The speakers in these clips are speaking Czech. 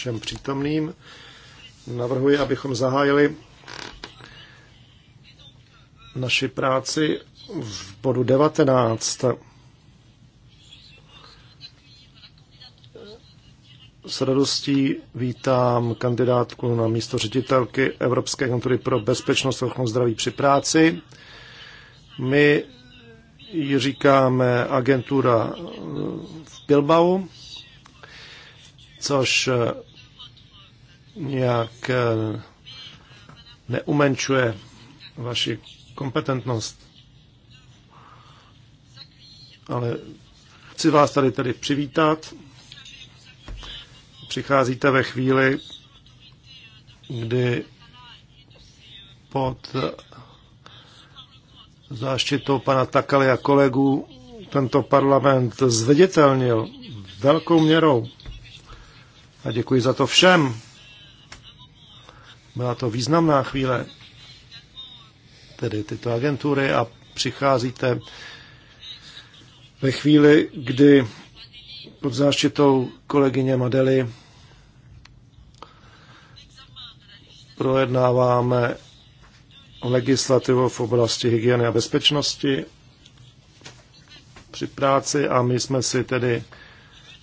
všem přítomným. Navrhuji, abychom zahájili naši práci v bodu 19. S radostí vítám kandidátku na místo ředitelky Evropské agentury pro bezpečnost a ochranu zdraví při práci. My ji říkáme agentura v Bilbao, což nějak eh, neumenčuje vaši kompetentnost. Ale chci vás tady tedy přivítat. Přicházíte ve chvíli, kdy pod záštitou pana Takaly a kolegů tento parlament zveditelnil velkou měrou. A děkuji za to všem, byla to významná chvíle, tedy tyto agentury a přicházíte ve chvíli, kdy pod záštitou kolegyně Madely projednáváme legislativu v oblasti hygieny a bezpečnosti při práci a my jsme si tedy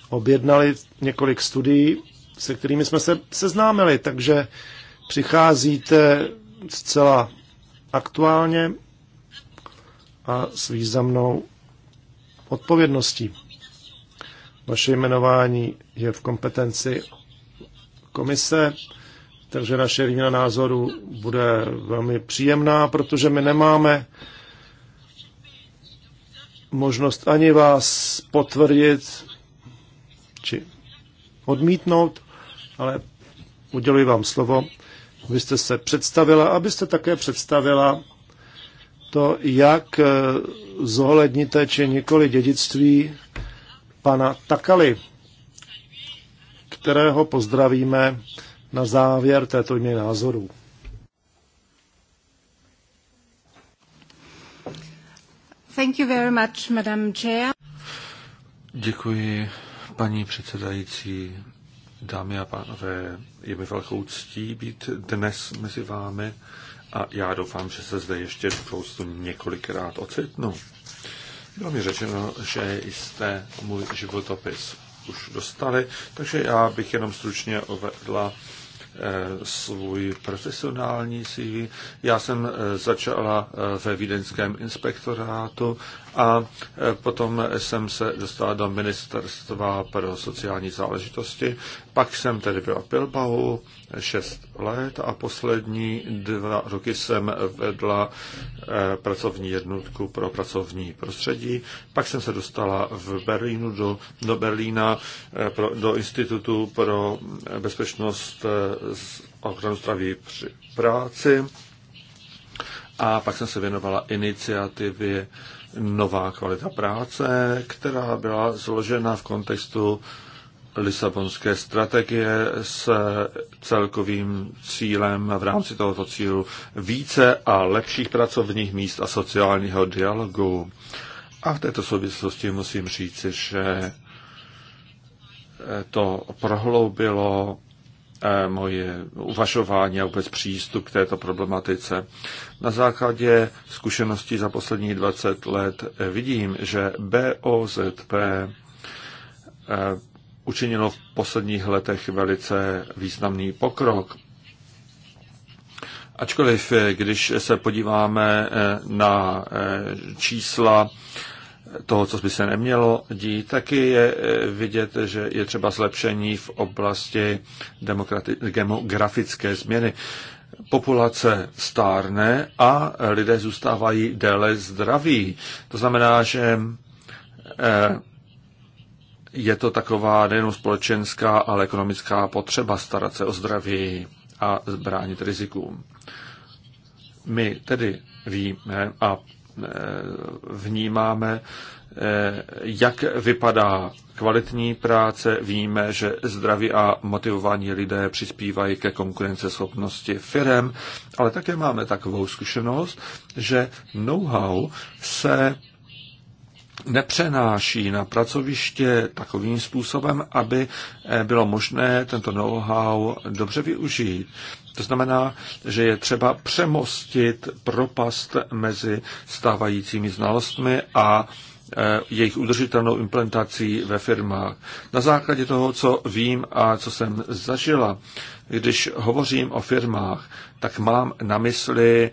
objednali několik studií, se kterými jsme se seznámili, takže Přicházíte zcela aktuálně a s významnou odpovědností. Vaše jmenování je v kompetenci komise, takže naše výměna názoru bude velmi příjemná, protože my nemáme možnost ani vás potvrdit či odmítnout, ale uděluji vám slovo Abyste se představila, abyste také představila to, jak eh, zohledníte či nikoli dědictví pana Takaly, kterého pozdravíme na závěr této mě názoru. Thank you very much, Madam Chair. Děkuji, paní předsedající. Dámy a pánové, je mi velkou ctí být dnes mezi vámi a já doufám, že se zde ještě v budoucnu několikrát ocitnu. Bylo mi řečeno, že jste můj životopis už dostali, takže já bych jenom stručně uvedla eh, svůj profesionální CV. Já jsem eh, začala eh, ve Vídeňském inspektorátu a e, potom jsem se dostal do Ministerstva pro sociální záležitosti. Pak jsem tedy byl v Pilbahu šest let a poslední dva roky jsem vedla e, pracovní jednotku pro pracovní prostředí. Pak jsem se dostala v Berlínu do, do Berlína e, pro, do Institutu pro bezpečnost ochranu zdraví při práci. A pak jsem se věnovala iniciativě nová kvalita práce, která byla zložena v kontextu Lisabonské strategie s celkovým cílem v rámci tohoto cílu více a lepších pracovních míst a sociálního dialogu. A v této souvislosti musím říci, že to prohloubilo Eh, moje uvažování a vůbec přístup k této problematice. Na základě zkušeností za posledních 20 let eh, vidím, že BOZP eh, učinilo v posledních letech velice významný pokrok. Ačkoliv, když se podíváme na čísla toho, co by se nemělo dít, taky je eh, vidět, že je třeba zlepšení v oblasti demografické změny. Populace stárne a lidé zůstávají déle zdraví. To znamená, že eh, je to taková nejenom společenská, ale ekonomická potřeba starat se o zdraví a zbránit rizikům. My tedy víme, a vnímáme, eh, jak vypadá kvalitní práce. Víme, že zdraví a motivovaní lidé přispívají ke konkurenceschopnosti firem, ale také máme takovou zkušenost, že know-how se nepřenáší na pracoviště takovým způsobem, aby eh, bylo možné tento know-how dobře využít. To znamená, že je třeba přemostit propast mezi stávajícími znalostmi a e, jejich udržitelnou implementací ve firmách. Na základě toho, co vím a co jsem zažila, když hovořím o firmách, tak mám na mysli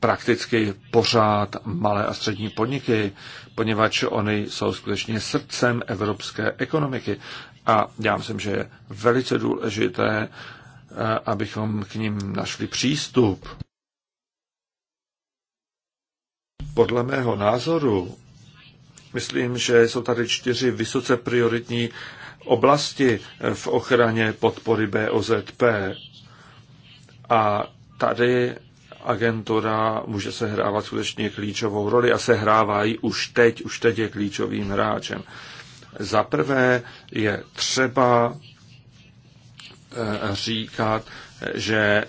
prakticky pořád malé a střední podniky, poněvadž oni jsou skutečně srdcem evropské ekonomiky. A já myslím, že je velice důležité, Eh, abychom k ním našli přístup. Podle mého názoru, myslím, že jsou tady čtyři vysoce prioritní oblasti v ochraně podpory BOZP. A tady agentura může sehrávat skutečně klíčovou roli a sehrávají už teď, už teď je klíčovým hráčem. Za prvé je třeba Eh, říkat, že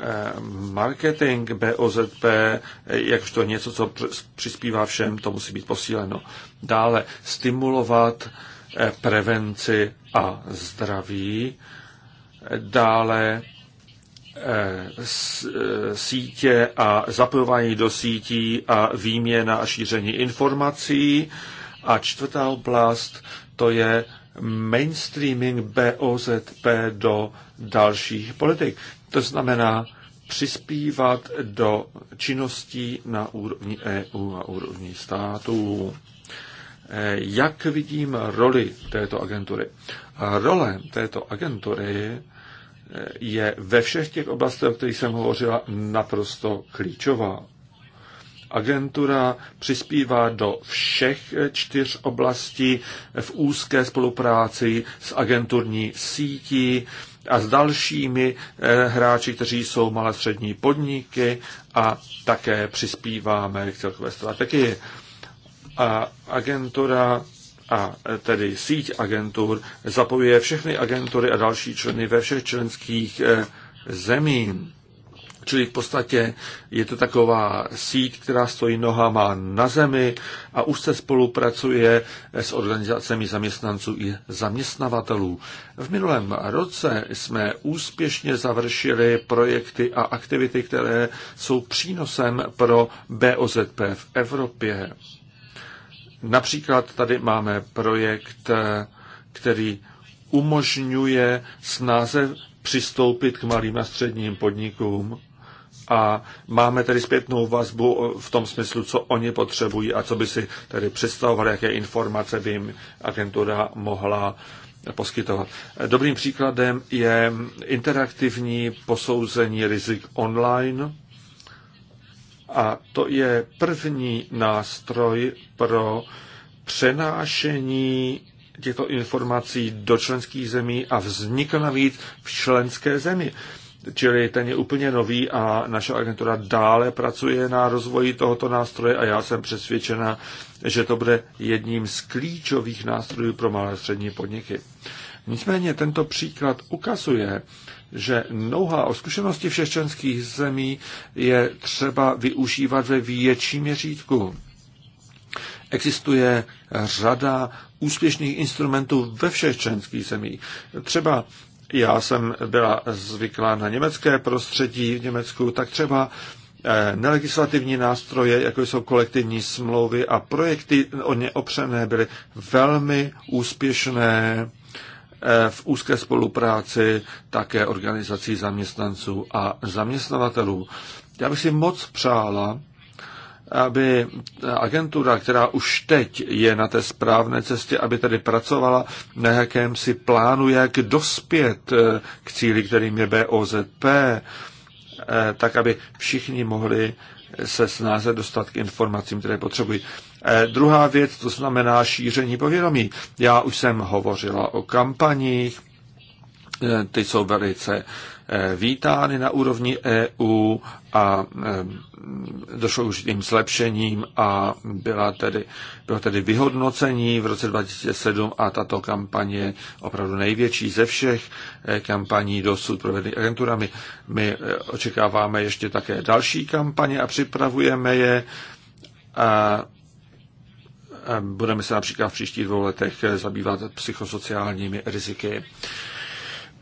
eh, marketing BOZP, eh, jakožto něco, co přispívá všem, to musí být posíleno. Dále stimulovat prevenci a zdraví. Dále sítě a zapojování do sítí a výměna a šíření informací. A čtvrtá oblast to je mainstreaming BOZP do dalších politik. To znamená přispívat do činností na úrovni EU a úrovni států. Eh, jak vidím roli této agentury? Role této agentury eh, je ve všech těch oblastech, o kterých jsem hovořila, naprosto klíčová. Agentura přispívá do všech čtyř oblastí v úzké spolupráci s agenturní sítí a s dalšími eh, hráči, kteří jsou malé střední podniky a také přispíváme k celkové strategii. A agentura a eh, tedy síť agentur zapojuje všechny agentury a další členy ve všech členských eh, zemí. Čili v podstatě je to taková síť, která stojí nohama na zemi a už se spolupracuje s organizacemi zaměstnanců i zaměstnavatelů. V minulém roce jsme úspěšně završili projekty a aktivity, které jsou přínosem pro BOZP v Evropě. Například tady máme projekt, který umožňuje snáze přistoupit k malým a středním podnikům a máme tedy zpětnou vazbu v tom smyslu, co oni potřebují a co by si tedy představovali, jaké informace by jim agentura mohla poskytovat. Dobrým příkladem je interaktivní posouzení rizik online a to je první nástroj pro přenášení těchto informací do členských zemí a vznikl navíc v členské zemi. Čili ten je úplně nový a naše agentura dále pracuje na rozvoji tohoto nástroje a já jsem přesvědčena, že to bude jedním z klíčových nástrojů pro malé a střední podniky. Nicméně tento příklad ukazuje, že nouha o zkušenosti všech členských zemí je třeba využívat ve větším měřítku. Existuje řada úspěšných instrumentů ve všech členských zemích. Třeba já jsem byla zvyklá na německé prostředí v Německu, tak třeba eh, nelegislativní nástroje, jako jsou kolektivní smlouvy a projekty o ně opřené, byly velmi úspěšné eh, v úzké spolupráci také organizací zaměstnanců a zaměstnavatelů. Já bych si moc přála, aby agentura, která už teď je na té správné cestě, aby tedy pracovala na jakémsi plánu, jak dospět eh, k cíli, kterým je BOZP, eh, tak aby všichni mohli se snáze dostat k informacím, které potřebují. Eh, druhá věc, to znamená šíření povědomí. Já už jsem hovořila o kampaních, ty jsou velice Eh, vítány na úrovni EU a eh, došlo už tím zlepšením a byla tedy, bylo tedy vyhodnocení v roce 2007 a tato kampaně opravdu největší ze všech eh, kampaní dosud provedených agenturami. My očekáváme ještě také další kampaně a připravujeme je. A budeme se například v příštích dvou letech zabývat psychosociálními riziky.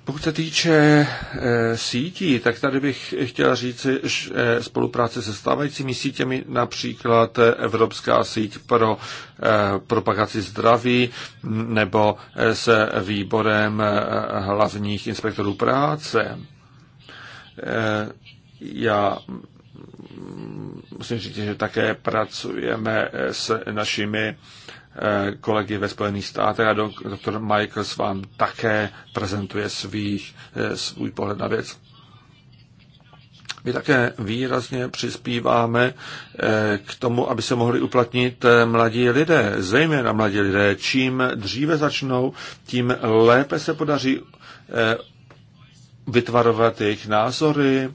Pokud se týče e, sítí, tak tady bych chtěl říct, že spolupráce se stávajícími sítěmi, například Evropská síť pro e, propagaci zdraví mm, nebo eh, se výborem e, hlavních inspektorů práce. E, já mm, musím říct, že také pracujeme s našimi e, Eh, kolegy ve Spojených státech a doktor Michaels vám také prezentuje svých, eh, svůj pohled na věc. My také výrazně přispíváme eh, k tomu, aby se mohli uplatnit mladí lidé, zejména mladí lidé. Čím dříve začnou, tím lépe se podaří vytvarovat jejich názory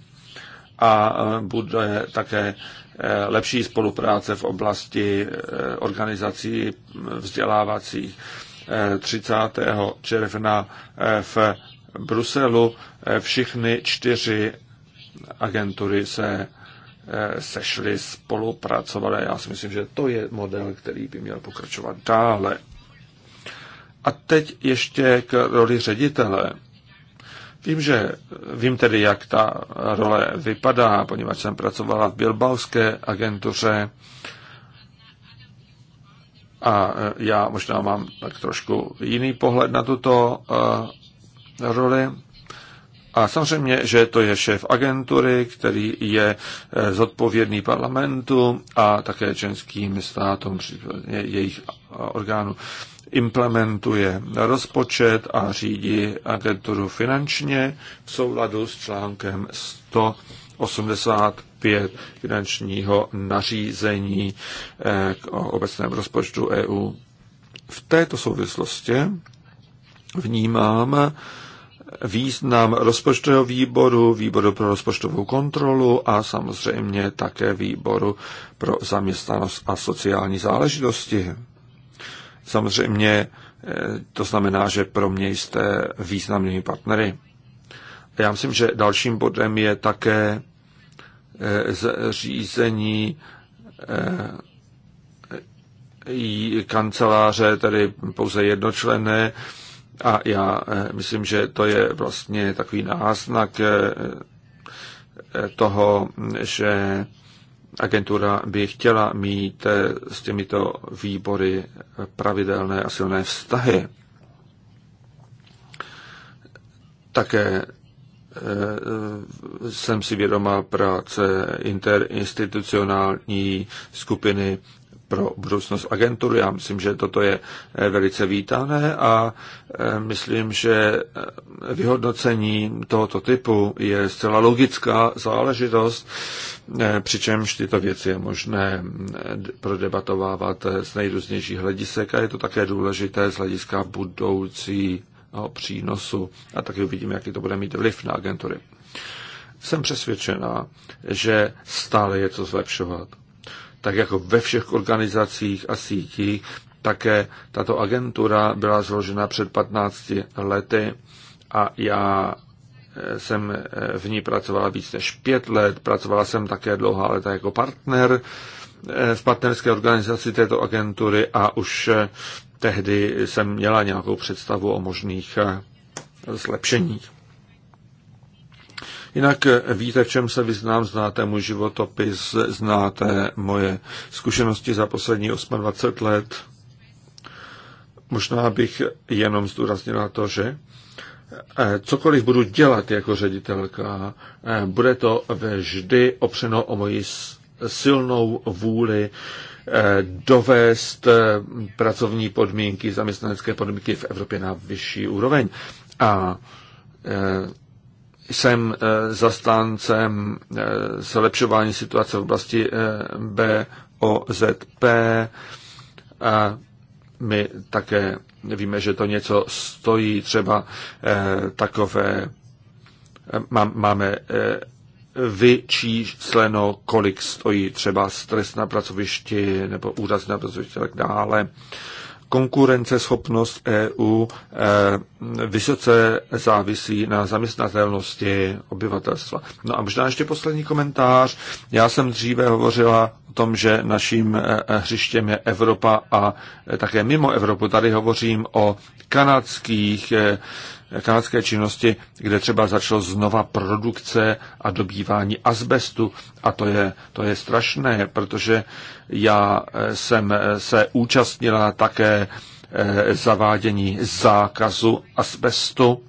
a bude také Eh, lepší spolupráce v oblasti eh, organizací vzdělávacích. 30. Eh, června v Bruselu všichni čtyři agentury se sešly, spolupracovaly. Já si myslím, že to je model, který by měl pokračovat dále. A teď ještě k roli ředitele. Vím, že vím tedy, jak ta role vypadá, poněvadž jsem pracovala v Bilbauské agentuře a e, já možná mám tak trošku jiný pohled na tuto uh, roli. A samozřejmě, že to je šéf agentury, který je e, zodpovědný parlamentu a také členským státům, jejich orgánům implementuje rozpočet a řídí agenturu finančně v souladu s článkem 185 finančního nařízení k eh, obecném rozpočtu EU. V této souvislosti vnímám význam rozpočtového výboru, výboru pro rozpočtovou kontrolu a samozřejmě také výboru pro zaměstnanost a sociální záležitosti. Samozřejmě eh, to znamená, že pro mě jste významnými partnery. Já myslím, že dalším bodem je také eh, zřízení eh, kanceláře, tedy pouze jednočlenné, a já myslím, že to je vlastně takový náznak toho, že agentura by chtěla mít eh, s těmito výbory pravidelné a silné vztahy. Také eh, jsem si vědoma práce interinstitucionální skupiny pro budoucnost agentury. Já myslím, že toto je eh, velice vítané a eh, myslím, že eh, vyhodnocení tohoto typu je zcela logická záležitost, přičemž tyto věci je možné prodebatovávat z nejrůznějších hledisek a je to také důležité z hlediska budoucí přínosu a taky uvidíme, jaký to bude mít vliv na agentury. Jsem přesvědčená, že stále je co zlepšovat tak jako ve všech organizacích a sítích, také tato agentura byla zložena před 15 lety a já eh, jsem eh, v ní pracovala víc než pět let, pracovala jsem také dlouhá leta jako partner eh, v partnerské organizaci této agentury a už tehdy jsem měla nějakou představu o možných zlepšeních. Jinak eh, víte, v čem se vyznám, znáte můj životopis, znáte moje zkušenosti za poslední 28 let. Možná bych jenom zdůraznila to, že eh, cokoliv budu dělat jako ředitelka, eh, bude to vždy opřeno o moji silnou vůli dovést pracovní podmínky, zaměstnanecké podmínky v Evropě na vyšší úroveň. A jsem eh, zastáncem eh, zlepšování situace v oblasti eh, BOZP. A my také víme, že to něco stojí, třeba takové, máme vyčísleno, kolik stojí třeba stres na pracovišti nebo úraz na pracovišti a tak dále konkurenceschopnost EU eh, vysoce závisí na zaměstnatelnosti obyvatelstva. No a možná ještě poslední komentář. Já jsem dříve hovořila o tom, že naším eh, hřištěm je Evropa a eh, také mimo Evropu. Tady hovořím o kanadských kanadské činnosti, kde třeba začalo znova produkce a dobývání asbestu. A to je, to je strašné, protože já eh, jsem eh, se účastnila také eh, zavádění zákazu asbestu.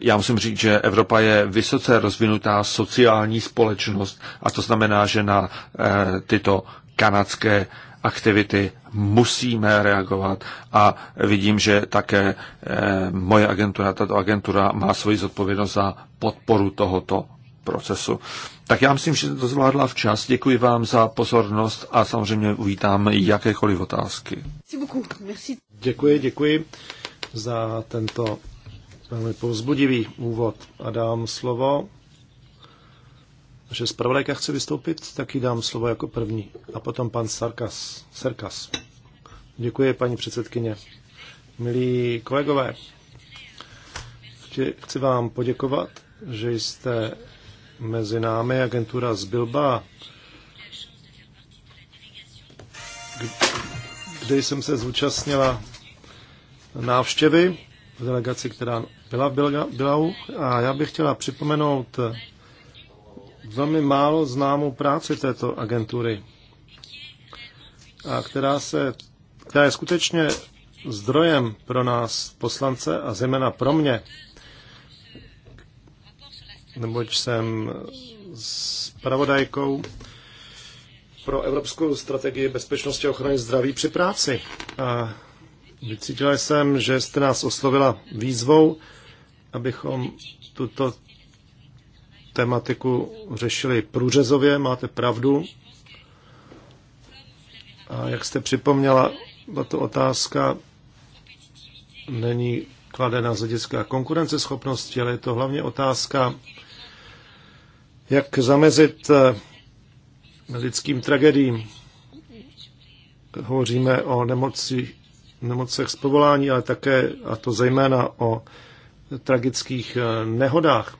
Já musím říct, že Evropa je vysoce rozvinutá sociální společnost a to znamená, že na tyto kanadské aktivity musíme reagovat a vidím, že také eh, moje agentura, tato agentura má svoji zodpovědnost za podporu tohoto procesu. Tak já myslím, že to zvládla včas. Děkuji vám za pozornost a samozřejmě uvítám jakékoliv otázky. Děkuji, děkuji za tento velmi povzbudivý úvod a dám slovo že zpravodajka chce vystoupit, tak jí dám slovo jako první. A potom pan Sarkas. Serkas. Děkuji, paní předsedkyně. Milí kolegové, chci, chci vám poděkovat, že jste mezi námi agentura z Bilba, kde jsem se zúčastnila návštěvy v delegaci, která byla v Bilau. A já bych chtěla připomenout velmi málo známou práci této agentury, a která, se, která je skutečně zdrojem pro nás poslance a zejména pro mě, neboť jsem zpravodajkou pro Evropskou strategii bezpečnosti a ochrany zdraví při práci. A vycítila jsem, že jste nás oslovila výzvou, abychom tuto tematiku řešili průřezově, máte pravdu. A jak jste připomněla, tato otázka není kladena z hlediska konkurenceschopnosti, ale je to hlavně otázka, jak zamezit eh, lidským tragédiím. Hovoříme o nemoci, nemocech z povolání, ale také, a to zejména o tragických eh, nehodách.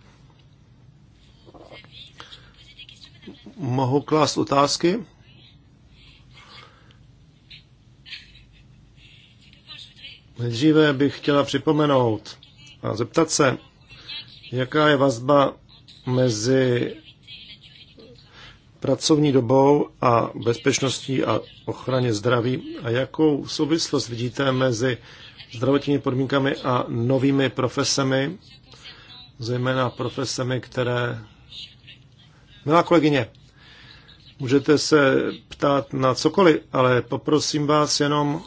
mohu klást otázky? Nejdříve bych chtěla připomenout a zeptat se, jaká je vazba mezi pracovní dobou a bezpečností a ochraně zdraví a jakou souvislost vidíte mezi zdravotními podmínkami a novými profesemi, zejména profesemi, které... Milá kolegyně, Můžete se ptát na cokoliv, ale poprosím vás jenom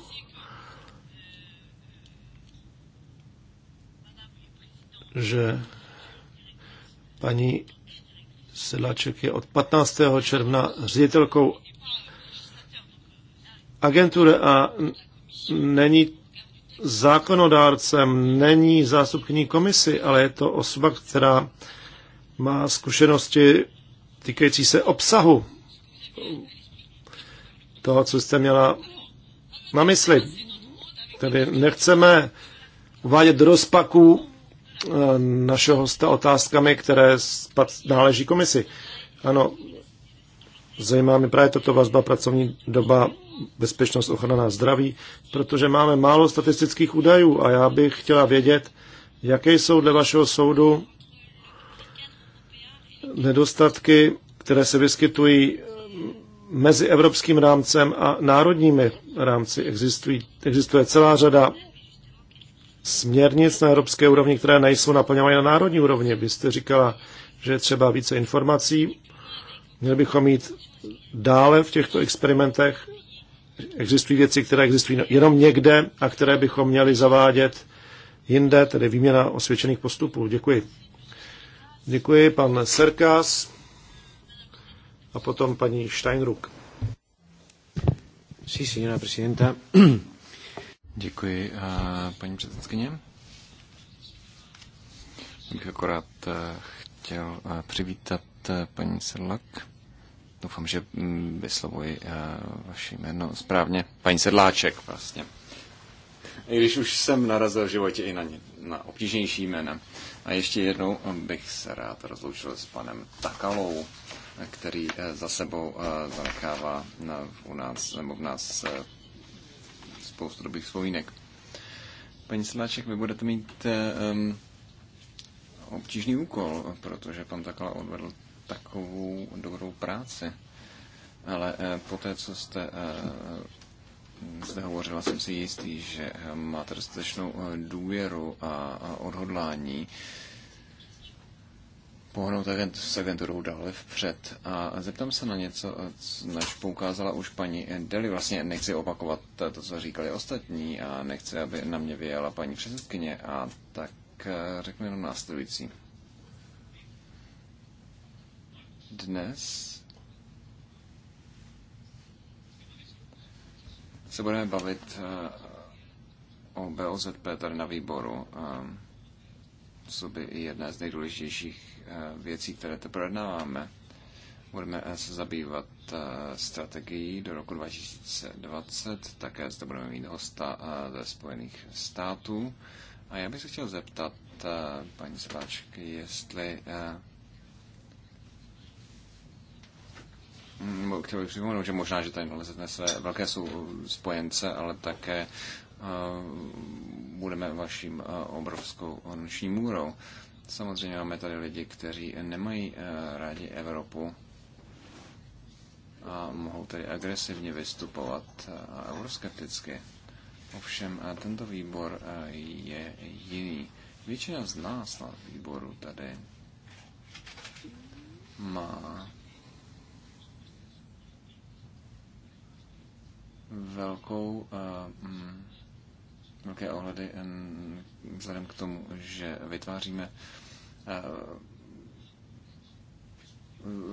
že paní Sedlaček je od 15. června ředitelkou agentury a není zákonodárcem, není zástupkyní komisy, ale je to osoba, která má zkušenosti týkající se obsahu toho, co jste měla na mysli. Tedy nechceme uvádět do rozpaku eh, našeho hosta otázkami, které náleží komisi. Ano, zajímá mi právě toto vazba pracovní doba, bezpečnost, ochrana zdraví, protože máme málo statistických údajů a já bych chtěla vědět, jaké jsou dle vašeho soudu nedostatky, které se vyskytují mezi evropským rámcem a národními rámci existují, existuje celá řada směrnic na evropské úrovni, které nejsou naplňovány na národní úrovni. Byste říkala, že je třeba více informací. Měli bychom mít dále v těchto experimentech. Existují věci, které existují jenom někde a které bychom měli zavádět jinde, tedy výměna osvědčených postupů. Děkuji. Děkuji, pan Serkas a potom paní Steinruck. Sí, señora prezidenta. Děkuji, eh, paní předsedkyně. Bych akorát eh, chtěl eh, přivítat paní Sedlak. Doufám, že mm, vyslovuji vaše jméno správně. Paní Sedláček vlastně. I když už jsem narazil v životě i na, ně, na obtížnější jména. A ještě jednou bych se rád rozloučil s panem Takalou který eh, za sebou eh, zanechává u nás nebo v nás eh, spoustu dobrých slovínek. Paní Sláček, vy budete mít um, obtížný úkol, protože pan Takala odvedl takovou dobrou práci. Ale uh, po té, co jste uh, zde hovořila, jsem si jistý, že máte dostatečnou důvěru a, a odhodlání uh, pohnout s agenturou dále vpřed. A zeptám se na něco, než poukázala už paní Deli. Vlastně nechci opakovat to, co říkali ostatní a nechci, aby na mě vyjela paní předsedkyně. A tak eh, řeknu jenom následující. Dnes se budeme bavit eh, o BOZP tady na výboru, eh, co by i jedna z nejdůležitějších Eh, věcí, které to projednáváme. Budeme eh, se zabývat eh, strategií do roku 2020, také zde budeme mít hosta ze Spojených států. A já bych se chtěl zeptat paní Sedláčky, jestli mm, chtěl bych připomenout, že možná, že tady nalezete své velké jsou spojence, ale také budeme vaším obrovskou noční můrou. Samozřejmě máme tady lidi, kteří nemají eh, rádi Evropu a mohou tady agresivně vystupovat eh, a euroskepticky. Ovšem eh, tento výbor je jiný. Většina z nás na výboru tady má velkou uh, mm, velké ohledy vzhledem k tomu, že vytváříme eh,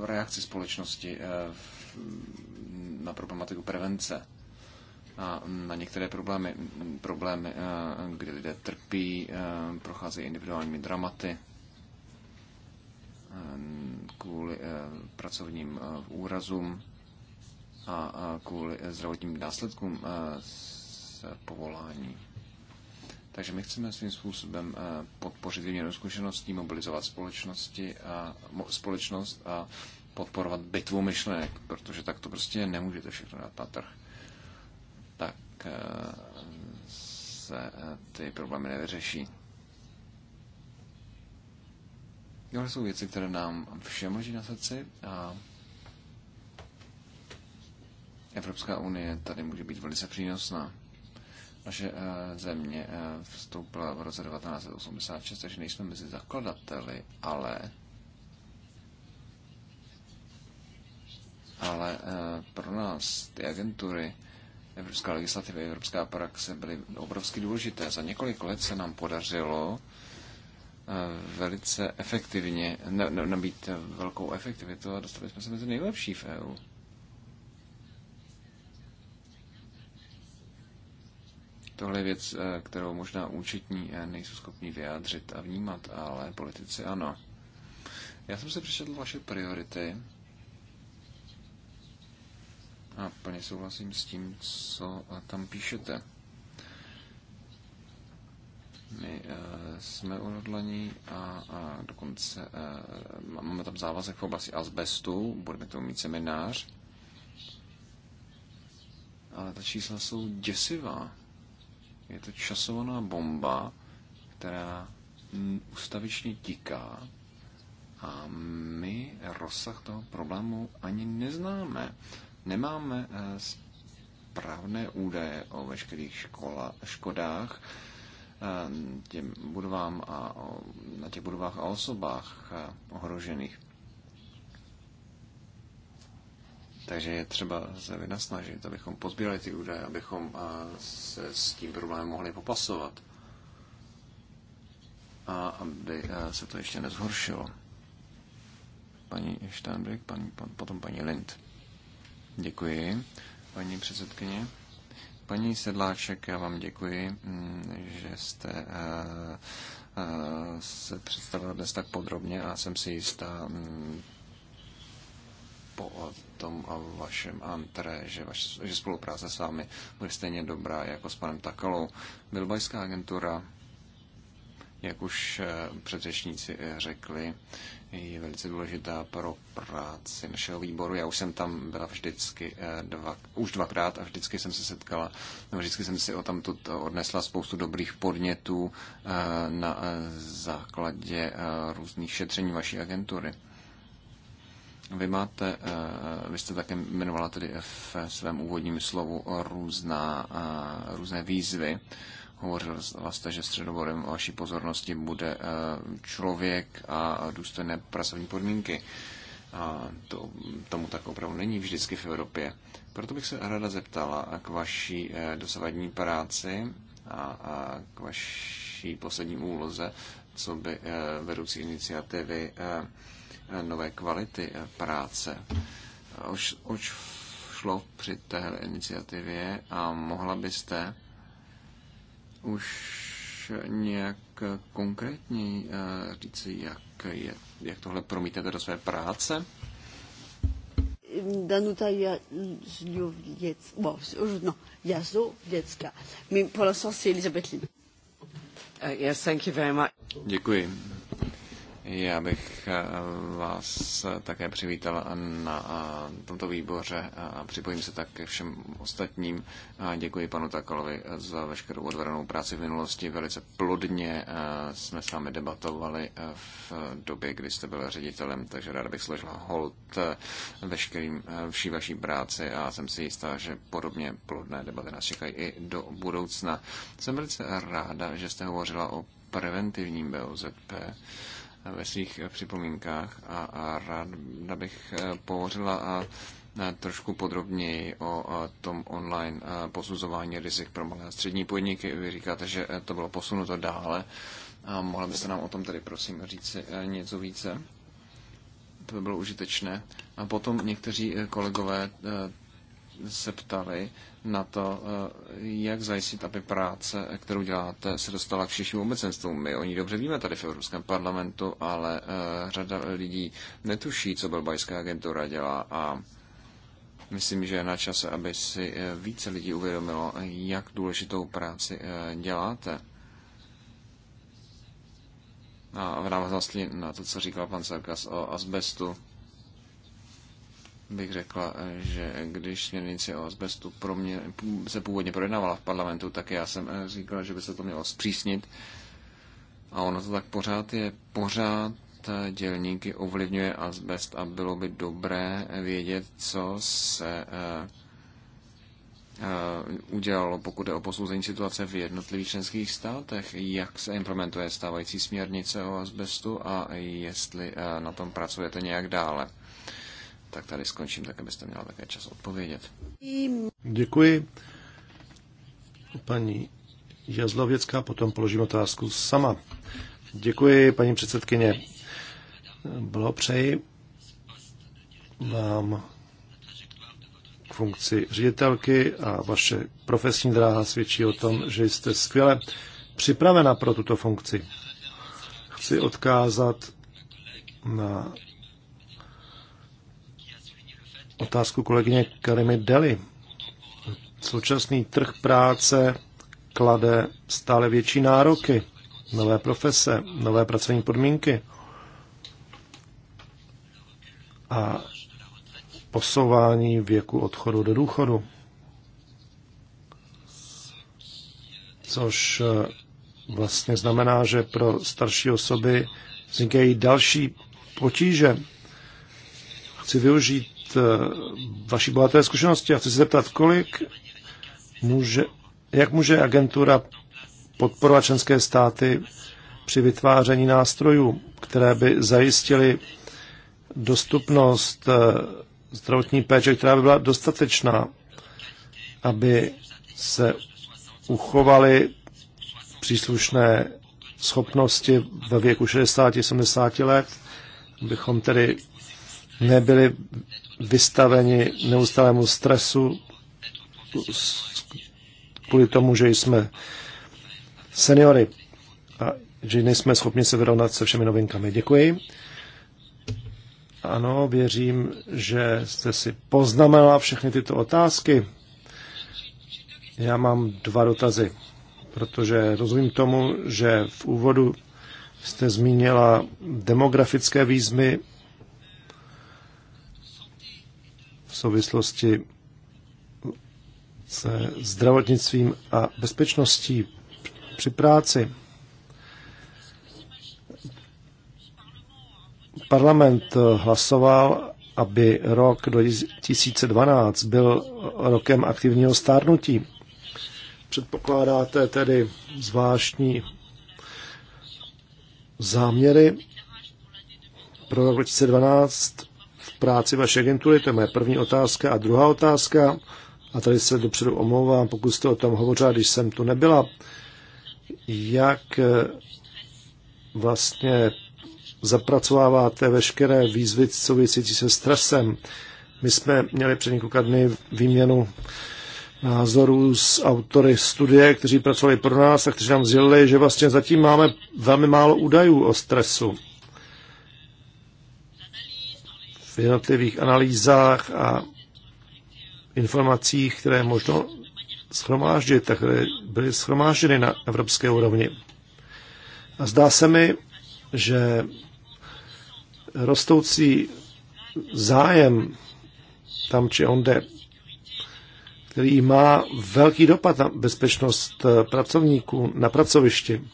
reakci společnosti eh, na problematiku prevence a na některé problémy, problémy eh, kdy lidé trpí, procházejí individuálními dramaty kvůli pracovním úrazům a kvůli zdravotním následkům z povolání. Takže my chceme svým způsobem eh, podpořit výměnu zkušeností, mobilizovat společnosti a, společnost a podporovat bitvu myšlenek, protože tak to prostě nemůžete všechno dát na trh. Tak eh, se eh, ty problémy nevyřeší. Tohle jsou věci, které nám všem leží na srdci a Evropská unie tady může být velice přínosná že eh, země eh, vstoupila v roce 1986, takže nejsme mezi zakladateli, ale ale eh, pro nás ty agentury evropská legislativa, evropská praxe byly obrovsky důležité. Za několik let se nám podařilo velice efektivně, nabít velkou efektivitu a dostali jsme se mezi nejlepší v EU. Tohle je věc, eh, kterou možná účetní eh, nejsou schopni vyjádřit a vnímat, ale politici ano. Já jsem se přečetl vaše priority a plně souhlasím s tím, co eh, tam píšete. My uh, jsme odhodlaní a, a dokonce uh, máme tam závazek v oblasti asbestu, budeme to tomu mít seminář. Ale ta čísla jsou děsivá. Je to časovaná bomba, která ustavičně tiká a my rozsah toho problému ani neznáme. Nemáme eh, správné údaje o veškerých škola, škodách eh, těm budovám a o, na těch budovách a osobách eh, ohrožených. Takže je třeba se vynasnažit, abychom pozbírali ty údaje, abychom se s tím problémem mohli popasovat. A aby se to ještě nezhoršilo. Paní Steinbrück, pan, potom paní Lind. Děkuji, paní předsedkyně. Paní Sedláček, já vám děkuji, mm, že jste se představila dnes tak podrobně a jsem si jistá mm, po tom a vašem antre, že, vaš, že spolupráce s vámi bude stejně dobrá jako s panem Takalou. Bilbajská agentura, jak už eh, předřečníci eh, řekli, je velice důležitá pro práci našeho výboru. Já už jsem tam byla vždycky eh, dva, už dvakrát a vždycky jsem se setkala, nebo vždycky jsem si o tamtud odnesla spoustu dobrých podnětů na základě různých šetření vaší agentury. Vy máte, eh, vy jste také jmenovala tedy v svém úvodním slovu různá, eh, různé výzvy. Hovořil jste, že středoborem vaší pozornosti bude eh, člověk a důstojné pracovní podmínky. A to, tomu tak opravdu není vždycky v Evropě. Proto bych se ráda zeptala k vaší dosavadní práci a, a k vaší poslední úloze, co by vedoucí iniciativy nové kvality práce. Už, už šlo při téhle iniciativě a mohla byste už nějak konkrétně eh, říci, jak, je, jak tohle promítete do své práce? Danuta Jazlověcka. Bon, no, Jazlověcka. Mais pour l'instant, c'est Elisabeth Lynn. Uh, yes, thank you very much. Děkuji. Já bych eh, vás eh, také přivítal na eh, tomto výboře a připojím se tak ke všem ostatním. A děkuji panu Takalovi za veškerou odvedenou práci v minulosti. Velice plodně jsme s vámi debatovali v době, kdy jste byl ředitelem, takže rád bych složil hold veškerým vší vaší práci a jsem si jistá, že podobně plodné debaty nás čekají i do budoucna. Jsem velice ráda, že jste hovořila o preventivním BOZP ve svých eh, připomínkách a, a rád bych eh, pohořila a eh, trošku podrobněji o tom online posuzování rizik pro malé a střední podniky. Vy říkáte, že to bylo posunuto dále. A mohla byste nám o tom tady prosím říct něco více? To by bylo užitečné. A potom někteří kolegové se ptali na to, eh, jak zajistit, aby práce, kterou děláte, se dostala k širšímu obecenstvům. My o ní dobře víme tady v Evropském parlamentu, ale eh, řada lidí netuší, co Belbajská agentura dělá a myslím, že je na čase, aby si eh, více lidí uvědomilo, jak důležitou práci děláte. A v návaznosti na to, co říkal pan Sarkas o asbestu, bych řekla, že když směrnice o asbestu pro mě, se původně projednávala v parlamentu, tak já jsem eh, říkala, že by se to mělo zpřísnit. A ono to tak pořád je. Pořád eh, dělníky ovlivňuje asbest a bylo by dobré vědět, co se eh, udělalo, pokud je o posouzení situace v jednotlivých členských státech, jak se implementuje stávající směrnice o asbestu a jestli na tom pracujete nějak dále tak tady skončím, tak abyste měla také čas odpovědět. Děkuji. Paní Jazlověcká, potom položím otázku sama. Děkuji, paní předsedkyně. Blahopřeji vám k funkci ředitelky a vaše profesní dráha svědčí o tom, že jste skvěle připravena pro tuto funkci. Chci odkázat na otázku kolegyně Karimy Deli. Současný trh práce klade stále větší nároky, nové profese, nové pracovní podmínky a posouvání věku odchodu do důchodu. Což eh, vlastně znamená, že pro starší osoby vznikají další potíže. Chci využít Eh, vaší bohaté zkušenosti a chci se zeptat, kolik může, jak může agentura podporovat členské státy při vytváření nástrojů, které by zajistily dostupnost eh, zdravotní péče, která by byla dostatečná, aby se uchovaly příslušné schopnosti ve věku 60-70 let, abychom tedy nebyli vystaveni neustálému stresu kvůli tomu, že jsme seniory a že nejsme schopni se vyrovnat se všemi novinkami. Děkuji. Ano, věřím, že jste si poznamenala všechny tyto otázky. Já mám dva dotazy, protože rozumím tomu, že v úvodu jste zmínila demografické výzmy. souvislosti se zdravotnictvím a bezpečností při práci. Parlament hlasoval, aby rok 2012 byl rokem aktivního stárnutí. Předpokládáte tedy zvláštní záměry pro rok 2012 práci vaší agentury? To je moje první otázka. A druhá otázka, a tady se dopředu omlouvám, pokud jste o tom hovořila, když jsem tu nebyla, jak eh, vlastně zapracováváte veškeré výzvy související se stresem. My jsme měli před několika dny výměnu názorů s autory studie, kteří pracovali pro nás a kteří nám sdělili, že vlastně zatím máme velmi málo údajů o stresu v jednotlivých analýzách a informacích, které je možno schromáždit, tak které byly schromážděny na evropské úrovni. A zdá se mi, že rostoucí zájem tam či onde, který má velký dopad na bezpečnost pracovníků na pracovišti,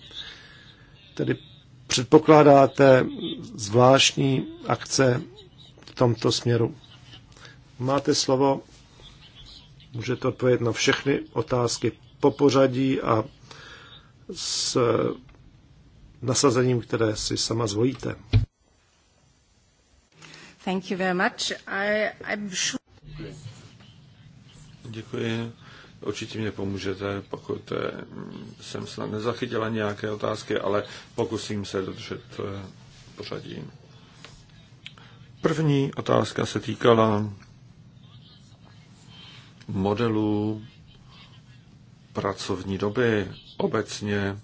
tedy předpokládáte zvláštní akce tomto směru. Máte slovo, můžete odpovědět na všechny otázky po pořadí a s nasazením, které si sama zvolíte. Thank you very much. I, I'm sure... Děkuji. Určitě mě pomůžete, pokud eh, jsem snad nezachytila nějaké otázky, ale pokusím se dodržet eh, pořadí. První otázka se týkala modelu pracovní doby obecně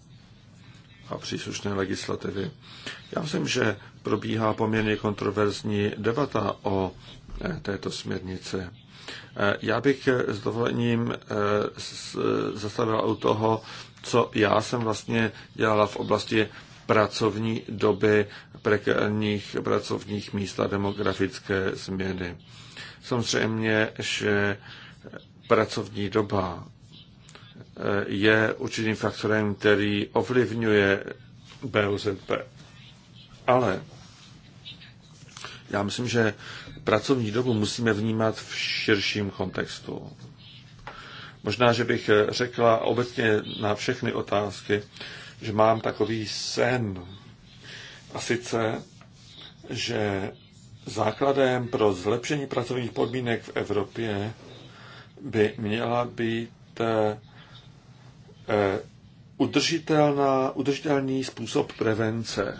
a příslušné legislativy. Já myslím, že probíhá poměrně kontroverzní debata o eh, této směrnici. Eh, já bych eh, s dovolením zastavil u toho, co já jsem vlastně dělala v oblasti pracovní doby, prekárních pracovních míst a demografické změny. Samozřejmě, že pracovní doba eh, je určitým faktorem, který ovlivňuje BUZP. Ale já myslím, že pracovní dobu musíme vnímat v širším kontextu. Možná, že bych eh, řekla obecně na všechny otázky, že mám takový sen. A sice, že základem pro zlepšení pracovních podmínek v Evropě by měla být eh, udržitelná, udržitelný způsob prevence.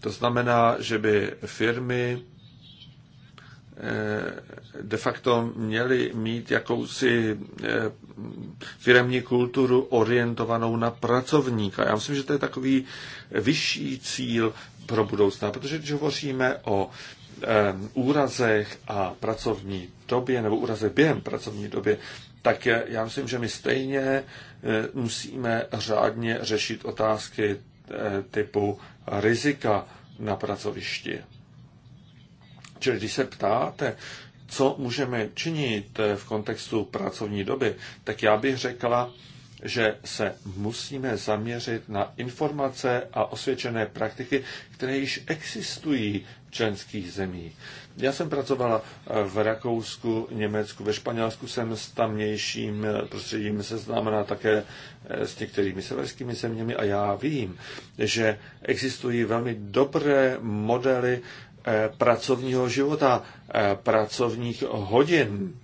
To znamená, že by firmy Eh, de facto měli mít jakousi eh, firemní kulturu orientovanou na pracovníka. Já myslím, že to je takový vyšší cíl pro budoucna, protože když hovoříme o eh, úrazech a pracovní době nebo úrazech během pracovní době, tak já myslím, že my stejně musíme řádně řešit otázky typu rizika na pracovišti. Čili když se ptáte, co můžeme činit v kontextu pracovní doby, tak já bych řekla, že se musíme zaměřit na informace a osvědčené praktiky, které již existují v členských zemích. Já jsem pracovala v Rakousku, Německu, ve Španělsku jsem s tamnějším prostředím znamená také eh, s některými severskými zeměmi a já vím, že existují velmi dobré modely Eh, pracovního života, eh, pracovních hodin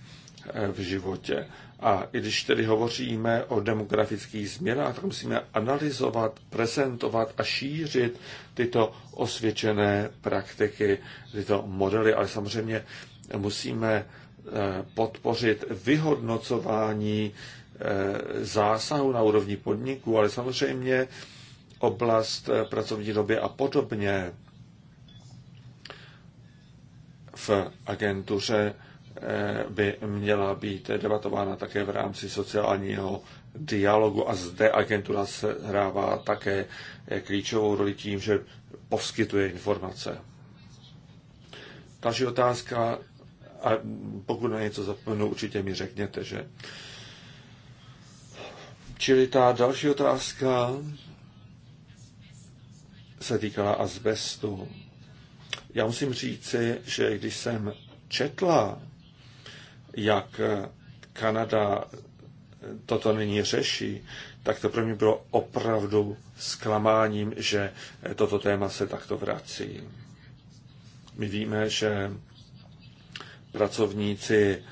eh, v životě. A i když tedy hovoříme o demografických změnách, tak musíme analyzovat, prezentovat a šířit tyto osvědčené praktiky, tyto modely, ale samozřejmě musíme podpořit vyhodnocování zásahu na úrovni podniku, ale samozřejmě oblast pracovní doby a podobně v agentuře eh, by měla být debatována také v rámci sociálního dialogu a zde agentura se hrává také eh, klíčovou roli tím, že poskytuje informace. Další otázka, a pokud na něco zapomenu, určitě mi řekněte, že. Čili ta další otázka se týkala asbestu. Já musím říci, že když jsem četla, jak Kanada toto nyní řeší, tak to pro mě bylo opravdu zklamáním, že toto téma se takto vrací. My víme, že pracovníci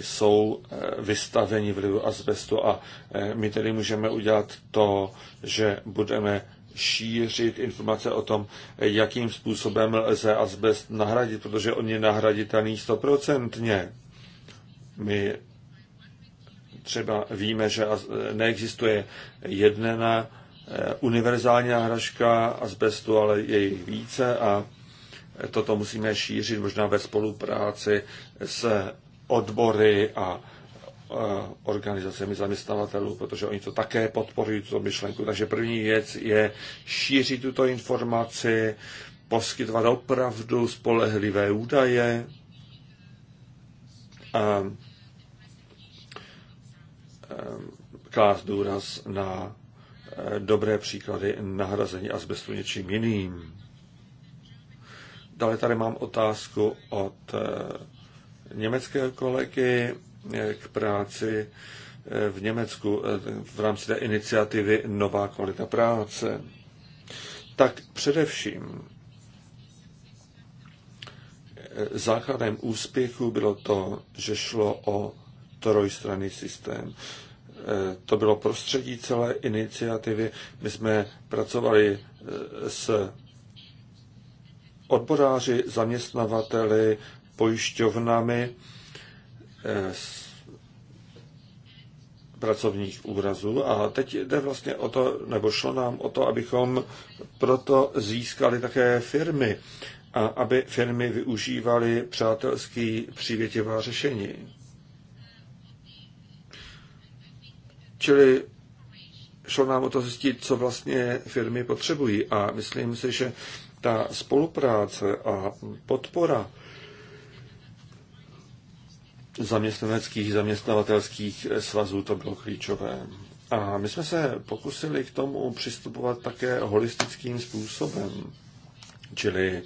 jsou vystaveni vlivu azbestu a my tedy můžeme udělat to, že budeme šířit informace o tom, jakým způsobem lze asbest nahradit, protože on je nahraditelný stoprocentně. My třeba víme, že neexistuje jedna eh, univerzální náhražka asbestu, ale je jich více a toto musíme šířit možná ve spolupráci s odbory a Eh, organizacemi zaměstnavatelů, protože oni to také podporují, tuto myšlenku. Takže první věc je šířit tuto informaci, poskytovat opravdu spolehlivé údaje a eh, klást důraz na eh, dobré příklady nahrazení asbestu něčím jiným. Dále tady mám otázku od německého kolegy k práci eh, v Německu eh, v rámci té iniciativy Nová kvalita práce. Tak především eh, základem úspěchu bylo to, že šlo o trojstranný systém. To bylo prostředí celé iniciativy. My jsme pracovali s odboráři, zaměstnavateli, pojišťovnami, Eh, pracovních úrazů. A teď jde vlastně o to, nebo šlo nám o to, abychom proto získali také firmy a aby firmy využívaly přátelský přívětivá řešení. Čili šlo nám o to zjistit, co vlastně firmy potřebují. A myslím si, že ta spolupráce a podpora zaměstnaneckých, zaměstnavatelských svazů to bylo klíčové. A my jsme se pokusili k tomu přistupovat také holistickým způsobem. Čili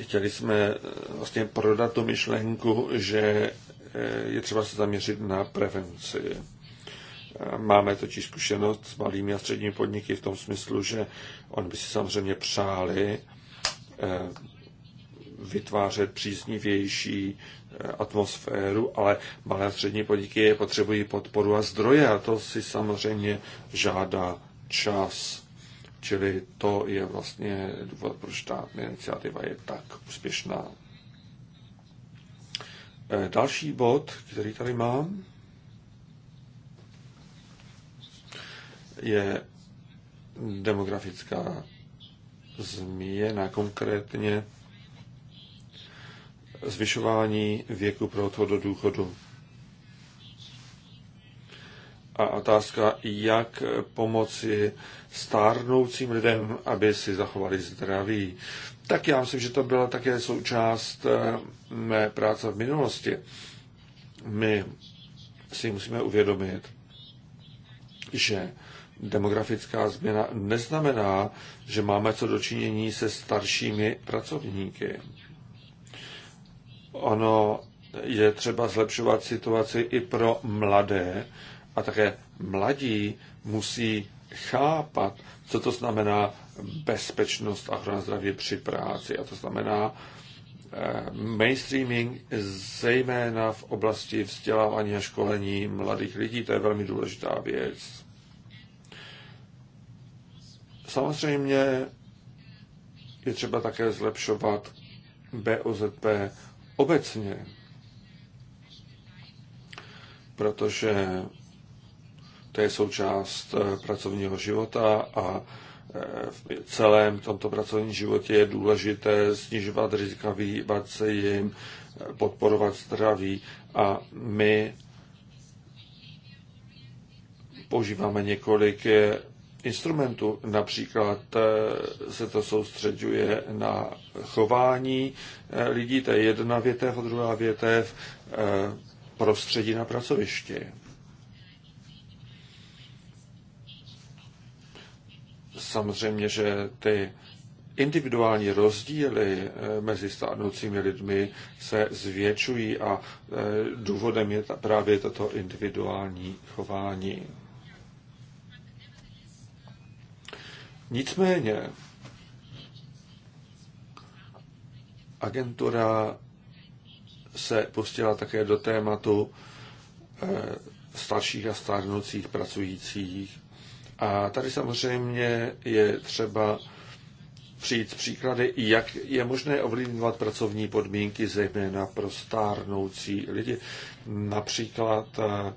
chtěli jsme eh, vlastně prodat tu myšlenku, že eh, je třeba se zaměřit na prevenci. Máme totiž zkušenost s malými a středními podniky v tom smyslu, že on by si samozřejmě přáli eh, vytvářet příznivější eh, atmosféru, ale malé a střední podniky potřebují podporu a zdroje a to si samozřejmě žádá čas. Čili to je vlastně důvod, proč ta iniciativa je tak úspěšná. Eh, další bod, který tady mám, je demografická změna, konkrétně zvyšování věku pro odchod do důchodu. A otázka, jak pomoci stárnoucím lidem, aby si zachovali zdraví. Tak já myslím, že to byla také součást eh, mé práce v minulosti. My si musíme uvědomit, že demografická změna neznamená, že máme co dočinění se staršími pracovníky ono je třeba zlepšovat situaci i pro mladé a také mladí musí chápat, co to znamená bezpečnost a ochrana zdraví při práci. A to znamená eh, mainstreaming zejména v oblasti vzdělávání a školení mladých lidí. To je velmi důležitá věc. Samozřejmě je třeba také zlepšovat BOZP obecně, protože to je součást eh, pracovního života a eh, v celém tomto pracovním životě je důležité snižovat rizika, vyhýbat se jim, eh, podporovat zdraví a my používáme několik Instrumentu, Například eh, se to soustředuje na chování eh, lidí, to je jedna větev, druhá větev eh, prostředí na pracovišti. Samozřejmě, že ty individuální rozdíly mezi stárnoucími lidmi se zvětšují a důvodem je právě toto individuální chování. Nicméně agentura se pustila také do tématu eh, starších a stárnoucích pracujících. A tady samozřejmě je třeba přijít z příklady, jak je možné ovlivňovat pracovní podmínky, zejména pro stárnoucí lidi. Například eh,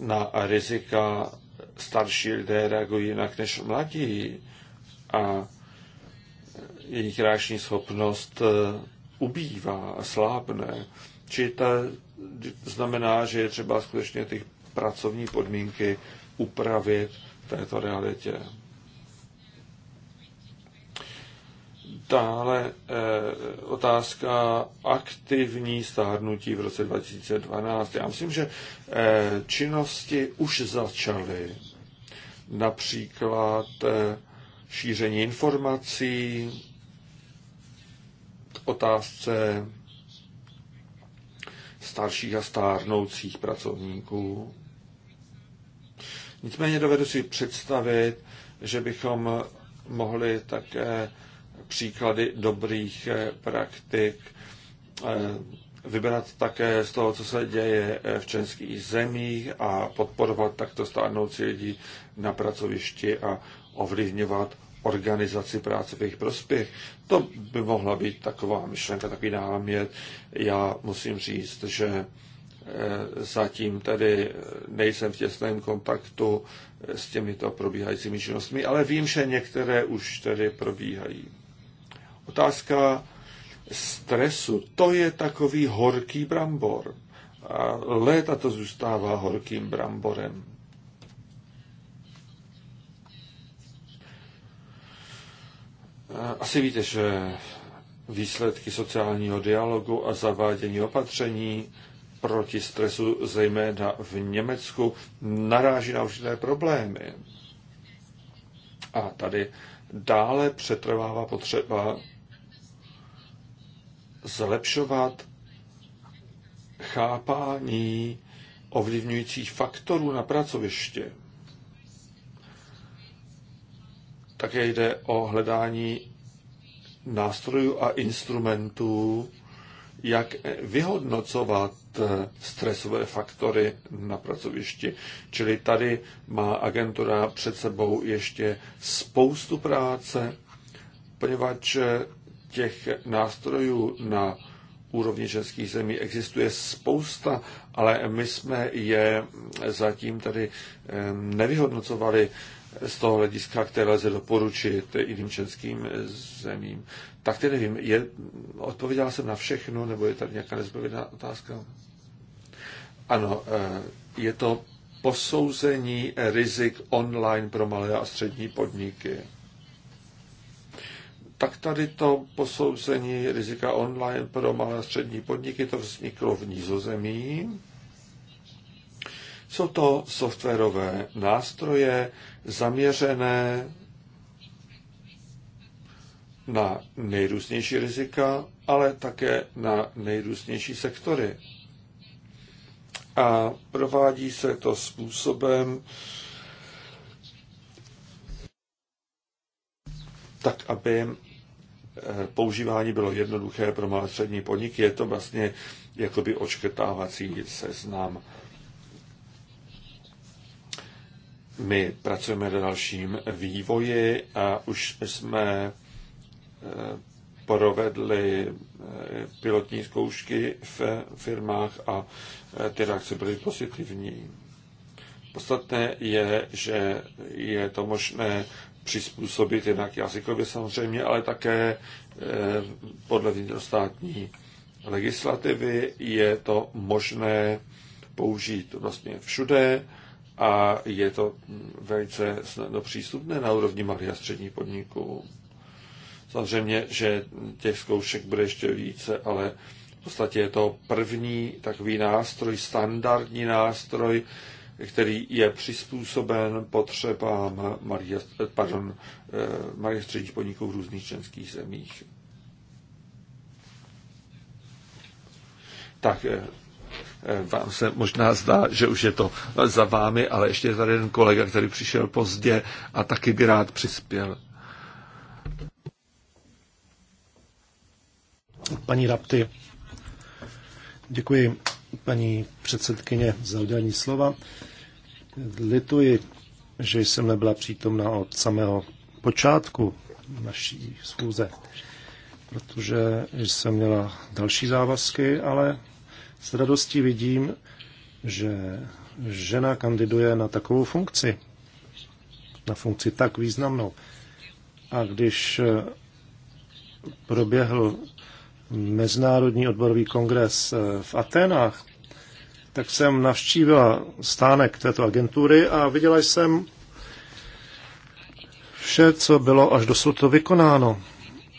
na rizika starší lidé reagují jinak než mladí a jejich reakční schopnost eh, ubývá a slábne. Či to znamená, že je třeba skutečně ty pracovní podmínky upravit v této realitě. Dále eh, otázka aktivní stárnutí v roce 2012. Já myslím, že eh, činnosti už začaly například eh, šíření informací, otázce starších a stárnoucích pracovníků. Nicméně dovedu si představit, že bychom mohli také příklady dobrých eh, praktik eh, vybrat také z toho, co se děje eh, v českých zemích a podporovat takto stárnoucí lidi na pracovišti a ovlivňovat organizaci práce v jejich prospěch. To by mohla být taková myšlenka, takový námět. Já musím říct, že eh, zatím tedy nejsem v těsném kontaktu eh, s těmito probíhajícími činnostmi, ale vím, že některé už tedy probíhají. Otázka stresu. To je takový horký brambor. A léta to zůstává horkým bramborem. Asi víte, že výsledky sociálního dialogu a zavádění opatření proti stresu, zejména v Německu, naráží na určité problémy. A tady dále přetrvává potřeba zlepšovat chápání ovlivňujících faktorů na pracovišti. Také jde o hledání nástrojů a instrumentů, jak vyhodnocovat stresové faktory na pracovišti. Čili tady má agentura před sebou ještě spoustu práce, poněvadž těch nástrojů na úrovni českých zemí existuje spousta, ale my jsme je zatím tady nevyhodnocovali z toho hlediska, které lze doporučit jiným českým eh, zemím. Tak tedy nevím, je, odpověděla jsem na všechno, nebo je tady nějaká nezbavená otázka? Ano, eh, je to posouzení rizik online pro malé a střední podniky tak tady to posouzení rizika online pro malé a střední podniky, to vzniklo v Nízozemí. Jsou to softwarové nástroje zaměřené na nejrůznější rizika, ale také na nejrůznější sektory. A provádí se to způsobem, tak aby používání bylo jednoduché pro malé střední podniky. Je to vlastně jakoby očkrtávací seznam. My pracujeme na dalším vývoji a už jsme eh, provedli eh, pilotní zkoušky v firmách a eh, ty reakce byly pozitivní. Podstatné je, že je to možné přizpůsobit jednak jazykově samozřejmě, ale také eh, podle vnitrostátní legislativy je to možné použít vlastně všude a je to velice snadno přístupné na úrovni malých a středních podniků. Samozřejmě, že těch zkoušek bude ještě více, ale v podstatě je to první takový nástroj, standardní nástroj, který je přizpůsoben potřebám malých, pardon, eh, malých středních podniků v různých členských zemích. Tak eh, eh, vám se možná zdá, že už je to za vámi, ale ještě je tady jeden kolega, který přišel pozdě a taky by rád přispěl. Paní Rapty, děkuji paní předsedkyně za udělení slova. Lituji, že jsem nebyla přítomna od samého počátku naší schůze, protože jsem měla další závazky, ale s radostí vidím, že žena kandiduje na takovou funkci, na funkci tak významnou. A když proběhl Mezinárodní odborový kongres v Atenách tak jsem navštívila stánek této agentury a viděla jsem vše, co bylo až dosud to vykonáno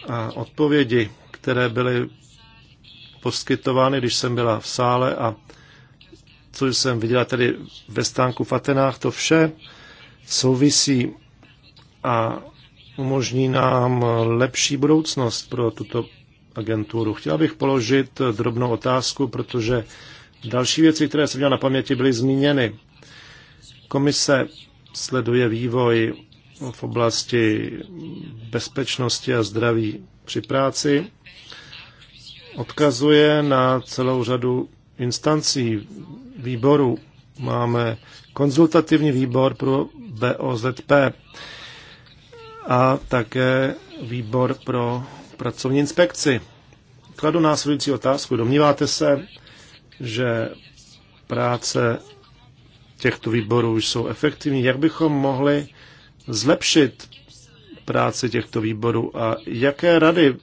a odpovědi, které byly poskytovány, když jsem byla v sále a co jsem viděla tedy ve stánku v Atenách, to vše souvisí a umožní nám lepší budoucnost pro tuto agenturu. Chtěla bych položit drobnou otázku, protože Další věci, které jsem měl na paměti, byly zmíněny. Komise sleduje vývoj v oblasti bezpečnosti a zdraví při práci. Odkazuje na celou řadu instancí výboru. Máme konzultativní výbor pro BOZP a také výbor pro pracovní inspekci. Kladu následující otázku. Domníváte se, že práce těchto výborů jsou efektivní. Jak bychom mohli zlepšit práci těchto výborů a jaké rady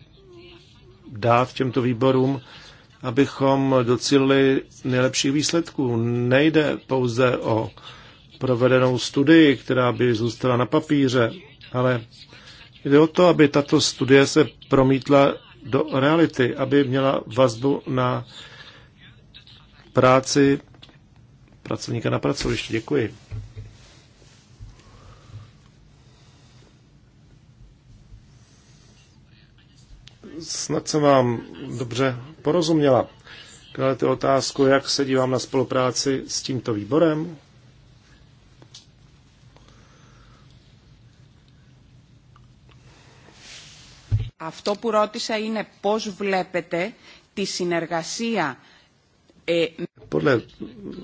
dát těmto výborům, abychom docílili nejlepších výsledků. Nejde pouze o provedenou studii, která by zůstala na papíře, ale jde o to, aby tato studie se promítla do reality, aby měla vazbu na práci pracovníka na pracovišti. Děkuji. Snad jsem vám dobře porozuměla. Kladete otázku, jak se dívám na spolupráci s tímto výborem? Αυτό που ρώτησα je, jak βλέπετε τη συνεργασία podle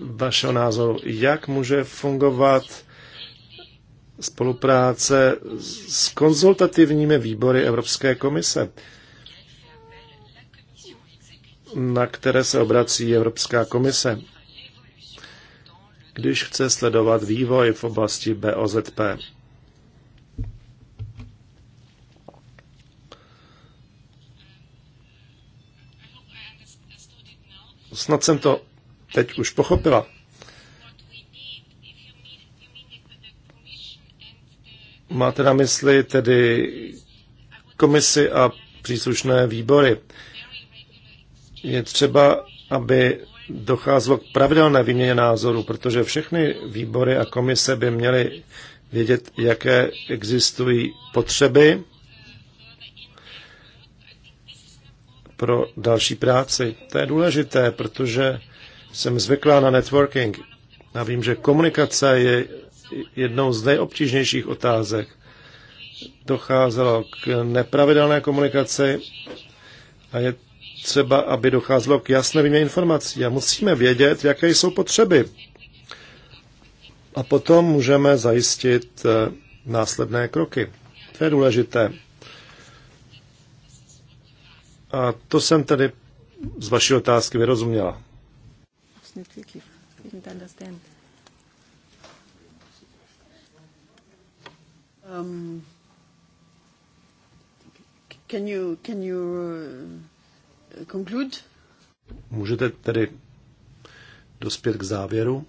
vašeho názoru, jak může fungovat spolupráce s konzultativními výbory Evropské komise, na které se obrací Evropská komise, když chce sledovat vývoj v oblasti BOZP? Snad jsem to teď už pochopila. Máte na mysli tedy komisi a příslušné výbory. Je třeba, aby docházelo k pravidelné výměně názorů, protože všechny výbory a komise by měly vědět, jaké existují potřeby pro další práci. To je důležité, protože jsem zvyklá na networking. a vím, že komunikace je jednou z nejobtížnějších otázek. Docházelo k nepravidelné komunikaci a je třeba, aby docházelo k jasné výměně informací. A musíme vědět, jaké jsou potřeby. A potom můžeme zajistit eh, následné kroky. To je důležité. A to jsem tedy z vaší otázky vyrozuměla. Vlastně um, can you, can you uh, conclude? Můžete tedy dospět k závěru?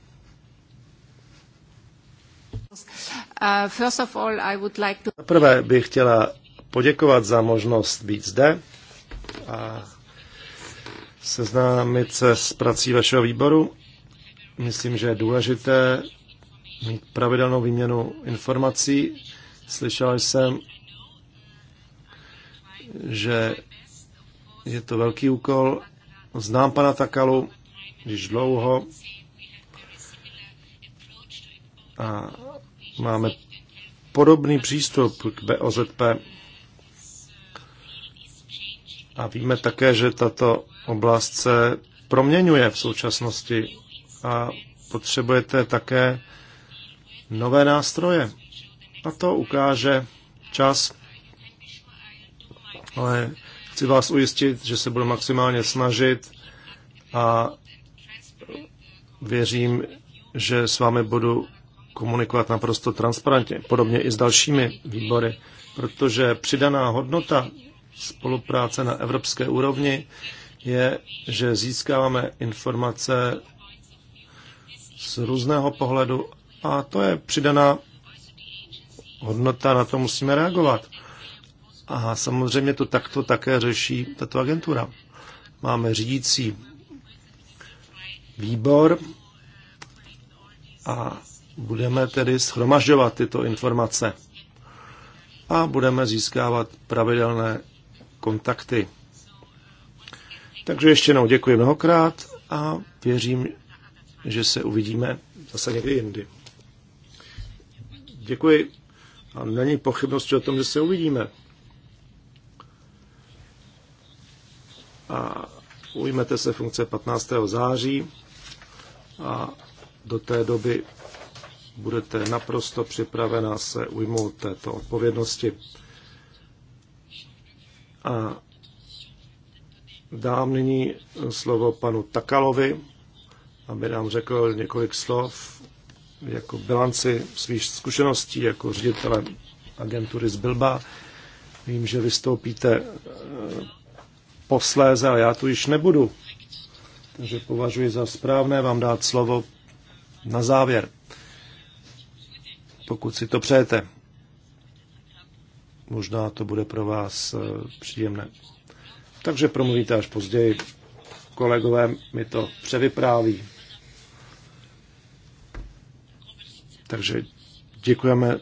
Uh, first of all, I would like to... Prvé bych chtěla poděkovat za možnost být zde a seznámit se s prací vašeho výboru. Myslím, že je důležité mít pravidelnou výměnu informací. Slyšel jsem, že je to velký úkol. Znám pana Takalu již dlouho a máme podobný přístup k BOZP a víme také, že tato oblast se proměňuje v současnosti a potřebujete také nové nástroje. A to ukáže čas, ale chci vás ujistit, že se budu maximálně snažit a věřím, že s vámi budu komunikovat naprosto transparentně, podobně i s dalšími výbory, protože přidaná hodnota spolupráce na evropské úrovni je, že získáváme informace z různého pohledu a to je přidaná hodnota, na to musíme reagovat. A samozřejmě to takto také řeší tato agentura. Máme řídící výbor a budeme tedy schromažovat tyto informace a budeme získávat pravidelné kontakty. Takže ještě jednou děkuji mnohokrát a věřím, že se uvidíme zase někdy jindy. Děkuji. A není pochybnosti o tom, že se uvidíme. A ujmete se funkce 15. září a do té doby budete naprosto připravena se ujmout této odpovědnosti. A dám nyní slovo panu Takalovi, aby nám řekl několik slov jako bilanci svých zkušeností jako ředitele agentury z Bilba. Vím, že vystoupíte eh, posléze, ale já tu již nebudu. Takže považuji za správné vám dát slovo na závěr, pokud si to přejete. Možná to bude pro vás eh, příjemné. Takže promluvíte až později. Kolegové mi to převypráví. Takže děkujeme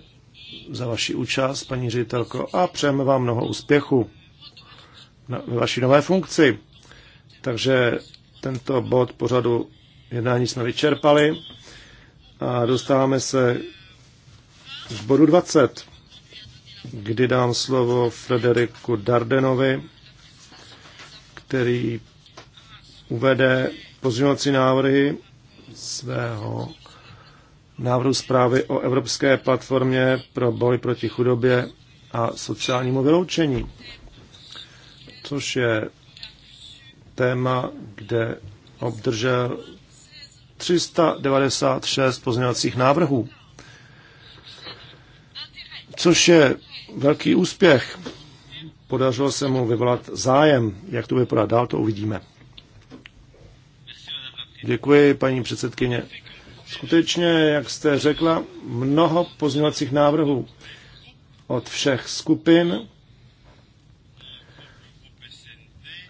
za vaši účast, paní ředitelko, a přejeme vám mnoho úspěchu ve vaší nové funkci. Takže tento bod pořadu jednání jsme vyčerpali a dostáváme se k bodu 20 kdy dám slovo Frederiku Dardenovi, který uvede pozměňovací návrhy svého návrhu zprávy o Evropské platformě pro boj proti chudobě a sociálnímu vyloučení, což je téma, kde obdržel 396 pozměňovacích návrhů, což je velký úspěch. Podařilo se mu vyvolat zájem. Jak to vypadá dál, to uvidíme. Děkuji, paní předsedkyně. Skutečně, jak jste řekla, mnoho pozměňovacích návrhů od všech skupin.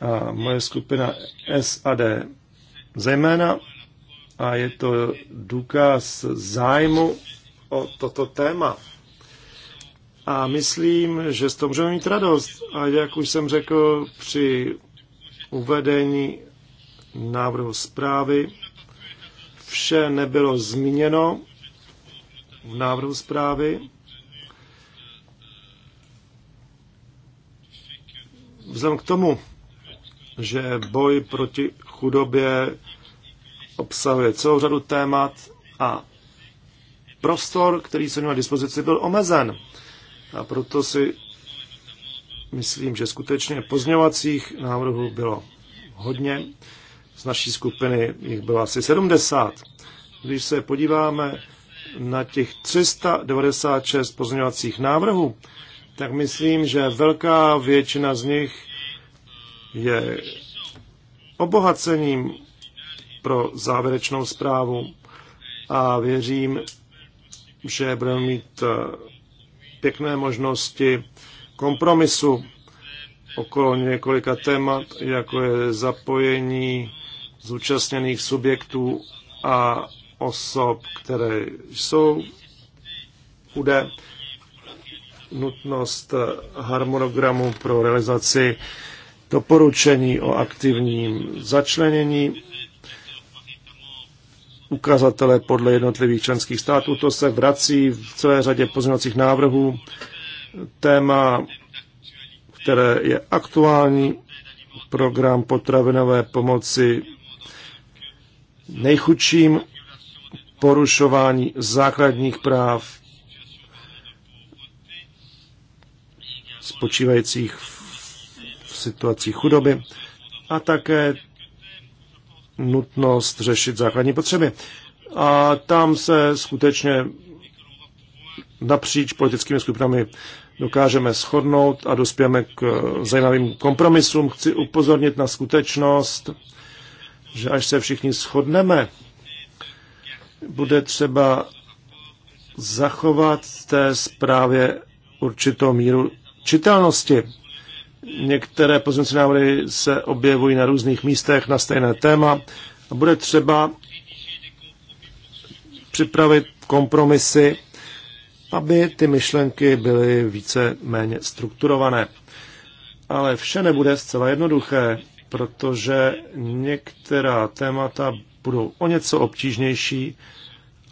A moje skupina SAD zejména. A je to důkaz zájmu o toto téma. A myslím, že z toho můžeme mít radost. A jak už jsem řekl při uvedení návrhu zprávy, vše nebylo zmíněno v návrhu zprávy. Vzhledem k tomu, že boj proti chudobě obsahuje celou řadu témat a prostor, který jsem měl na dispozici, byl omezen. A proto si myslím, že skutečně pozměňovacích návrhů bylo hodně. Z naší skupiny jich bylo asi 70. Když se podíváme na těch 396 pozměňovacích návrhů, tak myslím, že velká většina z nich je obohacením pro závěrečnou zprávu a věřím, že budeme mít eh, pěkné možnosti kompromisu okolo několika témat, jako je zapojení zúčastněných subjektů a osob, které jsou chudé, nutnost harmonogramu pro realizaci doporučení o aktivním začlenění ukazatele podle jednotlivých členských států. To se vrací v celé řadě pozměňovacích návrhů. Téma, které je aktuální, program potravinové pomoci nejchudším, porušování základních práv spočívajících v situacích chudoby a také nutnost řešit základní potřeby. A tam se skutečně napříč politickými skupinami dokážeme shodnout a dospějeme k zajímavým kompromisům. Chci upozornit na skutečnost, že až se všichni shodneme, bude třeba zachovat té zprávě určitou míru čitelnosti. Některé pozměňovací návrhy se objevují na různých místech na stejné téma a bude třeba připravit kompromisy, aby ty myšlenky byly více méně strukturované. Ale vše nebude zcela jednoduché, protože některá témata budou o něco obtížnější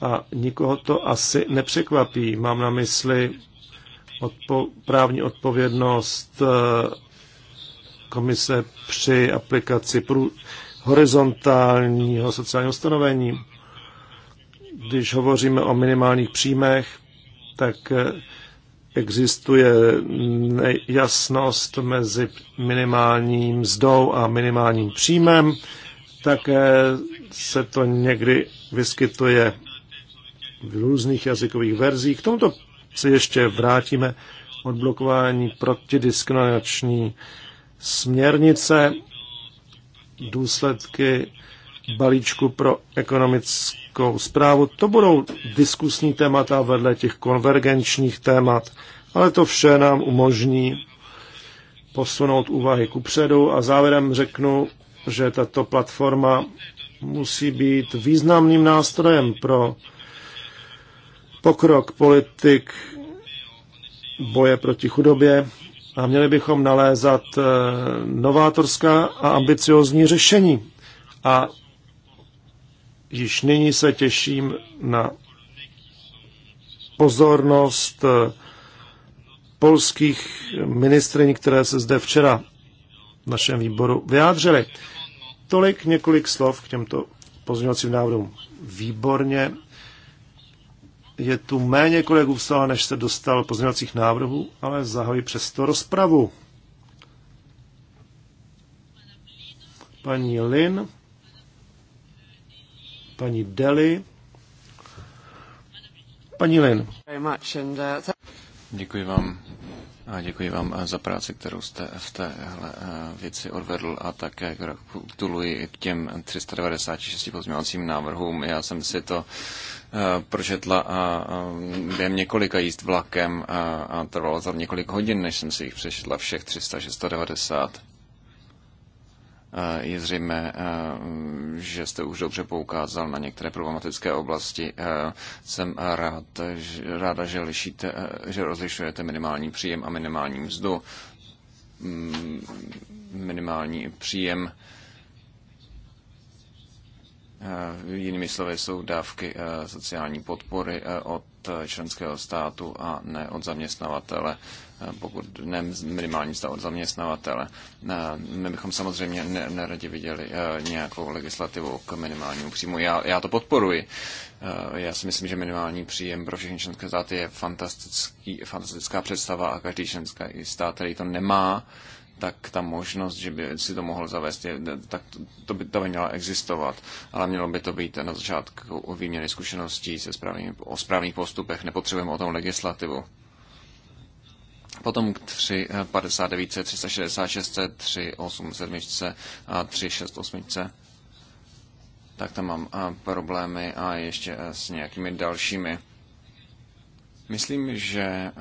a nikoho to asi nepřekvapí. Mám na mysli odpo- právní odpovědnost eh, komise při aplikaci prů- horizontálního sociálního stanovení. Když hovoříme o minimálních příjmech, tak eh, existuje nejasnost mezi minimálním mzdou a minimálním příjmem. Také se to někdy vyskytuje v různých jazykových verzích. K tomuto se ještě vrátíme odblokování protidiskriminační směrnice, důsledky balíčku pro ekonomickou zprávu. To budou diskusní témata vedle těch konvergenčních témat, ale to vše nám umožní posunout úvahy předu a závěrem řeknu, že tato platforma musí být významným nástrojem pro pokrok politik boje proti chudobě a měli bychom nalézat eh, novátorská a ambiciozní řešení. A již nyní se těším na pozornost eh, polských ministrin, které se zde včera v našem výboru vyjádřily. Tolik několik slov k těmto pozměňovacím návrhům. Výborně, je tu méně kolegů v sále, než se dostal pozměňovacích návrhů, ale zahojí přesto rozpravu. Paní Lin, paní Deli, paní Lin. Uh, děkuji vám. A děkuji vám uh, za práci, kterou jste v téhle uh, věci odvedl a také gratuluji k těm 396 pozměňovacím návrhům. Já jsem si to pročetla a během několika jíst vlakem a trvalo to několik hodin, než jsem si jich přečetla všech 390 je zřejmé, že jste už dobře poukázal na některé problematické oblasti. Jsem rád, ráda, že, lišíte, že rozlišujete minimální příjem a minimální mzdu. Mm, minimální příjem Eh, jinými slovy jsou dávky eh, sociální podpory eh, od členského státu a ne od zaměstnavatele, pokud ne minimální stát od zaměstnavatele. My bychom samozřejmě neradě viděli nějakou legislativu k minimálnímu příjmu. Já, já to podporuji. Já si myslím, že minimální příjem pro všechny členské státy je fantastický, fantastická představa a každý členský stát, který to nemá, tak ta možnost, že by si to mohl zavést, je, tak to by, to by mělo existovat. Ale mělo by to být na začátku výměny zkušeností se správnými, o správných postupech. Nepotřebujeme o tom legislativu. Potom k 359, 366, 387 a 368. Tak tam mám eh, problémy a ještě eh, s nějakými dalšími. Myslím, že eh,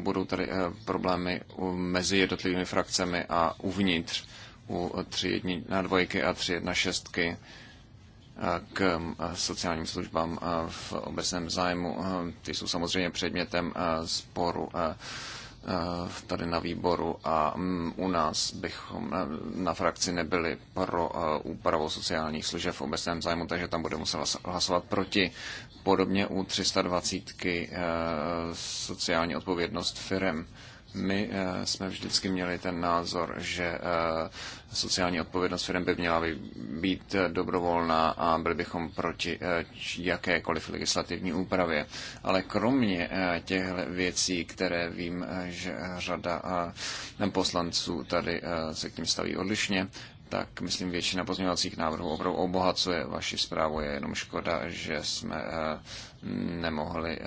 budou tady eh, problémy mezi jednotlivými frakcemi a uvnitř u 3 eh, na dvojky a 3 na šestky k sociálním službám v obecném zájmu. Ty jsou samozřejmě předmětem sporu tady na výboru a mm, u nás bychom na frakci nebyli pro úpravu sociálních služeb v obecném zájmu, takže tam budeme muset hlasovat proti podobně u 320 eh, sociální odpovědnost firm. My eh, jsme vždycky měli ten názor, že eh, sociální odpovědnost firm by měla být dobrovolná a byli bychom proti jakékoliv legislativní úpravě. Ale kromě těch věcí, které vím, že řada poslanců tady se k tím staví odlišně, tak myslím většina pozměňovacích návrhů opravdu obohacuje vaši zprávu. Je jenom škoda, že jsme eh, nemohli eh,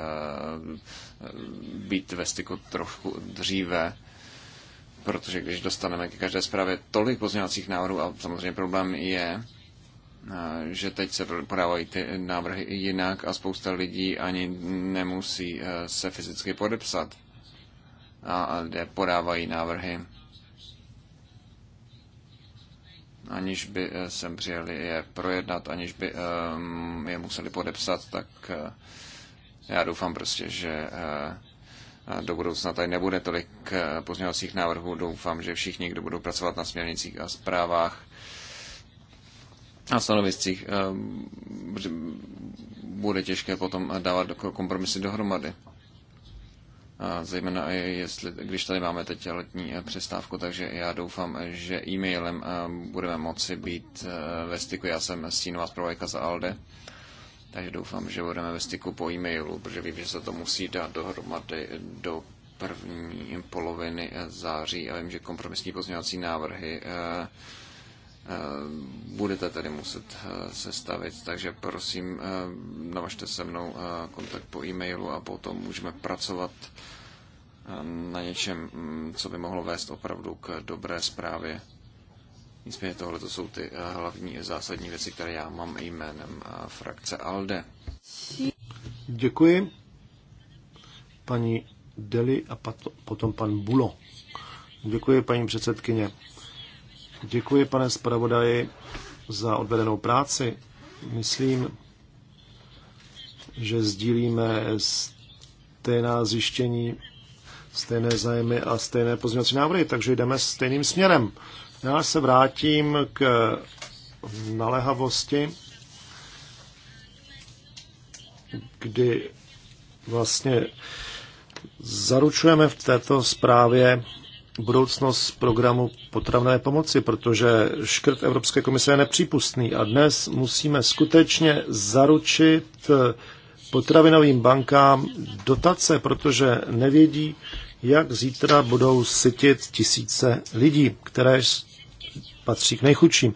být ve styku trošku dříve, protože když dostaneme ke každé zprávě tolik pozměňovacích návrhů, a samozřejmě problém je, eh, že teď se podávají ty návrhy jinak a spousta lidí ani nemusí se fyzicky podepsat. A podávají návrhy aniž by eh, sem přijeli je projednat, aniž by eh, je museli podepsat, tak eh, já doufám prostě, že do budoucna tady nebude tolik pozměňovacích návrhů. Doufám, že všichni, kdo budou pracovat na směrnicích a zprávách a stanoviscích, bude těžké potom dávat kompromisy dohromady. A zejména eh, jestli, když tady máme teď letní eh, přestávku, takže já doufám, že e-mailem eh, budeme moci být ve styku. Já jsem stínová zpravodajka za ALDE, takže doufám, že budeme ve styku po e-mailu, protože vím, že se to musí dát dohromady do první poloviny září a vím, že kompromisní pozměňovací návrhy Eh, budete tedy muset eh, sestavit, takže prosím, eh, navažte se mnou kontakt po e-mailu a potom můžeme pracovat na něčem, mm, co by mohlo vést opravdu k dobré zprávě. Nicméně tohle to jsou ty hlavní zásadní věci, které já mám jménem frakce ALDE. Děkuji. Paní Deli a potom pan Bulo. Děkuji, paní předsedkyně. Děkuji, pane zpravodaji, za odvedenou práci. Myslím, že sdílíme stejná zjištění, stejné zájmy a stejné pozměňovací návrhy, takže jdeme stejným směrem. Já se vrátím k naléhavosti, kdy vlastně zaručujeme v této zprávě budoucnost programu potravné pomoci, protože škrt Evropské komise je nepřípustný a dnes musíme skutečně zaručit eh, potravinovým bankám dotace, protože nevědí, jak zítra budou sytit tisíce lidí, které patří k nejchudším.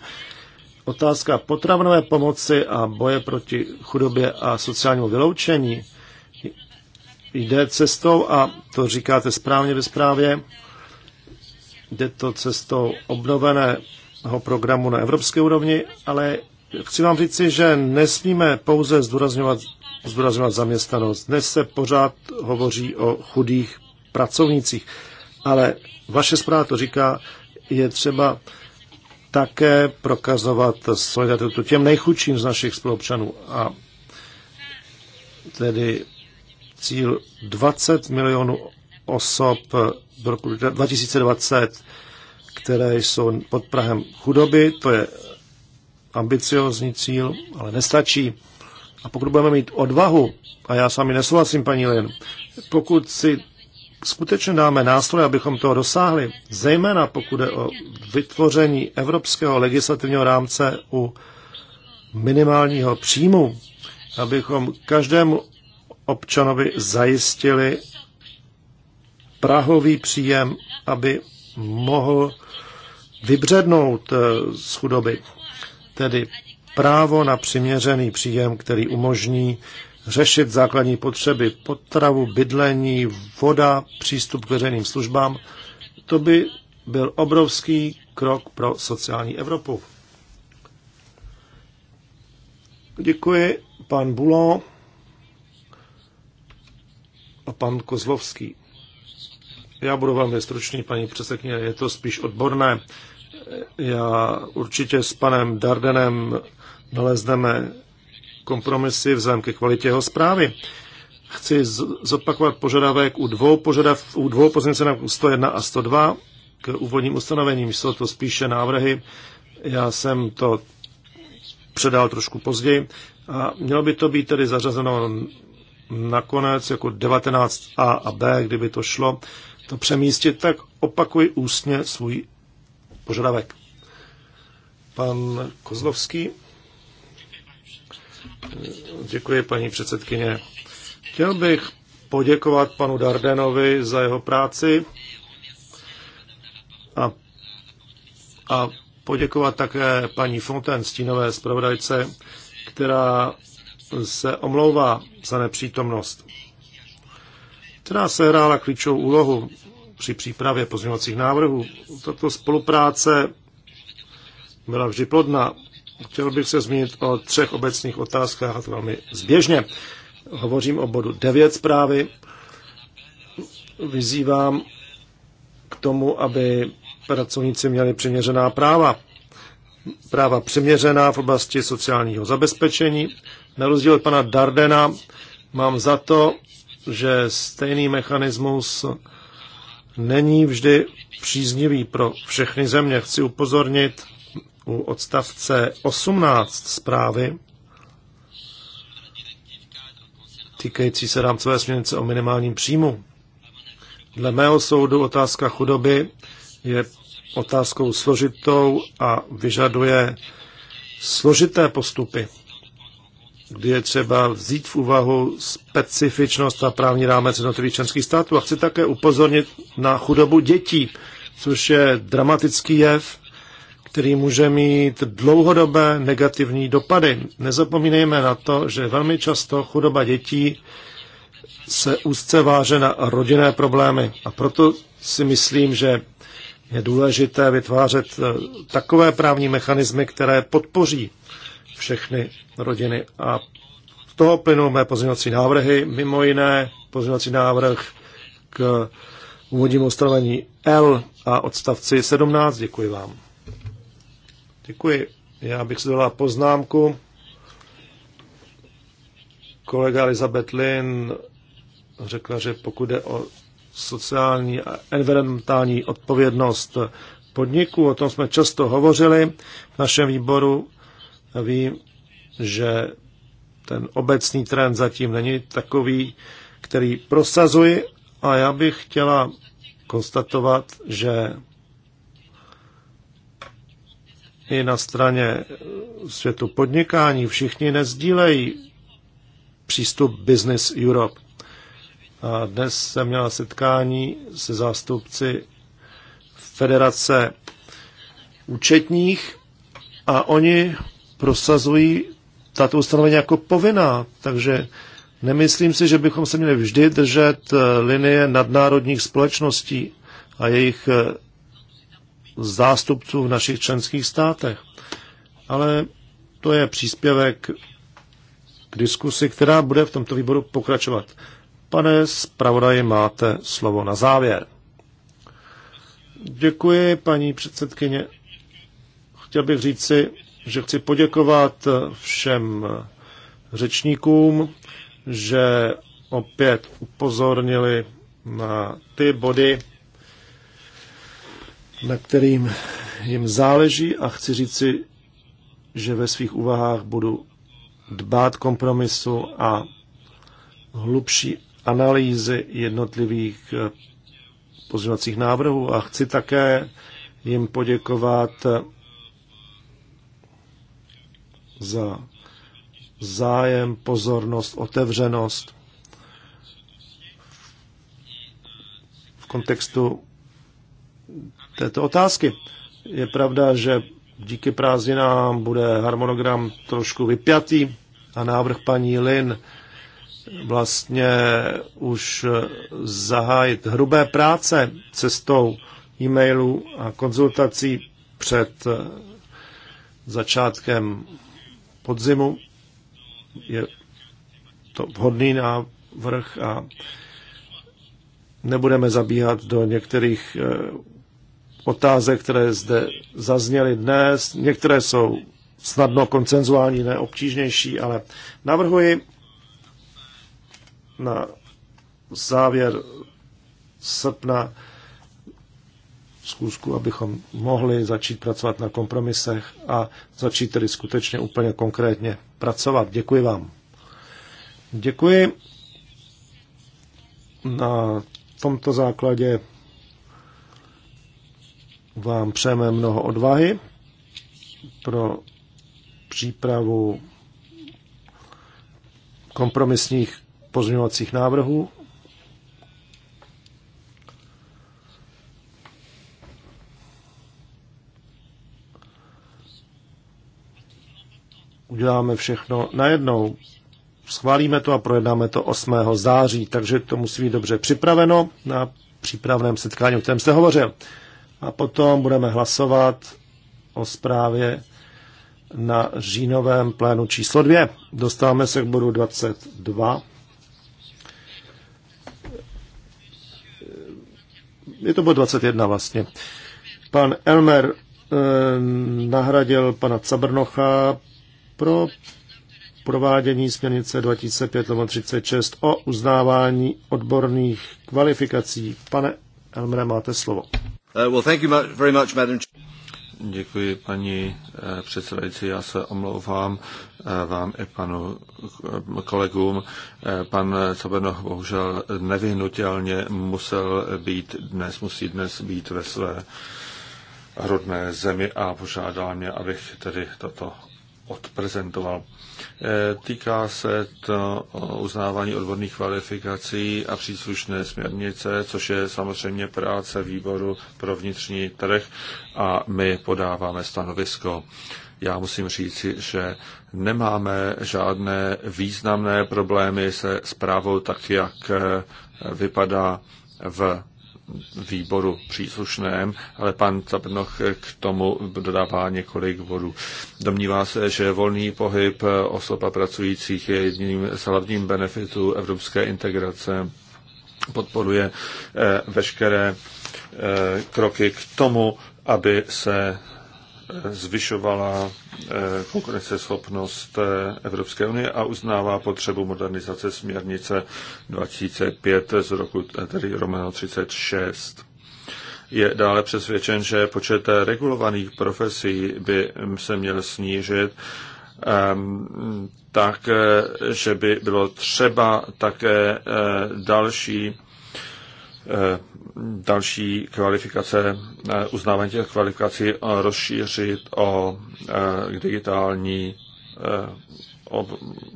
Otázka potravinové pomoci a boje proti chudobě a sociálnímu vyloučení jde cestou, a to říkáte správně ve zprávě, Jde to cestou obnoveného programu na evropské úrovni, ale chci vám říci, že nesmíme pouze zdůrazňovat, zdůrazňovat zaměstnanost. Dnes se pořád hovoří o chudých pracovnících, ale vaše zpráva to říká, je třeba také prokazovat solidaritu těm nejchudším z našich spolupčanů. A tedy cíl 20 milionů osob v roku 2020, které jsou pod Prahem chudoby. To je ambiciozní cíl, ale nestačí. A pokud budeme mít odvahu, a já s vámi nesouhlasím, paní Lin, pokud si skutečně dáme nástroje, abychom toho dosáhli, zejména pokud je o vytvoření evropského legislativního rámce u minimálního příjmu, abychom každému občanovi zajistili prahový příjem, aby mohl vybřednout eh, z chudoby. Tedy právo na přiměřený příjem, který umožní řešit základní potřeby, potravu, bydlení, voda, přístup k veřejným službám. To by byl obrovský krok pro sociální Evropu. Děkuji, pan Bulo a pan Kozlovský. Já budu velmi stručný, paní předsedkyně, je to spíš odborné. Já určitě s panem Dardenem nalezneme kompromisy vzhledem ke kvalitě jeho zprávy. Chci zopakovat požadavek u dvou, požadav, u dvou pozice na 101 a 102 k úvodním ustanovením. Jsou to spíše návrhy. Já jsem to předal trošku později. A mělo by to být tedy zařazeno nakonec jako 19a a b, kdyby to šlo to přemístit, tak opakuj ústně svůj požadavek. Pan Kozlovský. Děkuji, paní předsedkyně. Chtěl bych poděkovat panu Dardenovi za jeho práci a, a poděkovat také paní Fonten, stínové zpravodajce, která se omlouvá za nepřítomnost která sehrála klíčovou úlohu při přípravě pozměňovacích návrhů. Tato spolupráce byla vždy plodná. Chtěl bych se zmínit o třech obecných otázkách, a to velmi zběžně. Hovořím o bodu 9 zprávy. Vyzývám k tomu, aby pracovníci měli přiměřená práva. Práva přiměřená v oblasti sociálního zabezpečení. Na rozdíl od pana Dardena mám za to, že stejný mechanismus není vždy příznivý pro všechny země. Chci upozornit u odstavce 18 zprávy týkající se rámcové směrnice o minimálním příjmu. Dle mého soudu otázka chudoby je otázkou složitou a vyžaduje složité postupy kdy je třeba vzít v úvahu specifičnost a právní rámec jednotlivých členských států. A chci také upozornit na chudobu dětí, což je dramatický jev, který může mít dlouhodobé negativní dopady. Nezapomínejme na to, že velmi často chudoba dětí se úzce váže na rodinné problémy. A proto si myslím, že je důležité vytvářet eh, takové právní mechanismy, které podpoří všechny rodiny. A z toho plynou mé pozměňovací návrhy, mimo jiné pozměňovací návrh k úvodnímu ustanovení L a odstavci 17. Děkuji vám. Děkuji. Já bych si dala poznámku. Kolega Elizabeth Lin řekla, že pokud jde o sociální a environmentální odpovědnost podniků, o tom jsme často hovořili v našem výboru, Vím, že ten obecný trend zatím není takový, který prosazuji a já bych chtěla konstatovat, že i na straně světu podnikání všichni nezdílejí přístup Business Europe. A dnes jsem měla setkání se zástupci Federace účetních a oni prosazují tato ustanovení jako povinná. Takže nemyslím si, že bychom se měli vždy držet eh, linie nadnárodních společností a jejich eh, zástupců v našich členských státech. Ale to je příspěvek k diskusi, která bude v tomto výboru pokračovat. Pane zpravodaji, máte slovo na závěr. Děkuji, paní předsedkyně. Chtěl bych říci, že chci poděkovat všem řečníkům, že opět upozornili na ty body, na kterým jim záleží a chci říci, že ve svých úvahách budu dbát kompromisu a hlubší analýzy jednotlivých pozměňovacích návrhů a chci také jim poděkovat za zájem, pozornost, otevřenost v kontextu této otázky. Je pravda, že díky prázdninám bude harmonogram trošku vypjatý a návrh paní Lin vlastně už zahájit hrubé práce cestou e-mailů a konzultací před začátkem podzimu. Je to vhodný návrh a nebudeme zabíhat do některých eh, otázek, které zde zazněly dnes. Některé jsou snadno koncenzuální, ne obtížnější, ale navrhuji na závěr srpna schůzku, abychom mohli začít pracovat na kompromisech a začít tedy skutečně úplně konkrétně pracovat. Děkuji vám. Děkuji. Na tomto základě vám přejeme mnoho odvahy pro přípravu kompromisních pozměňovacích návrhů uděláme všechno najednou. Schválíme to a projednáme to 8. září, takže to musí být dobře připraveno na přípravném setkání, o kterém jste hovořil. A potom budeme hlasovat o zprávě na říjnovém plénu číslo 2. Dostáváme se k bodu 22. Je to bod 21 vlastně. Pan Elmer eh, nahradil pana Cabrnocha, pro provádění směrnice 2005-36 o uznávání odborných kvalifikací. Pane Elmre, máte slovo. Uh, well, thank you very much, madam. Děkuji, paní eh, předsedající. Já se omlouvám eh, vám i panu eh, kolegům. Pan Cabenoch bohužel nevyhnutelně musel být dnes, musí dnes být ve své rodné zemi a požádal mě, abych tedy toto odprezentoval. E, týká se to uznávání odborných kvalifikací a příslušné směrnice, což je samozřejmě práce výboru pro vnitřní trh a my podáváme stanovisko. Já musím říci, že nemáme žádné významné problémy se zprávou tak, jak e, vypadá v výboru příslušném, ale pan Cabnoch k tomu dodává několik bodů. Domnívá se, že volný pohyb osob a pracujících je jedním z hlavním benefitů evropské integrace. Podporuje eh, veškeré eh, kroky k tomu, aby se zvyšovala eh, konkurenceschopnost eh, Evropské unie a uznává potřebu modernizace směrnice 2005 z roku eh, tedy Romano 36. Je dále přesvědčen, že počet regulovaných profesí by se měl snížit ehm, tak, že by bylo třeba také další Eh, další kvalifikace, eh, uznávání těch kvalifikací eh, rozšířit o digitální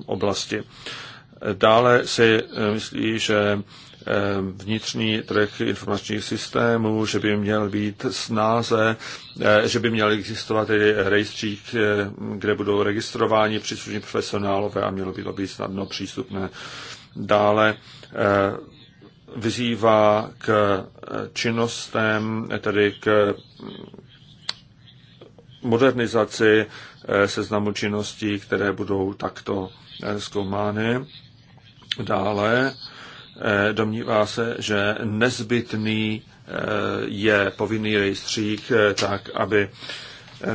oblasti. Dále si myslí, že vnitřní trh informačních systémů, že by měl být snáze, že by měl existovat i rejstřík, kde budou registrováni příslušní profesionálové a mělo by to být snadno přístupné. Dále vyzývá k eh, činnostem, tedy k mm, modernizaci eh, seznamu činností, které budou takto eh, zkoumány. Dále domnívá se, že nezbytný je povinný rejstřík tak, aby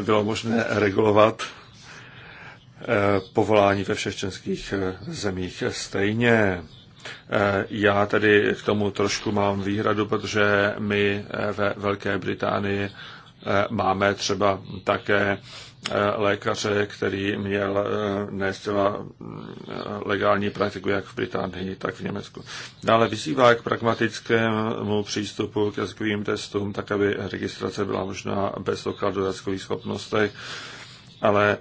bylo možné regulovat povolání ve všech českých zemích stejně. Eh, já tedy k tomu trošku mám výhradu, protože my eh, ve Velké Británii eh, máme třeba také lékaře, který měl ne zcela mm, legální praktiku jak v Británii, tak v Německu. Dále no, vyzývá k pragmatickému přístupu k jazykovým testům, tak aby registrace byla možná bez dokladu jazykových schopnostech, ale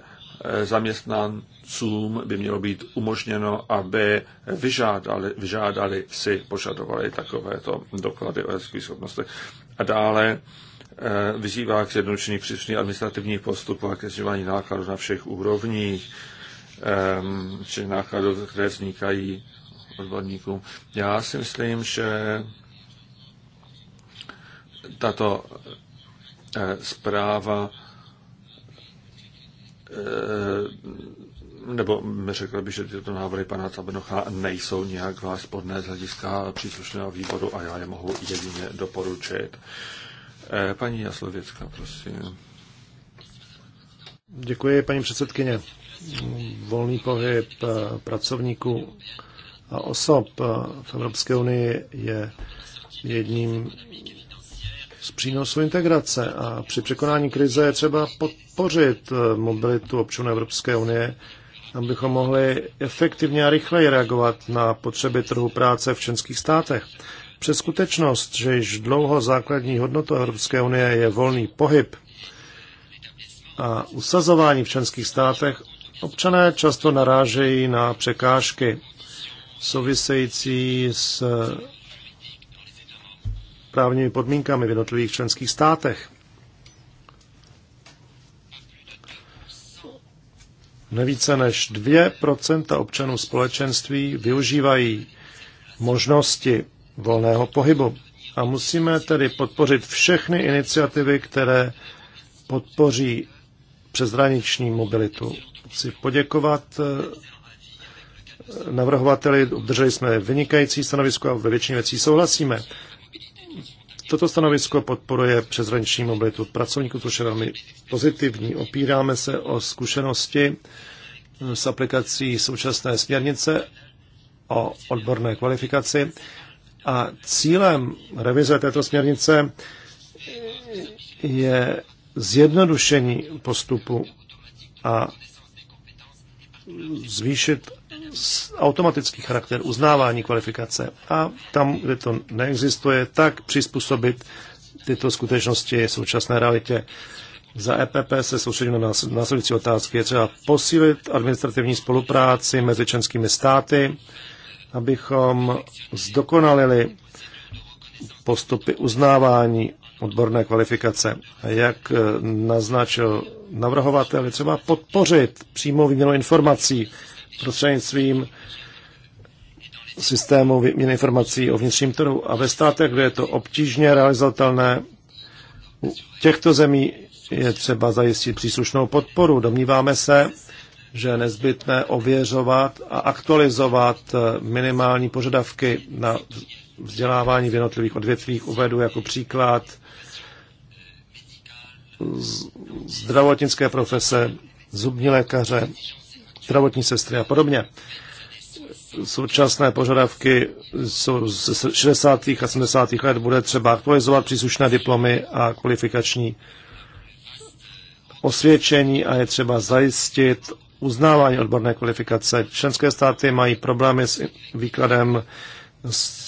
zaměstnan otcům by mělo být umožněno, aby vyžádali, vyžádali si, požadovali takovéto doklady o jazykových schopnostech. A dále eh, vyzývá k zjednodušení příslušných administrativních postupů a ke snižování nákladů na všech úrovních, ehm, či nákladů, které vznikají odborníkům. Já si myslím, že tato eh, zpráva eh, nebo řekl bych, že tyto návrhy pana Cabenocha nejsou nějak podné z hlediska příslušného výboru a já je mohu jedině doporučit. Eh, paní Jaslověcka, prosím. Děkuji, paní předsedkyně. Volný pohyb eh, pracovníků a osob eh, v Evropské unii je jedním z přínosů integrace a při překonání krize je třeba podpořit mobilitu občanů Evropské unie abychom mohli efektivně a rychleji reagovat na potřeby trhu práce v členských státech. Přes skutečnost, že již dlouho základní hodnotou Evropské unie je volný pohyb a usazování v členských státech, občané často narážejí na překážky související s právními podmínkami v jednotlivých členských státech. Nevíce než 2% občanů společenství využívají možnosti volného pohybu. A musíme tedy podpořit všechny iniciativy, které podpoří přezraniční mobilitu. Chci poděkovat eh, navrhovateli, obdrželi jsme vynikající stanovisko a ve většině věcí souhlasíme. Toto stanovisko podporuje přezranční mobilitu pracovníků, což je velmi pozitivní. Opíráme se o zkušenosti s aplikací současné směrnice o odborné kvalifikaci a cílem revize této směrnice je zjednodušení postupu a zvýšit automatický charakter uznávání kvalifikace a tam, kde to neexistuje, tak přizpůsobit tyto skutečnosti současné realitě. Za EPP se soustředíme na následující otázky. Je třeba posílit administrativní spolupráci mezi členskými státy, abychom zdokonalili postupy uznávání odborné kvalifikace. Jak eh, naznačil navrhovatel, je třeba podpořit přímou výměnu informací prostřednictvím systému výměny informací o vnitřním trhu. A ve státech, kde je to obtížně realizatelné, těchto zemí je třeba zajistit příslušnou podporu. Domníváme se, že je nezbytné ověřovat a aktualizovat eh, minimální požadavky na vzdělávání v jednotlivých odvětvích. Uvedu jako příklad zdravotnické profese, zubní lékaře, zdravotní sestry a podobně. Současné požadavky jsou z 60. a 70. let. Bude třeba aktualizovat příslušné diplomy a kvalifikační osvědčení a je třeba zajistit uznávání odborné kvalifikace. Členské státy mají problémy s výkladem z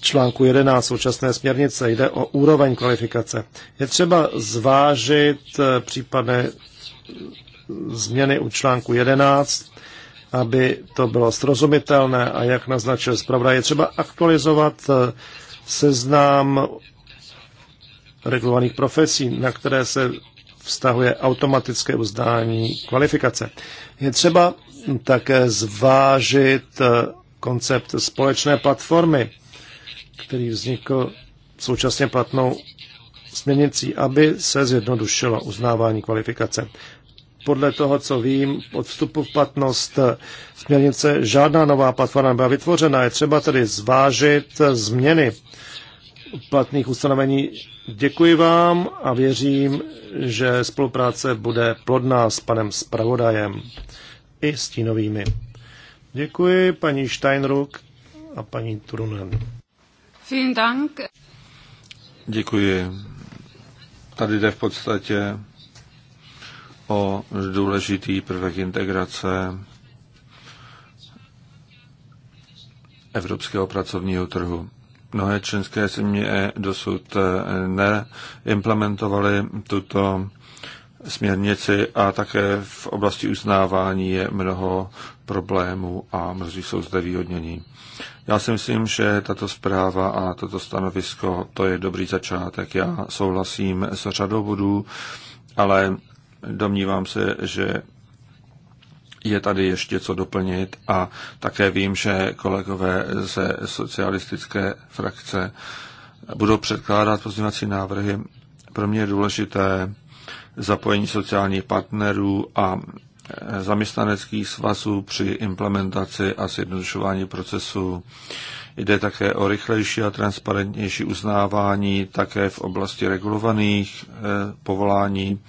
článku 11 současné směrnice. Jde o úroveň kvalifikace. Je třeba zvážit eh, případné změny u článku 11 aby to bylo srozumitelné a jak naznačil zpravda, je třeba aktualizovat eh, seznám regulovaných profesí, na které se vztahuje automatické uzdání kvalifikace. Je třeba také zvážit eh, koncept společné platformy, který vznikl současně platnou směrnicí, aby se zjednodušilo uznávání kvalifikace podle toho, co vím, od vstupu v platnost směrnice žádná nová platforma nebyla vytvořena. Je třeba tedy zvážit změny platných ustanovení. Děkuji vám a věřím, že spolupráce bude plodná s panem Spravodajem i s tínovými. Děkuji paní Steinruck a paní Turunen. Vielen Dank. Děkuji. Tady jde v podstatě o důležitý prvek integrace evropského pracovního trhu. Mnohé členské země dosud neimplementovaly tuto směrnici a také v oblasti uznávání je mnoho problémů a mnozí jsou zde výhodnění. Já si myslím, že tato zpráva a toto stanovisko, to je dobrý začátek. Já souhlasím s řadou bodů, ale domnívám se, že je tady ještě co doplnit a také vím, že kolegové ze socialistické frakce budou předkládat pozměňovací návrhy. Pro mě je důležité zapojení sociálních partnerů a zaměstnaneckých svazů při implementaci a zjednodušování procesu. Jde také o rychlejší a transparentnější uznávání také v oblasti regulovaných eh, povolání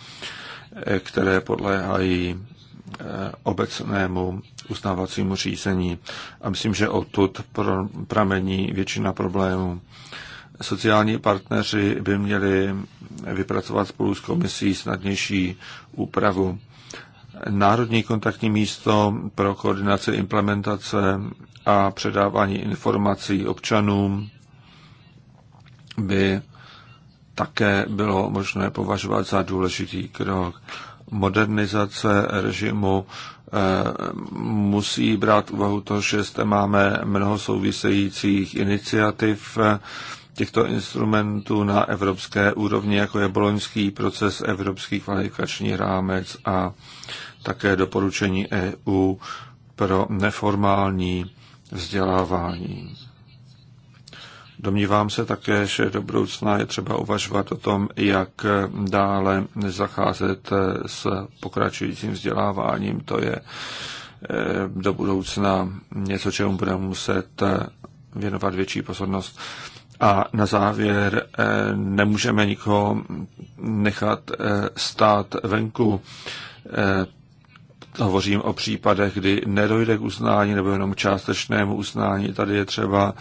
které podléhají eh, obecnému uznávacímu řízení. A myslím, že odtud pramení většina problémů. Sociální partneři by měli vypracovat spolu s komisí snadnější úpravu. Národní kontaktní místo pro koordinaci implementace a předávání informací občanům by také bylo možné považovat za důležitý krok. Modernizace režimu eh, musí brát úvahu to, že zde máme mnoho souvisejících iniciativ eh, těchto instrumentů na evropské úrovni, jako je boloňský proces, evropský kvalifikační rámec a také doporučení EU pro neformální vzdělávání. Domnívám se také, že do budoucna je třeba uvažovat o tom, jak dále zacházet s pokračujícím vzděláváním. To je eh, do budoucna něco, čemu budeme muset eh, věnovat větší pozornost. A na závěr eh, nemůžeme nikoho nechat stát venku. Hovořím o případech, kdy nedojde k uznání nebo jenom částečnému uznání. Tady je třeba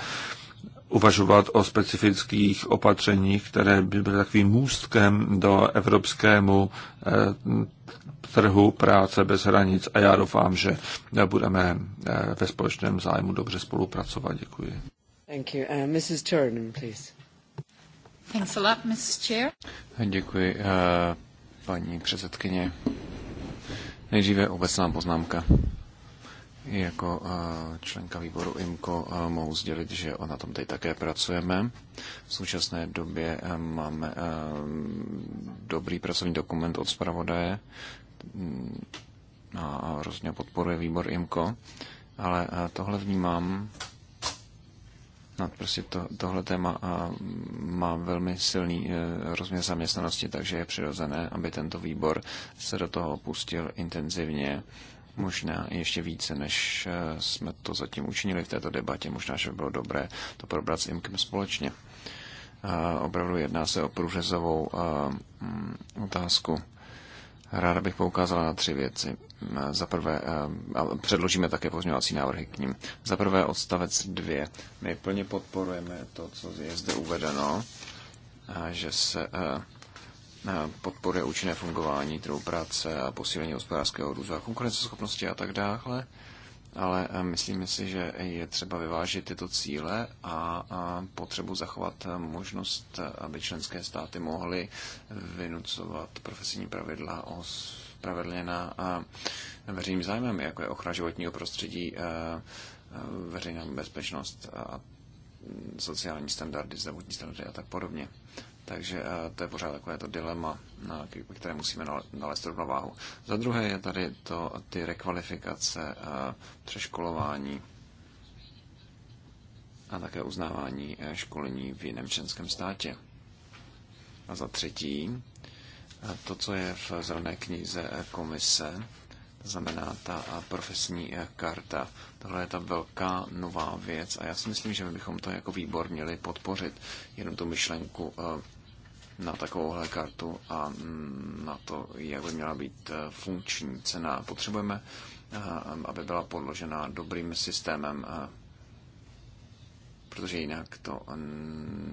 uvažovat o specifických opatřeních, které by byly takovým můstkem do evropskému eh, trhu práce bez hranic a já doufám, že budeme eh, ve společném zájmu dobře spolupracovat. Děkuji. Thank you. Uh, Mrs. Turin, please. Thanks a lot, Mrs. Chair. Děkuji, uh, paní předsedkyně. Nejdříve obecná poznámka. Jako eh, členka výboru IMCO eh, mohu sdělit, že na tom teď také pracujeme. V současné době eh, máme dobrý pracovní dokument od zpravodaje mm, a rozhodně podporuje výbor IMCO, ale tohle vnímám No, prostě to, tohle téma má velmi silný rozměr zaměstnanosti, takže je přirozené, aby tento výbor se do toho pustil intenzivně možná ještě více, než eh, jsme to zatím učinili v této debatě. Možná, že by bylo dobré to probrat s IMKem společně. Eh, opravdu jedná se o průřezovou eh, mm, otázku. Ráda bych poukázala na tři věci. Za prvé, a předložíme také pozměňovací návrhy k ním. Za prvé odstavec dvě. My plně podporujeme to, co je zde uvedeno, že se podporuje účinné fungování trhu práce a posílení hospodářského růzu a konkurenceschopnosti a tak dále. Ale eh, myslíme si, že je třeba vyvážit tyto cíle a potřebu zachovat možnost, aby členské státy mohly vynucovat profesní pravidla o spravedlněná veřejným zájmem, jako je ochrana životního prostředí, eh, veřejná bezpečnost a sociální standardy, zdravotní standardy a tak podobně. Takže eh, to je pořád takové to dilema, které musíme nalézt rovnováhu. Za druhé je tady to, ty rekvalifikace, eh, přeškolování a také uznávání eh, školení v jiném členském státě. A za třetí, to, co je v zelené knize komise, to znamená ta profesní karta. Tohle je ta velká nová věc a já si myslím, že my bychom to jako výbor měli podpořit. Jenom tu myšlenku na takovouhle kartu a mm, na to, jak by měla být eh, funkční cena. Potřebujeme, eh, aby byla podložena dobrým systémem, eh, protože jinak to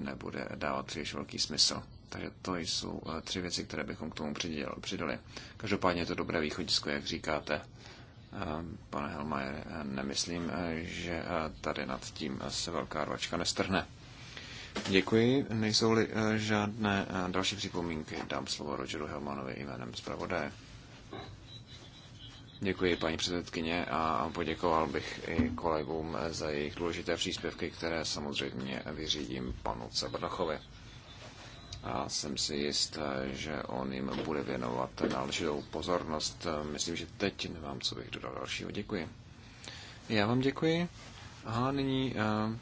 nebude dávat příliš velký smysl. Takže to jsou tři věci, které bychom k tomu přidali. Každopádně je to dobré východisko, jak říkáte. Pane Helmajer, nemyslím, že tady nad tím se velká rvačka nestrhne. Děkuji. Nejsou-li eh, žádné eh, další připomínky, dám slovo Rogeru Helmanovi jménem zpravodaje. Děkuji, paní předsedkyně, a poděkoval bych i kolegům eh, za jejich důležité příspěvky, které samozřejmě vyřídím panu Cebrnochovi. A jsem si jist, že on jim bude věnovat náležitou pozornost. Myslím, že teď nemám, co bych dodal dalšího. Děkuji. Já vám děkuji. A nyní uh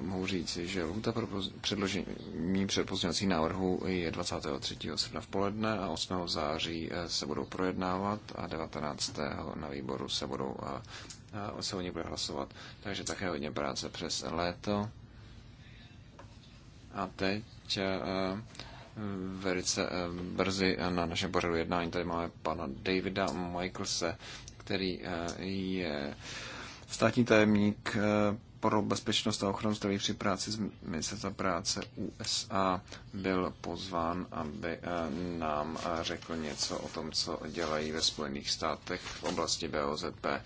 mohu říci, že lhuta pro předložení předpozněcí návrhu je 23. srpna v poledne a 8. září eh, se budou projednávat a 19. na výboru se budou eh, eh, se o ně bude hlasovat. Takže také hodně práce přes léto. A teď velice brzy na našem pořadu jednání tady máme pana Davida Michaelse, který je státní tajemník pro bezpečnost a ochranu zdraví při práci z Ministerstva práce USA byl pozván, aby eh, nám eh, řekl něco o tom, co dělají ve Spojených státech v oblasti BOZP. Eh,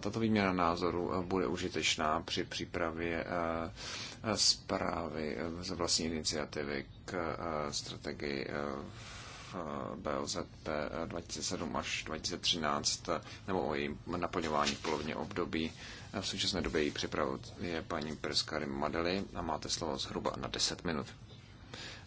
tato výměna názoru bude užitečná při přípravě zprávy z vlastní iniciativy k strategii v BOZP 2007 až 2013 nebo o jejím naplňování v polovině období v současné době ji připravuje paní Perskary Madely a máte slovo zhruba na 10 minut.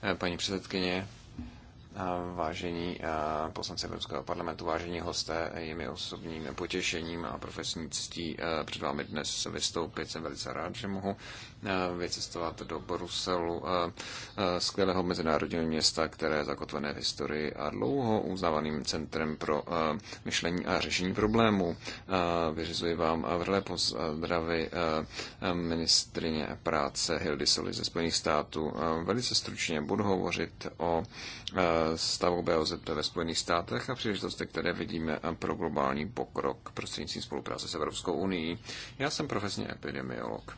Eh, paní předsedkyně, eh, vážení eh, poslanci Evropského parlamentu, vážení hosté, je mi osobním potěšením a profesní ctí před vámi dnes vystoupit. Jsem velice rád, že mohu Eh, vycestovat do Bruselu, eh, eh, skvělého mezinárodního města, které je zakotvené v historii a dlouho uznávaným centrem pro myšlení a řešení problémů. Vyřizuji vám vrhlé pozdravy ministrině práce Hildy Soli ze Spojených států. Velice stručně budu hovořit o stavu BOZP ve Spojených státech a příležitosti, které vidíme pro globální pokrok prostřednictvím spolupráce s Evropskou unii. Já jsem profesně epidemiolog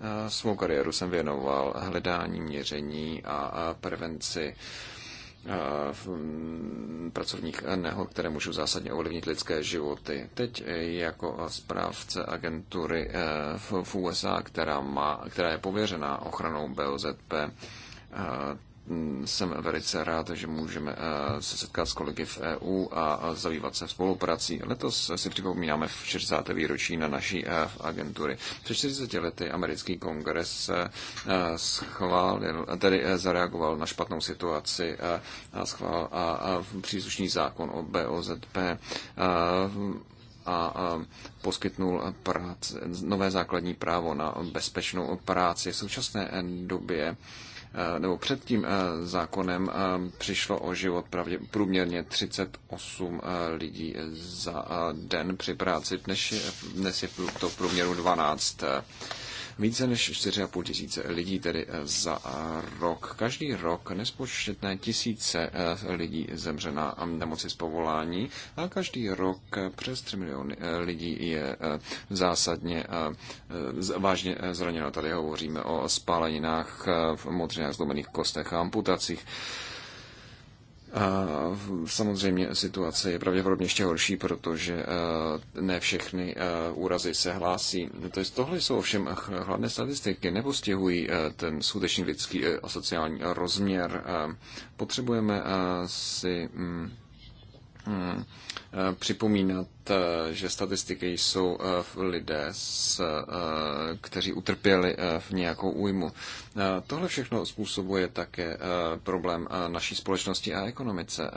Eh, svou kariéru jsem věnoval hledání, měření a prevenci eh, mm, pracovních nehod, které můžou zásadně ovlivnit lidské životy. Teď eh, jako správce agentury v USA, která, má, která je pověřená ochranou BOZP, Mm, jsem velice rád, že můžeme eh, se setkat s kolegy v EU a zabývat se spoluprací. Letos si připomínáme v 60. výročí na naší eh, agentury. Před 40 lety americký kongres eh, schválil, tedy zareagoval na špatnou situaci a schválil a příslušný zákon o BOZP a poskytnul práce, nové základní právo na bezpečnou práci. V současné době Eh, nebo před tím eh, zákonem eh, přišlo o život pravdě, průměrně 38 lidí za den při práci. Dnes je, dnes je to v průměru 12 více než 4,5 tisíce lidí tedy eh, za eh, rok. Každý rok nespočetné tisíce eh, lidí zemře na nemoci z povolání a každý rok přes 3 miliony lidí je zásadně vážně zraněno. Tady hovoříme o spáleninách, v modřinách, zlomených kostech a amputacích. A samozřejmě situace je pravděpodobně ještě horší, protože eh, ne všechny eh, úrazy se hlásí. Tohle jsou ovšem hlavné statistiky, nepostihují eh, ten skutečný lidský a sociální rozměr. Potřebujeme si mm, mm, Eh, připomínat, eh, že statistiky jsou eh, lidé, kteří utrpěli v nějakou újmu. Tohle všechno způsobuje také problém naší společnosti a ekonomice.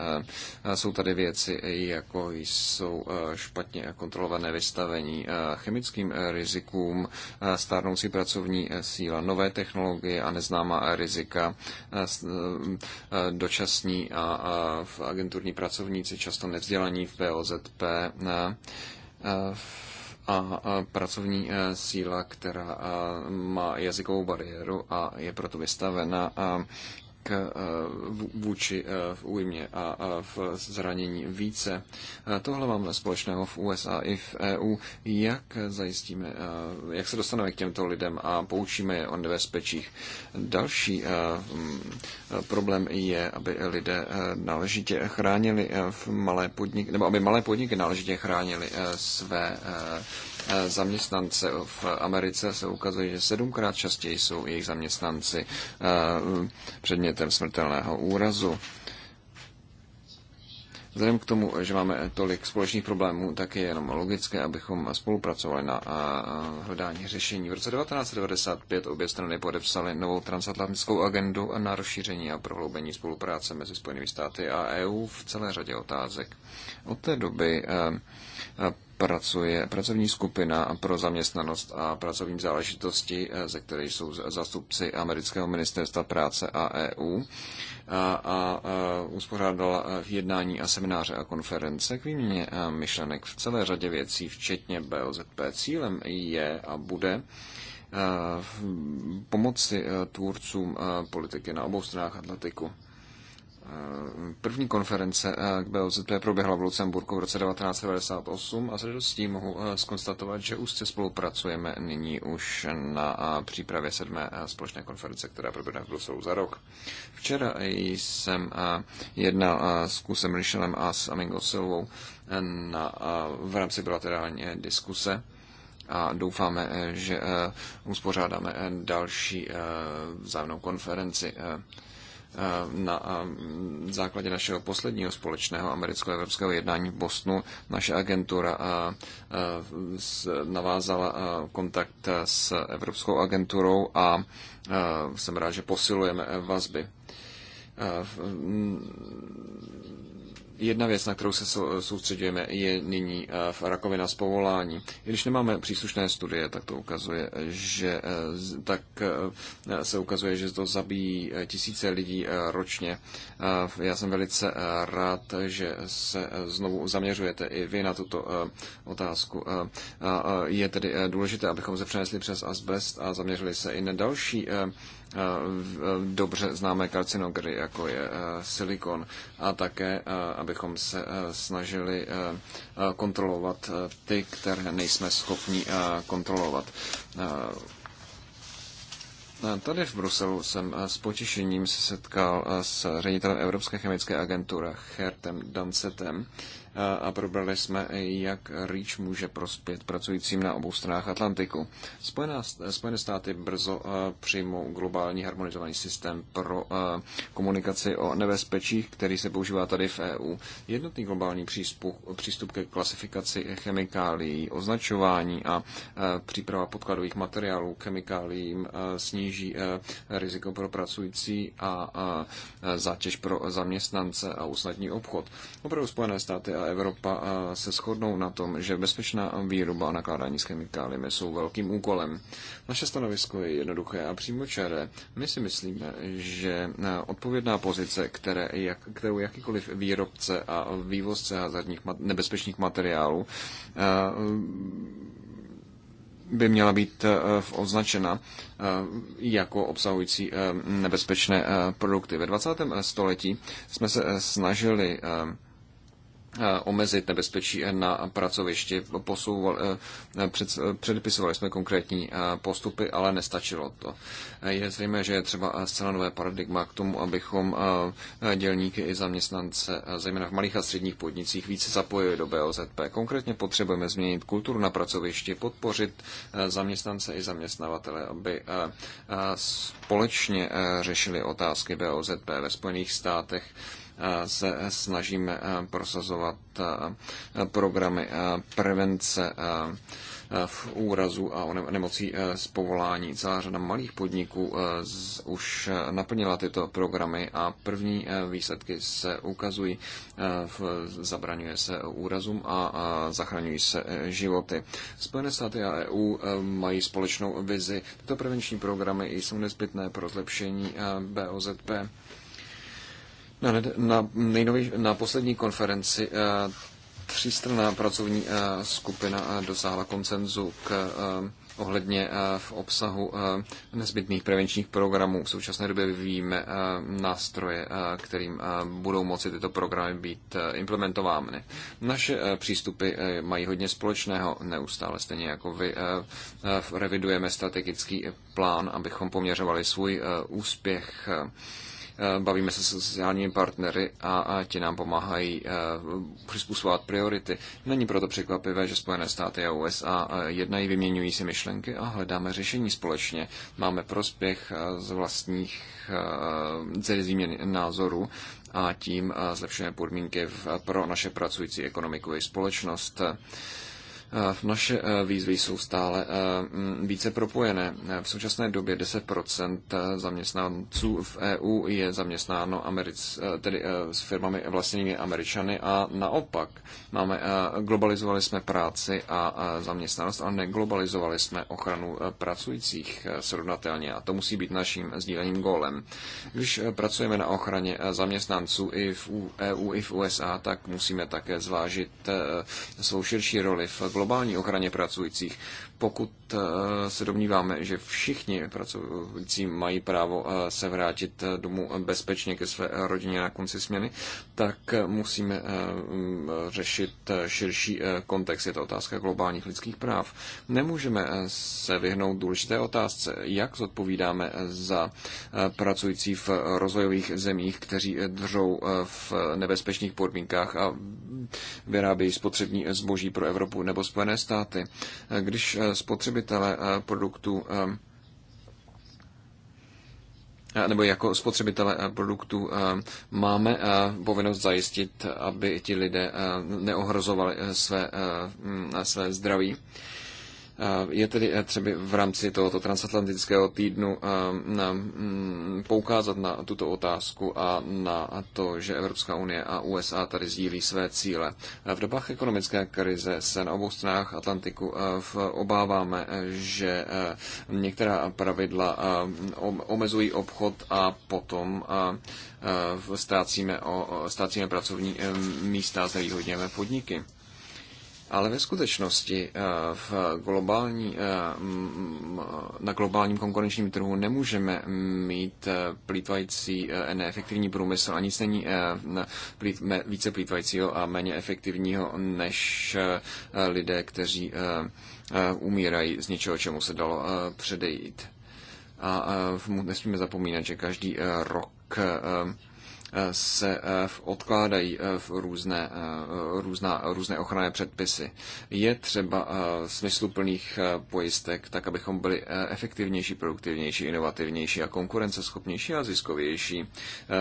Jsou tady věci, jako jsou špatně kontrolované vystavení chemickým rizikům, stárnoucí pracovní síla, nové technologie a neznámá rizika, dočasní a agenturní pracovníci, často nevzdělaní v BOZP eh, eh, a pracovní eh, síla, která má jazykovou bariéru a je proto vystavena k, eh, vůči eh, v újmě a v zranění více. Eh, tohle máme společného v USA i v EU. Jak zajistíme, jak se dostaneme k těmto lidem a poučíme je o nebezpečích? Další mm, problém je, aby lidé náležitě chránili v malé podniky, nebo aby malé podniky náležitě chránili své zaměstnance v Americe se ukazuje, že sedmkrát častěji jsou jejich zaměstnanci předmět předmětem smrtelného úrazu. Vzhledem k tomu, že máme tolik společných problémů, tak je jenom logické, abychom spolupracovali na hledání řešení. V roce 1995 obě strany podepsaly novou transatlantickou agendu na rozšíření a prohloubení spolupráce mezi Spojenými státy a EU v celé řadě otázek. Od té doby eh, pracuje pracovní skupina pro zaměstnanost a pracovní záležitosti, eh, ze které jsou zástupci amerického ministerstva práce a EU a, a, uspořádala eh, jednání a semináře a konference k výměně eh, myšlenek v celé řadě věcí, včetně BLZP. Cílem je a bude pomoci tvůrcům politiky na obou stranách Atlantiku první konference eh, k BOZP proběhla v Lucemburku v roce 1998 a s tím mohu eh, skonstatovat, že úzce spolupracujeme nyní už na eh, přípravě sedmé společné konference, která proběhne v Bruselu za rok. Včera jsem jednal s Kusem Richelem a s Amingo Silvou na, v rámci bilaterální diskuse a doufáme, že uspořádáme další vzájemnou konferenci na základě našeho posledního společného americko-evropského jednání v Bosnu naše agentura navázala kontakt s Evropskou agenturou a jsem rád, že posilujeme vazby Jedna věc, na kterou se soustředujeme, je nyní eh, v rakovina z povolání. I když nemáme příslušné studie, tak to ukazuje, že eh, tak eh, se ukazuje, že to zabíjí tisíce lidí ročně. Já jsem velice rád, že se znovu zaměřujete i vy na tuto otázku. Je tedy důležité, abychom se přenesli přes asbest a zaměřili se i na další Eh, dobře známé karcinogry, jako je eh, silikon, a také, eh, abychom se snažili kontrolovat ty, které nejsme schopni kontrolovat. Tady v Bruselu jsem s potěšením se setkal s ředitelem Evropské chemické agentury Hertem Dancetem, a probrali jsme, jak REACH může prospět pracujícím na obou stranách Atlantiku. Spojená, Spojené státy brzo přijmou globální harmonizovaný systém pro komunikaci o nebezpečích, který se používá tady v EU. Jednotný globální přístup, přístup ke klasifikaci chemikálií, označování a příprava podkladových materiálů chemikáliím sníží riziko pro pracující a zátěž pro zaměstnance a usnadní obchod. Opravdu Spojené státy Evropa se shodnou na tom, že bezpečná výroba a nakládání s chemikáliemi jsou velkým úkolem. Naše stanovisko je jednoduché a čaré. My si myslíme, že odpovědná pozice, které, jak, kterou jakýkoliv výrobce a vývozce hazardních nebezpečných materiálů by měla být označena jako obsahující nebezpečné produkty. Ve 20. století jsme se snažili Eh, omezit nebezpečí na pracovišti. Posouval, eh, před, předpisovali jsme konkrétní eh, postupy, ale nestačilo to. Je zřejmé, že je třeba zcela nové paradigma k tomu, abychom dělníky i zaměstnance, zejména v malých a středních podnicích, více zapojili do BOZP. Konkrétně potřebujeme změnit kulturu na pracovišti, podpořit zaměstnance i zaměstnavatele, aby společně řešili otázky BOZP ve Spojených státech se snažíme prosazovat programy prevence v úrazu a nemocí e, z povolání. Celá řada malých podniků e, už e, naplnila tyto programy a první výsledky se ukazují. Zabraňuje se úrazům a zachraňují se životy. Spojené státy a EU mají společnou vizi. Tyto prevenční programy jsou nezbytné pro zlepšení BOZP na, na, nejnovější, na poslední konferenci eh, třístranná pracovní eh, skupina eh, dosáhla koncenzu k ohledně v obsahu nezbytných prevenčních programů. V současné době vyvíjíme nástroje, kterým budou moci tyto programy být implementovány. Naše přístupy mají hodně společného, neustále stejně jako vy revidujeme strategický plán, abychom poměřovali svůj úspěch Eh, bavíme se sociálními partnery a, a ti nám pomáhají eh, přizpůsobovat priority. Není proto překvapivé, že Spojené státy a USA eh, jednají, vyměňují si myšlenky a hledáme řešení společně. Máme prospěch z vlastních z názorů a tím zlepšujeme podmínky pro naše pracující ekonomiku i společnost. Eh, naše eh, výzvy jsou stále eh, mm, více propojené. V současné době 10% zaměstnanců v EU je zaměstnáno Americ, tedy s firmami vlastními Američany a naopak. Máme, globalizovali jsme práci a zaměstnanost, ale neglobalizovali jsme ochranu pracujících srovnatelně a to musí být naším sdíleným gólem. Když pracujeme na ochraně zaměstnanců i v EU, e i v USA, tak musíme také zvážit svou širší roli v globalizaci globální ochraně pracujících pokud eh, se domníváme, že všichni pracující mají právo eh, se vrátit eh, domů bezpečně ke své rodině na konci směny, tak musíme mm, řešit širší kontext. Je to otázka globálních lidských práv. Nemůžeme se vyhnout důležité otázce, jak zodpovídáme za pracující v rozvojových zemích, kteří držou v nebezpečných podmínkách a mm, vyrábějí spotřební zboží pro Evropu nebo Spojené státy. Když spotřebitele eh, produktu, eh, nebo jako spotřebitele eh, produktu máme povinnost zajistit, aby ti lidé neohrozovali své, mm, své zdraví. Je tedy eh, třeba v rámci tohoto transatlantického týdnu eh, mm, poukázat na tuto otázku a na to, že Evropská unie a USA tady sdílí své cíle. V dobách ekonomické krize se na obou stranách Atlantiku eh, obáváme, že některá pravidla omezují obchod a potom ztrácíme, o, ztrácíme pracovní místa a znevýhodněme podniky. Ale ve skutečnosti eh, v globální, eh, na globálním konkurenčním trhu nemůžeme mít eh, plýtvající neefektivní průmysl a nic není více plýtvajícího a méně efektivního než lidé, kteří umírají z něčeho, čemu se dalo předejít. A nesmíme zapomínat, že každý rok Eh, se eh, odkládají eh, v různé, různá, různé ochranné předpisy. Je třeba smysluplných pojistek, tak abychom byli efektivnější, produktivnější, inovativnější a konkurenceschopnější a ziskovější.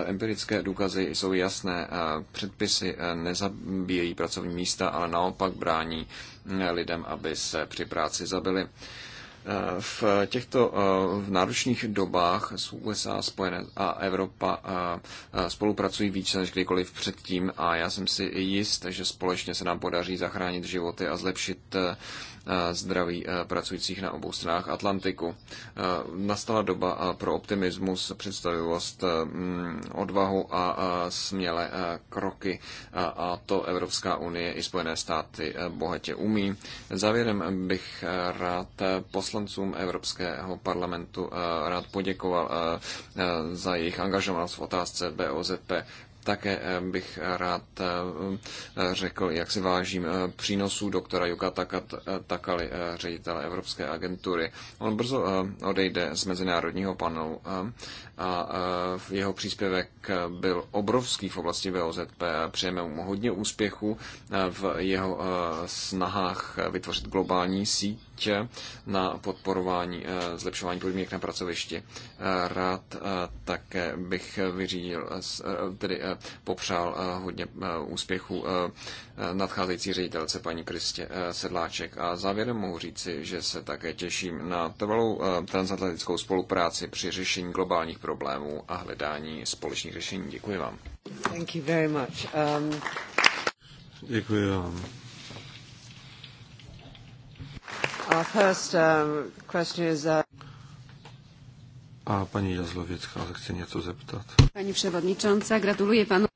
Empirické důkazy jsou jasné. Předpisy nezabíjejí pracovní místa, ale naopak brání lidem, aby se při práci zabili. Eh, v těchto eh, v náročných dobách z USA Spojené a Evropa eh, spolupracují více než kdykoliv předtím a já jsem si jist, že společně se nám podaří zachránit životy a zlepšit Eh, zdraví eh, pracujících na obou stranách Atlantiku. Eh, nastala doba pro optimismus, představivost, mm, odvahu a směle kroky a to Evropská unie i Spojené státy bohatě umí. Závěrem bych rád poslancům Evropského parlamentu rád poděkoval za jejich angažovanost v otázce BOZP. Také eh, bych rád eh, eh, řekl, jak si vážím přínosů doktora Juka Takali, ředitele Evropské agentury. On brzo odejde z mezinárodního panelu a jeho příspěvek byl obrovský v oblasti VOZP. Přejeme mu hodně úspěchu v jeho snahách vytvořit globální síť na podporování zlepšování podmínek na pracovišti. Rád také bych vyřídil, tedy popřál hodně úspěchu nadcházející ředitelce paní Kristě eh, Sedláček. A závěrem mohu říci, že se také těším na trvalou eh, transatlantickou spolupráci při řešení globálních problémů a hledání společných řešení. Děkuji vám. Thank you very much. Um... Děkuji vám. Our first um, question is, uh... A paní Jazlověcká se chce něco zeptat. Paní przewodnicząca, gratuluji panu.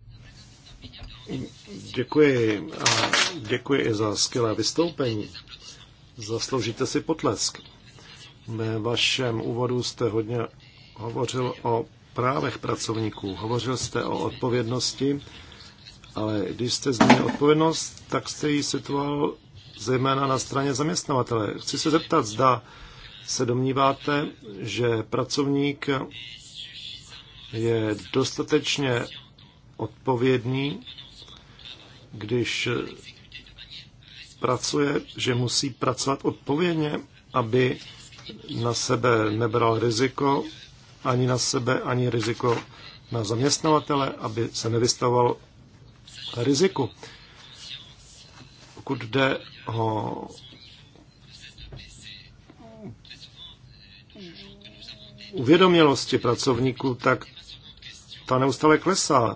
Děkuji a děkuji i za skvělé vystoupení. Zasloužíte si potlesk. Ve vašem úvodu jste hodně hovořil o právech pracovníků, hovořil jste o odpovědnosti, ale když jste zmínil odpovědnost, tak jste ji situoval zejména na straně zaměstnavatele. Chci se zeptat, zda se domníváte, že pracovník je dostatečně odpovědný když pracuje, že musí pracovat odpovědně, aby na sebe nebral riziko, ani na sebe, ani riziko na zaměstnavatele, aby se nevystavoval riziku. Pokud jde o uvědomělosti pracovníků, tak ta neustále klesá.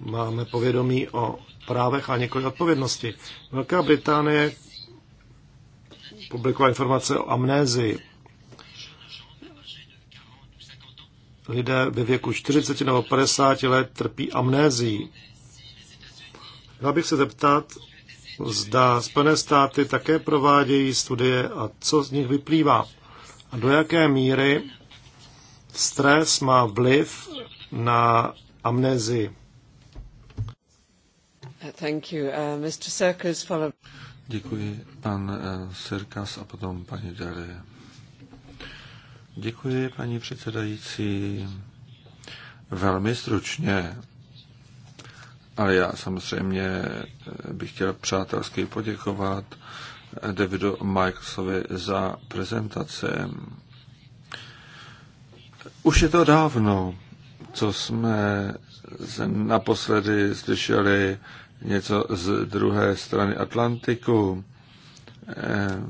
Máme povědomí o právech a několik odpovědnosti. Velká Británie publikovala informace o amnézii. Lidé ve věku 40 nebo 50 let trpí amnézií. Já bych se zeptat, zda Spojené státy také provádějí studie a co z nich vyplývá. A do jaké míry stres má vliv na amnézii. Thank you. Uh, Mr. Serkis, follow... Děkuji, pan uh, a potom paní Děkuji, paní předsedající. Velmi stručně, ale já samozřejmě eh, bych chtěl přátelsky poděkovat eh, Davidu Michaelsovi za prezentaci. Už je to dávno, co jsme naposledy slyšeli něco z druhé strany Atlantiku. Eh,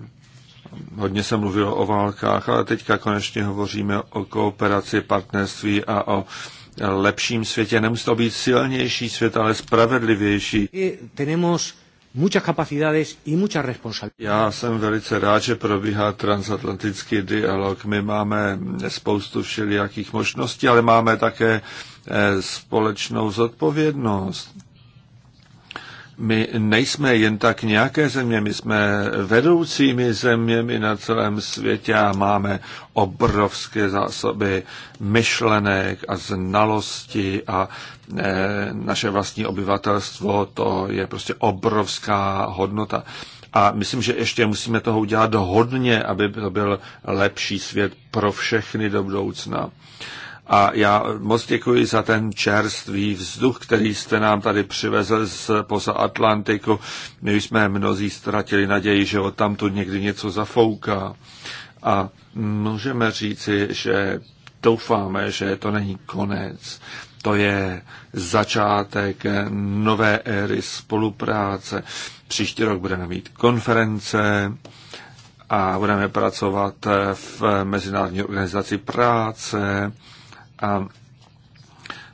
hodně se mluvilo o válkách, ale teďka konečně hovoříme o kooperaci, partnerství a o lepším světě. Nemusí to být silnější svět, ale spravedlivější. Eh, tenemos muchas capacidades y muchas responsabilidades. Já jsem velice rád, že probíhá transatlantický dialog. My máme spoustu všelijakých možností, ale máme také eh, společnou zodpovědnost my nejsme jen tak nějaké země, my jsme vedoucími zeměmi na celém světě a máme obrovské zásoby myšlenek a znalosti a e, naše vlastní obyvatelstvo, to je prostě obrovská hodnota. A myslím, že ještě musíme toho udělat hodně, aby to byl lepší svět pro všechny do budoucna. E, a já moc děkuji za ten čerstvý vzduch, který jste nám tady přivezl z poza Atlantiku. My jsme mnozí ztratili naději, že od tamtud někdy něco zafouká. A můžeme říci, že doufáme, že to není konec. To je začátek nové éry spolupráce. Příští rok budeme mít konference a budeme pracovat v Mezinárodní organizaci práce a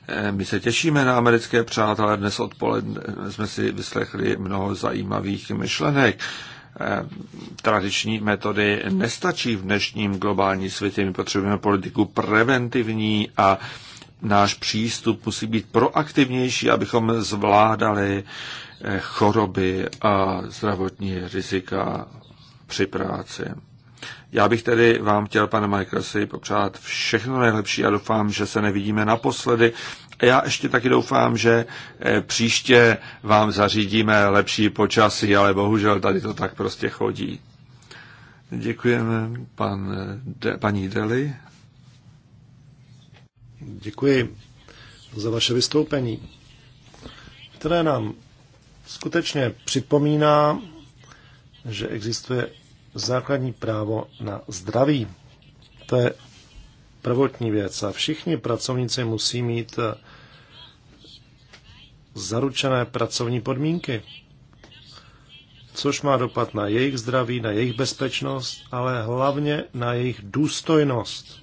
eh, my se těšíme na americké přátelé. Dnes odpoledne jsme si vyslechli mnoho zajímavých myšlenek. Eh, tradiční metody nestačí v dnešním globální světě. My potřebujeme politiku preventivní a náš přístup musí být proaktivnější, abychom zvládali eh, choroby a zdravotní rizika při práci. Já bych tedy vám chtěl, pane Michaelsi, popřát všechno nejlepší a doufám, že se nevidíme naposledy. A já ještě taky doufám, že eh, příště vám zařídíme lepší počasí, ale bohužel tady to tak prostě chodí. Děkujeme pan, de, paní Deli. Děkuji za vaše vystoupení, které nám skutečně připomíná, že existuje základní právo na zdraví. To je prvotní věc a všichni pracovníci musí mít eh, zaručené pracovní podmínky, což má dopad na jejich zdraví, na jejich bezpečnost, ale hlavně na jejich důstojnost.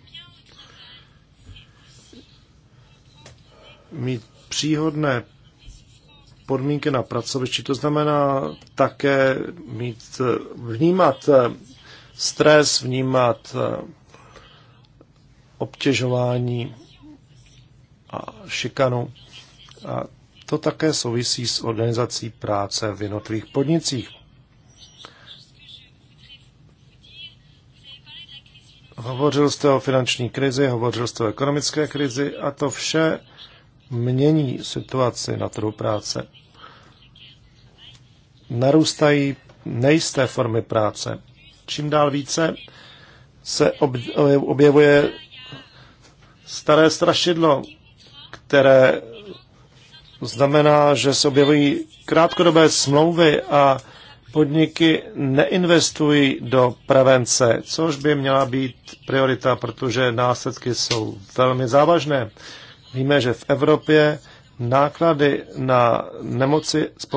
Mít příhodné podmínky na pracovišti. To znamená také mít, vnímat eh, stres, vnímat eh, obtěžování a šikanu. A to také souvisí s organizací práce v jednotlivých podnicích. Hovořil jste o finanční krizi, hovořil jste o ekonomické krizi a to vše mění situaci na trhu práce. Narůstají nejisté formy práce. Čím dál více se objevuje staré strašidlo, které znamená, že se objevují krátkodobé smlouvy a podniky neinvestují do prevence, což by měla být priorita, protože následky jsou velmi závažné. Víme, že v Evropě náklady na nemoci z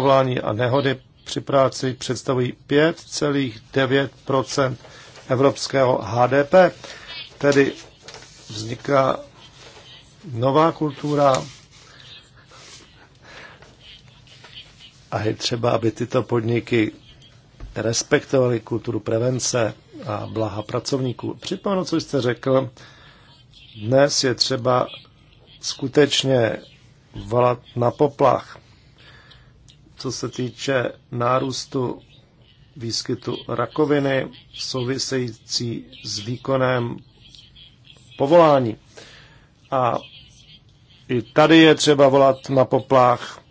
a nehody při práci představují 5,9 evropského HDP. Tedy vzniká nová kultura a je třeba, aby tyto podniky respektovaly kulturu prevence a blaha pracovníků. Připomenu, co jste řekl, dnes je třeba skutečně volat na poplach, co se týče nárůstu výskytu rakoviny související s výkonem povolání. A i tady je třeba volat na poplach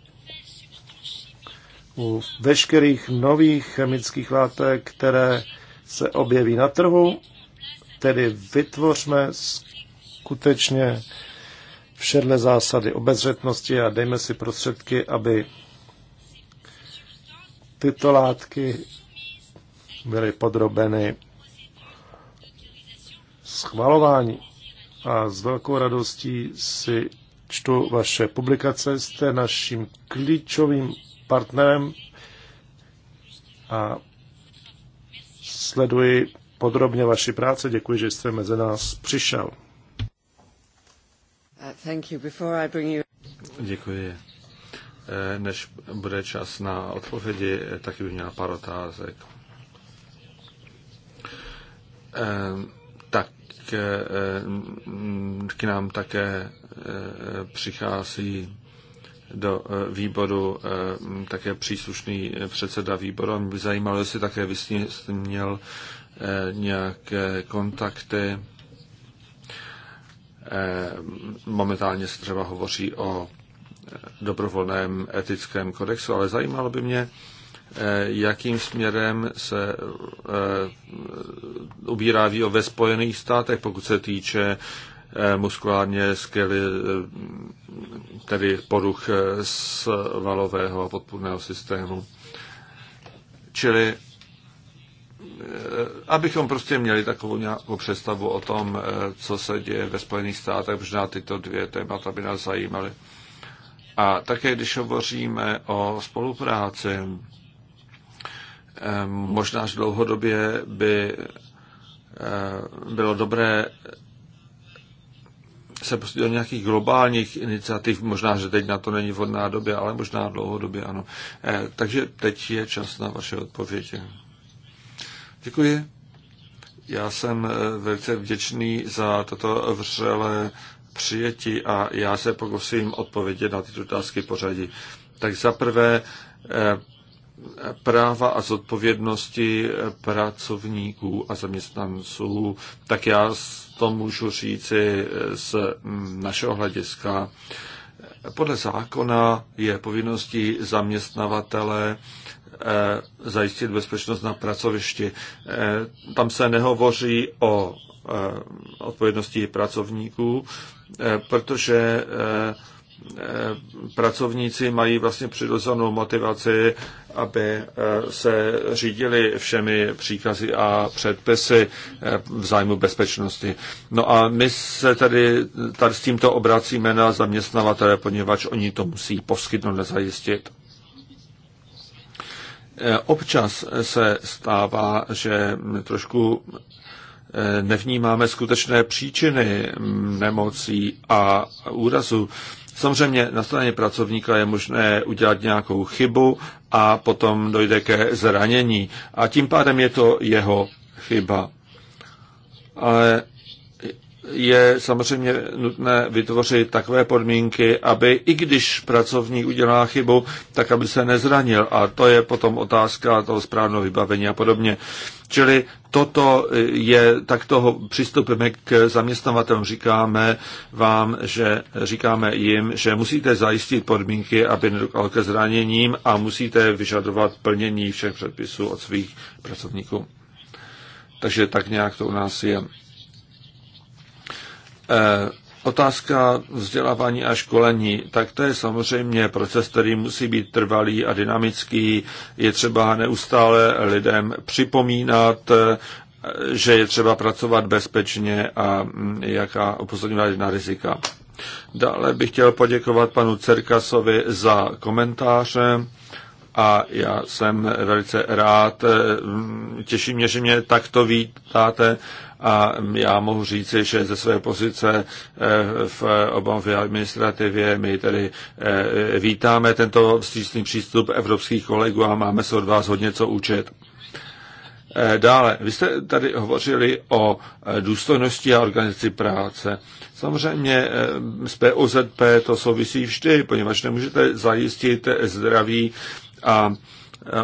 u veškerých nových chemických látek, které se objeví na trhu, tedy vytvořme skutečně všedné zásady obezřetnosti a dejme si prostředky, aby tyto látky byly podrobeny schvalování. A s velkou radostí si čtu vaše publikace. Jste naším klíčovým partnerem a sleduji podrobně vaši práci. Děkuji, že jste mezi nás přišel. Děkuji. Eh, než bude čas na odpovědi, eh, taky bych měla pár otázek. Ehm, tak eh, k nám také přichází do výboru také příslušný předseda výboru a mě by zajímalo, jestli také vy jste měl nějaké kontakty Eh, momentálně se třeba hovoří o eh, dobrovolném etickém kodexu, ale zajímalo by mě, eh, jakým směrem se ubírá o ve Spojených státech, pokud se týče muskulárně skvělý, tedy poruch svalového a podpůrného systému. Čili Eh, abychom prostě měli takovou nějakou představu o tom, eh, co se děje ve Spojených státech, možná tyto dvě témata by nás zajímaly. A také, když hovoříme o spolupráci, eh, možná, že dlouhodobě by bylo dobré se prostě do nějakých globálních iniciativ, možná, že teď na to není vhodná době, ale možná dlouhodobě ano. Takže teď je čas na vaše odpovědi. Děkuji. Já jsem eh, velice vděčný za toto vřelé přijetí a já se pokusím odpovědět na tyto otázky pořadí. Tak za prvé eh, práva a zodpovědnosti eh, pracovníků a zaměstnanců, tak já to můžu říci z mm, našeho hlediska. Podle zákona je povinností zaměstnavatele Eh, zajistit bezpečnost na pracovišti. Eh, tam se nehovoří o eh, odpovědnosti pracovníků, protože pracovníci mají vlastně přirozenou motivaci, aby se řídili všemi příkazy a předpisy v zájmu bezpečnosti. No a my se tady, tady s tímto obracíme na zaměstnavatele, poněvadž oni to musí poskytnout a zajistit. Občas se stává, že trošku eh, nevnímáme skutečné příčiny nemocí a úrazu. Samozřejmě na straně pracovníka je možné udělat nějakou chybu a potom dojde ke zranění. A tím pádem je to jeho chyba. Ale je samozřejmě nutné vytvořit takové podmínky, aby i když pracovník udělá chybu, tak aby se nezranil. A to je potom otázka toho správného vybavení a podobně. Čili toto je, tak toho přistupujeme k zaměstnavatelům. Říkáme vám, že říkáme jim, že musíte zajistit podmínky, aby nedokonalo ke zraněním a musíte vyžadovat plnění všech předpisů od svých pracovníků. Takže tak nějak to u nás je. Eh, otázka vzdělávání a školení, tak to je samozřejmě proces, který musí být trvalý a dynamický. Je třeba neustále lidem připomínat, eh, že je třeba pracovat bezpečně a mm, jaká upozorňovat na rizika. Dále bych chtěl poděkovat panu Cerkasovi za komentáře a já jsem velice rád. Eh, mm, těší mě, že mě takto vítáte a já mohu říci, že ze své pozice eh, v Obamové administrativě my tedy eh, vítáme tento vstřícný přístup evropských kolegů a máme se od vás hodně co učit. Eh, dále, vy jste tady hovořili o důstojnosti a organizaci práce. Samozřejmě z POZP to souvisí vždy, poněvadž nemůžete zajistit zdraví a Eh,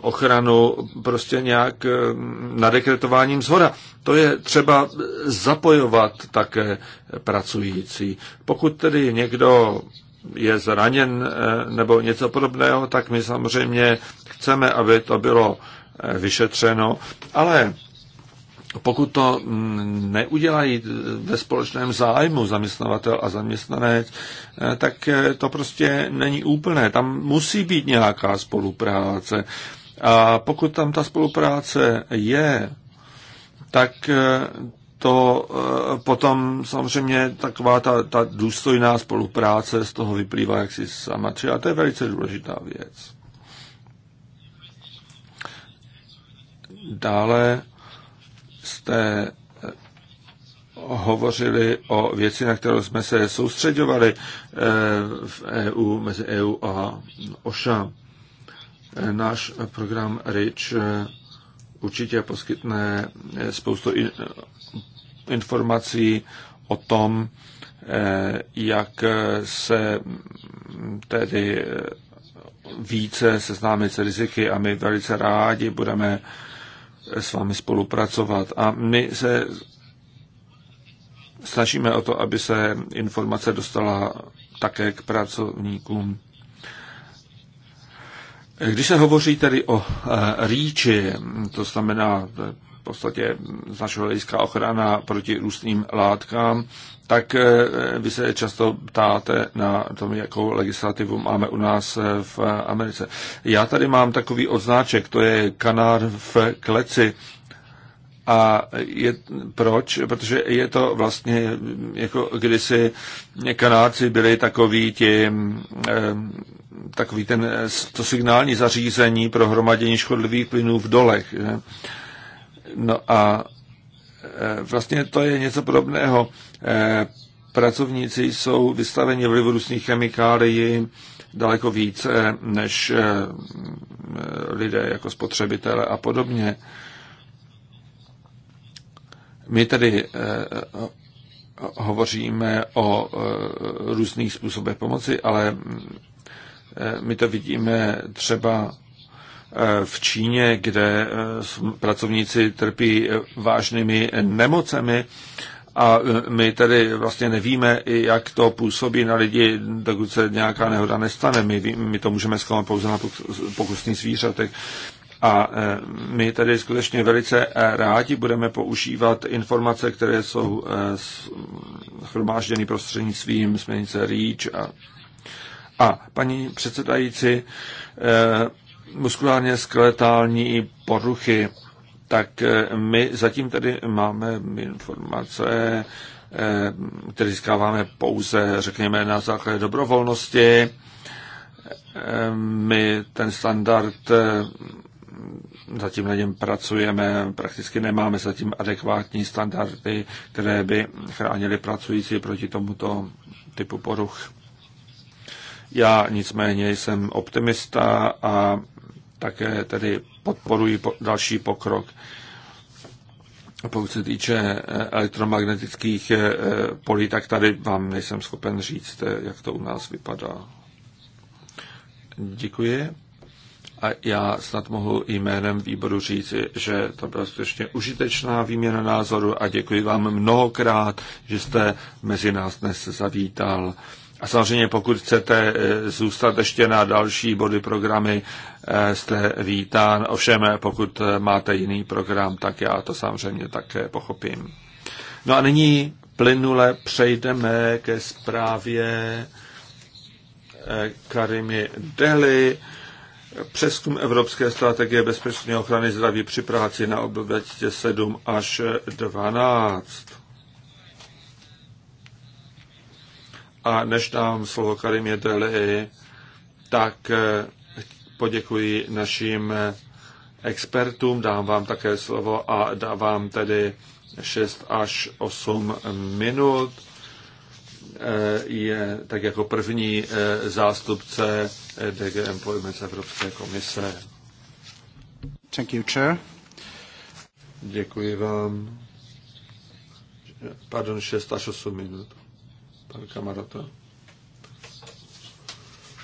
ochranu prostě nějak eh, nadekretováním zhora. To je třeba zapojovat také pracující. Pokud tedy někdo je zraněn eh, nebo něco podobného, tak my samozřejmě chceme, aby to bylo vyšetřeno, ale pokud to mm, neudělají ve společném zájmu zaměstnavatel a zaměstnanec, eh, tak eh, to prostě není úplné. Tam musí být nějaká spolupráce. A pokud tam ta spolupráce je, tak eh, to potom samozřejmě taková ta, ta důstojná spolupráce z toho vyplývá si sama. Či a to je velice důležitá věc. Dále jste eh, hovořili o věci, na kterou jsme se soustředovali eh, v EU, mezi EU a OŠA. Eh, náš program RIČ určitě poskytne spoustu informací o tom, jak se mm, tedy více seznámit s riziky a my velice rádi budeme s vámi spolupracovat. A my se snažíme o to, aby se informace dostala také k pracovníkům. Když se hovoří tedy o eh, rýči, to znamená v podstatě z našeho hlediska ochrana proti různým látkám, tak eh, vy se často ptáte na tom, jakou legislativu máme u nás eh, v Americe. Já tady mám takový odznáček, to je kanár v kleci. A je, proč? Protože je to vlastně, eh, jako kdysi kanáci byli takový ti, takový ten, to signální zařízení pro hromadění škodlivých plynů v dolech. No a Eh, vlastně to je něco podobného. Eh, pracovníci jsou vystaveni vlivu různých chemikálií daleko více eh, než lidé jako spotřebitele a podobně. My tedy hovoříme o různých způsobech pomoci, ale mm, my to vidíme třeba Eh, v Číně, kde eh, pracovníci trpí eh, vážnými nemocemi a my tady vlastně nevíme, jak to působí na lidi, dokud se nějaká nehoda nestane. My, my to můžeme zkoumat pouze na pokusných zvířatech. A my tady skutečně velice rádi budeme používat informace, které jsou shromážděny prostřednictvím směnice REACH. A, a paní předsedající, muskulárně skeletální poruchy, tak eh, my zatím tedy máme informace, eh, které získáváme pouze, řekněme, na základě dobrovolnosti. Eh, my ten standard zatím na něm pracujeme, prakticky nemáme zatím adekvátní standardy, které by chránily pracující proti tomuto typu poruch. Já nicméně jsem optimista a také tedy podporují další pokrok. A Pokud se týče eh, elektromagnetických eh, eh, polí, tak tady vám nejsem schopen říct, jak to u nás vypadá. Děkuji. A já snad mohu jménem výboru říci, že to byla skutečně užitečná výměna názoru a děkuji vám mnohokrát, že jste mezi nás dnes zavítal. A samozřejmě, pokud chcete eh, zůstat ještě na další body programy, eh, jste vítán. Ovšem, eh, pokud máte jiný program, tak já to samozřejmě také pochopím. No a nyní plynule přejdeme ke zprávě Karimi Deli. Přeskum Evropské strategie bezpečné ochrany zdraví při práci na období 7 až 12. A než dám slovo Karimě Deli, tak eh, poděkuji našim eh, expertům, dám vám také slovo a dávám tedy 6 až 8 minut. Eh, je tak jako první zástupce DGM Employment Evropské komise. Thank you, chair. Děkuji vám. Pardon, 6 až 8 minut pan Kamarata.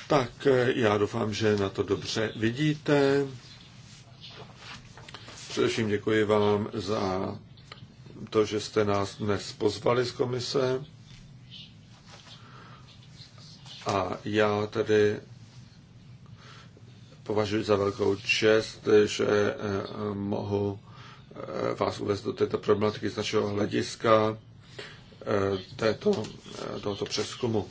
Tak eh, já doufám, že na to dobře vidíte. Především děkuji vám za to, že jste nás dnes pozvali z komise. A já tedy považuji za velkou čest, že eh, mohu eh, vás uvést do této problematiky z našeho hlediska Eh, této, eh, tohoto přeskumu.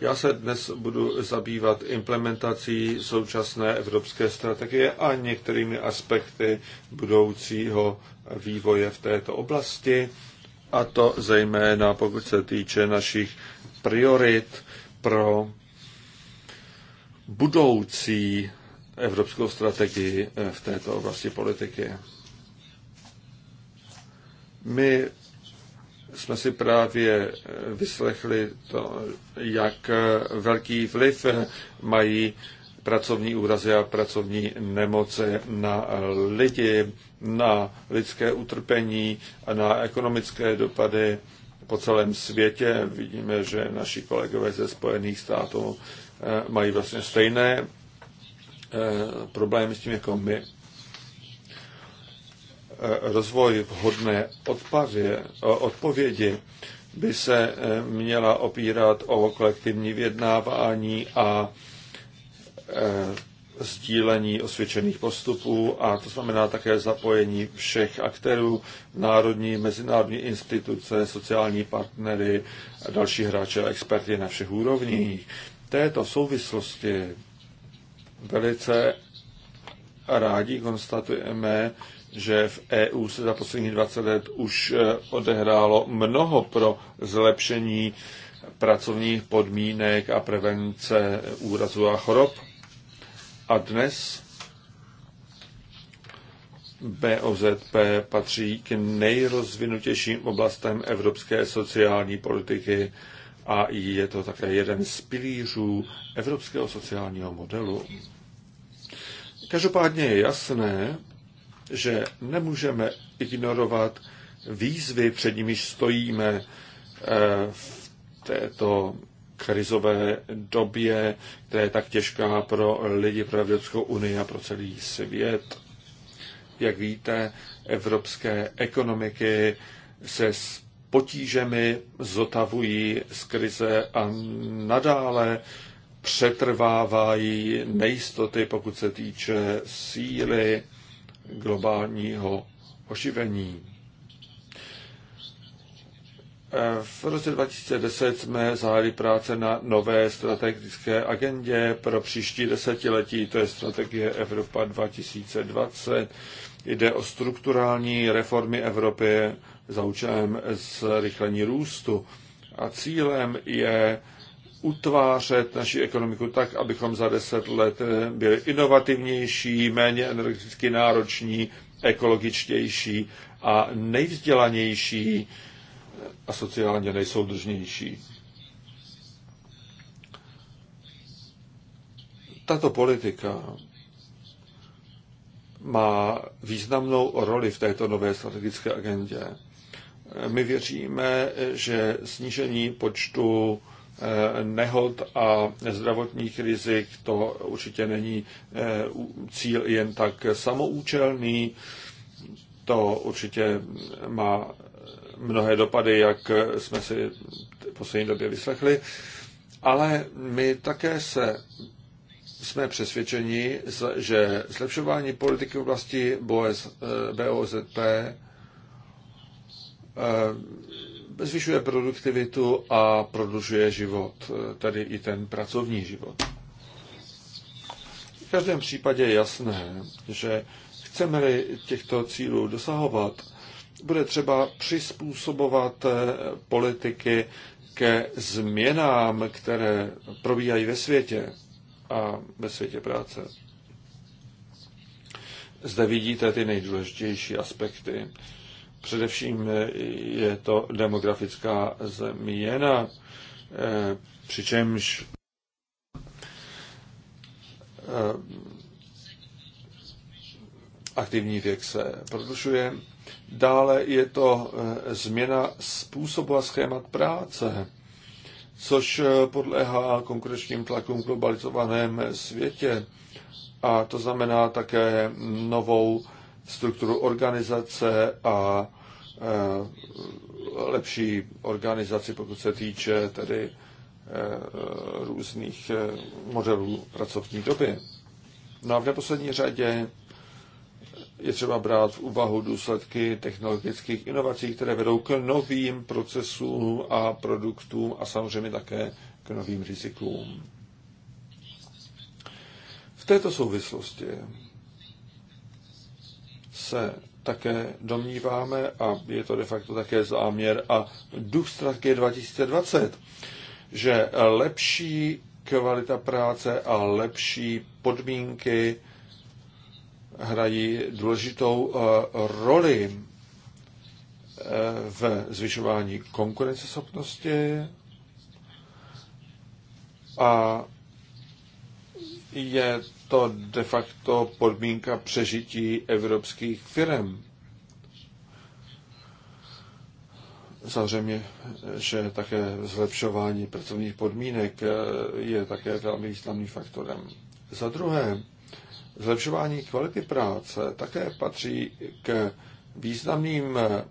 Já se dnes budu zabývat implementací současné evropské strategie a některými aspekty budoucího vývoje v této oblasti, a to zejména pokud se týče našich priorit pro budoucí evropskou strategii eh, v této oblasti politiky. My jsme si právě eh, vyslechli to, jak eh, velký vliv eh, mají pracovní úrazy a pracovní nemoci na lidi, na lidské utrpení a na ekonomické dopady po celém světě. Vidíme, že naši kolegové ze Spojených států mají vlastně stejné problémy s tím jako my rozvoj vhodné odpavě, odpovědi by se eh, měla opírat o kolektivní vyjednávání a eh, sdílení osvědčených postupů a to znamená také zapojení všech aktérů, národní, mezinárodní instituce, sociální partnery, další hráče a experty na všech úrovních. Této souvislosti velice rádi konstatujeme, že v EU se za posledních 20 let už eh, odehrálo mnoho pro zlepšení pracovních podmínek a prevence úrazů a chorob. A dnes BOZP patří k nejrozvinutějším oblastem evropské sociální politiky a je to také jeden z pilířů evropského sociálního modelu. Každopádně je jasné, že nemůžeme ignorovat výzvy, před nimiž stojíme eh, v této krizové době, která je tak těžká pro lidi, pro Evropskou unii a pro celý svět. Jak víte, evropské ekonomiky se s potížemi zotavují z krize a nadále přetrvávají nejistoty, pokud se týče síly, globálního oživení. V roce 2010 jsme zahájili práce na nové strategické agendě pro příští desetiletí, to je strategie Evropa 2020. Jde o strukturální reformy Evropy za účelem zrychlení růstu. A cílem je utvářet naši ekonomiku tak, abychom za deset let byli inovativnější, méně energeticky nároční, ekologičtější a nejvzdělanější a sociálně nejsoudržnější. Tato politika má významnou roli v této nové strategické agendě. My věříme, že snížení počtu Eh, nehod a zdravotních rizik, to určitě není eh, cíl jen tak samoučelný, to určitě má mnohé dopady, jak jsme si v poslední době vyslechli, ale my také se jsme přesvědčeni, že zlepšování politiky v oblasti BOZP eh, zvyšuje produktivitu a prodlužuje život, eh, tedy i ten pracovní život. V každém případě je jasné, že chceme-li těchto cílů dosahovat, bude třeba přizpůsobovat eh, politiky ke změnám, které probíhají ve světě a ve světě práce. Zde vidíte ty nejdůležitější aspekty. Především je to demografická změna, eh, přičemž eh, aktivní věk se prodlužuje. Dále je to eh, změna způsobu a schémat práce, což podléhá konkurenčním tlakům v globalizovaném světě. A to znamená také novou strukturu organizace a eh, lepší organizaci, pokud se týče tedy eh, různých eh, modelů pracovní doby. No a v neposlední řadě je třeba brát v úvahu důsledky technologických inovací, které vedou k novým procesům a produktům a samozřejmě také k novým rizikům. V této souvislosti se také domníváme, a je to de facto také záměr a duch strategie 2020, že lepší kvalita práce a lepší podmínky hrají důležitou eh, roli eh, v zvyšování konkurenceschopnosti a je to de facto podmínka přežití evropských firm. Samozřejmě, že také zlepšování pracovních podmínek eh, je také velmi významným faktorem. Za druhé, zlepšování kvality práce také patří k významným eh,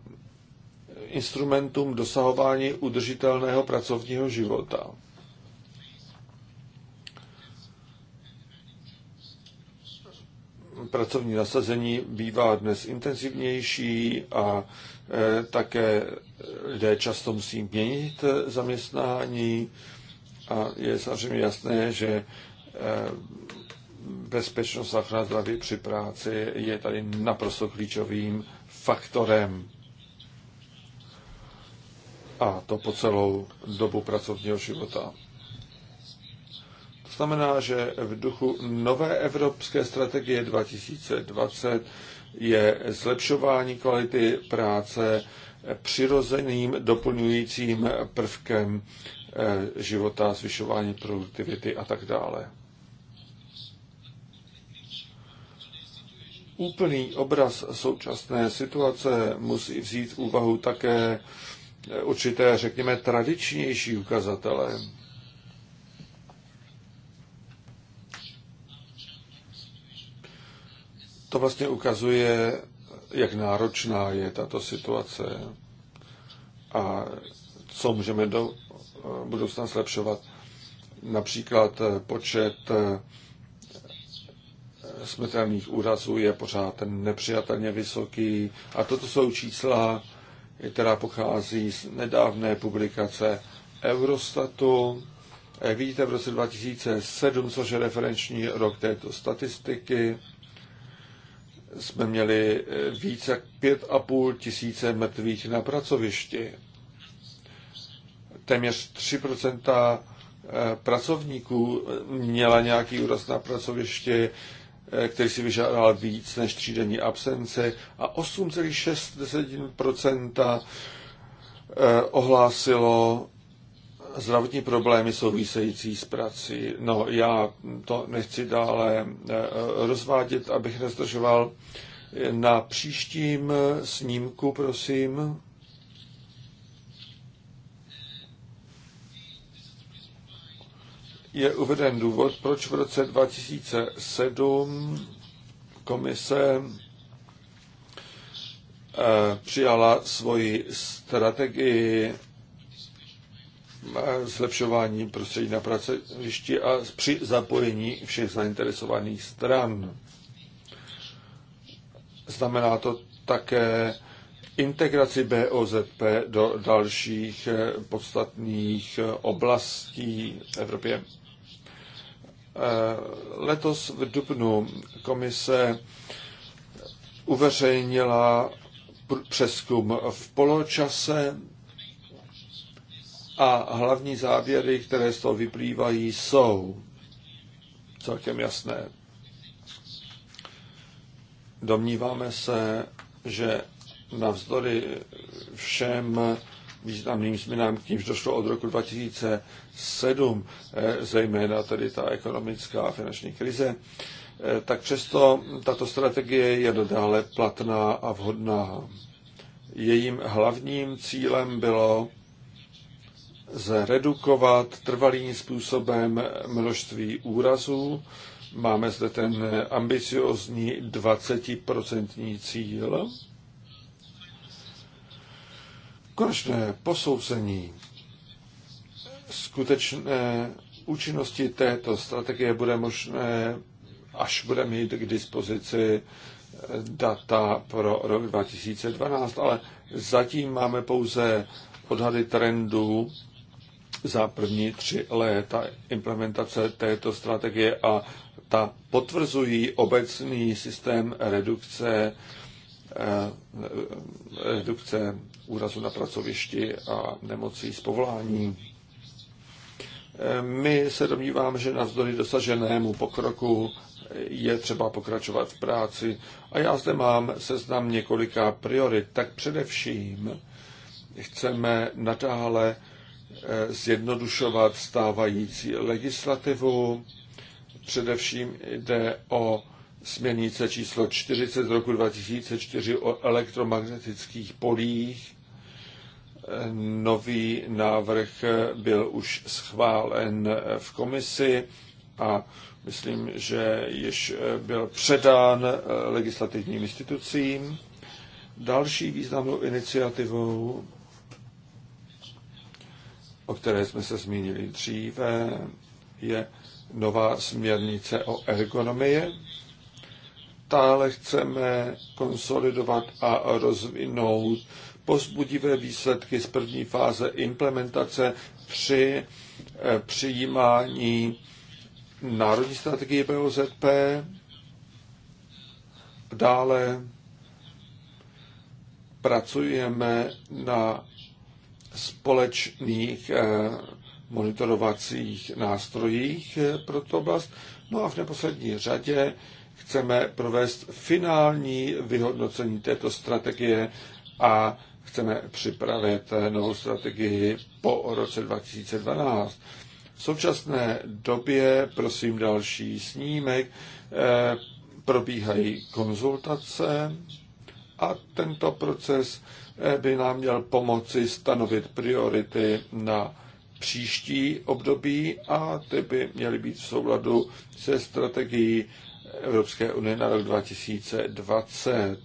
instrumentům dosahování udržitelného pracovního života. pracovní nasazení bývá dnes intenzivnější a e, také lidé často musí měnit zaměstnání a je samozřejmě jasné, že e, bezpečnost a ochrana zdraví při práci je tady naprosto klíčovým faktorem. A to po celou dobu pracovního života. To znamená, že v duchu nové evropské strategie 2020 je zlepšování kvality práce přirozeným doplňujícím prvkem eh, života, zvyšování produktivity a tak dále. Úplný obraz současné situace musí vzít v úvahu také eh, určité, řekněme, tradičnější ukazatele To vlastně ukazuje, jak náročná je tato situace a co můžeme do eh, budoucna zlepšovat. Například eh, počet eh, smrtelných úrazů je pořád nepřijatelně vysoký. A toto jsou čísla, která pochází z nedávné publikace Eurostatu. Jak vidíte, v roce 2007, což je referenční rok této statistiky, jsme měli eh, více jak pět a půl tisíce mrtvých na pracovišti. Téměř 3% eh, pracovníků eh, měla nějaký úraz na pracovišti, který si vyžádal víc než třídenní absence a 8,6% ohlásilo zdravotní problémy související s prací. No, já to nechci dále eh, rozvádět, abych nezdržoval. Na příštím eh, snímku, prosím. Je uveden důvod, proč v roce 2007 komise eh, přijala svoji strategii zlepšování prostředí na pracovišti a při zapojení všech zainteresovaných stran. Znamená to také integraci BOZP do dalších eh, podstatných eh, oblastí v Evropě. Eh, letos v dubnu komise uveřejnila přeskum v poločase a hlavní závěry, které z toho vyplývají, jsou celkem jasné. Domníváme se, že navzdory všem významným změnám, k nímž došlo od roku 2007, eh, zejména tedy ta ekonomická a finanční krize, eh, tak přesto tato strategie je nadále platná a vhodná. Jejím hlavním cílem bylo zredukovat trvalým způsobem množství úrazů. Máme zde ten ambiciozní 20% cíl. Konečné posouzení skutečné účinnosti této strategie bude možné, až bude mít k dispozici data pro rok 2012, ale zatím máme pouze odhady trendů za první tři léta implementace této strategie a ta potvrzují obecný systém redukce, eh, redukce úrazu na pracovišti a nemocí z povolání. Eh, my se domníváme, že navzdory dosaženému pokroku je třeba pokračovat v práci. A já zde mám seznam několika priorit. Tak především chceme nadále Eh, zjednodušovat stávající legislativu. Především jde o směrnice číslo 40 z roku 2004 o elektromagnetických polích. Eh, nový návrh byl už schválen v komisi a myslím, že již eh, byl předán legislativním institucím. Další významnou iniciativou o které jsme se zmínili dříve, je nová směrnice o ergonomii. Tále chceme konsolidovat a rozvinout pozbudivé výsledky z první fáze implementace při eh, přijímání národní strategie BOZP, dále pracujeme na společných eh, monitorovacích nástrojích eh, pro tu oblast. No a v neposlední řadě chceme provést finální vyhodnocení této strategie a chceme připravit eh, novou strategii po roce 2012. V současné době, prosím další snímek, probíhají konzultace a tento proces by nám měl pomoci stanovit priority na příští období a ty by měly být v souladu se strategií Evropské unie na rok 2020.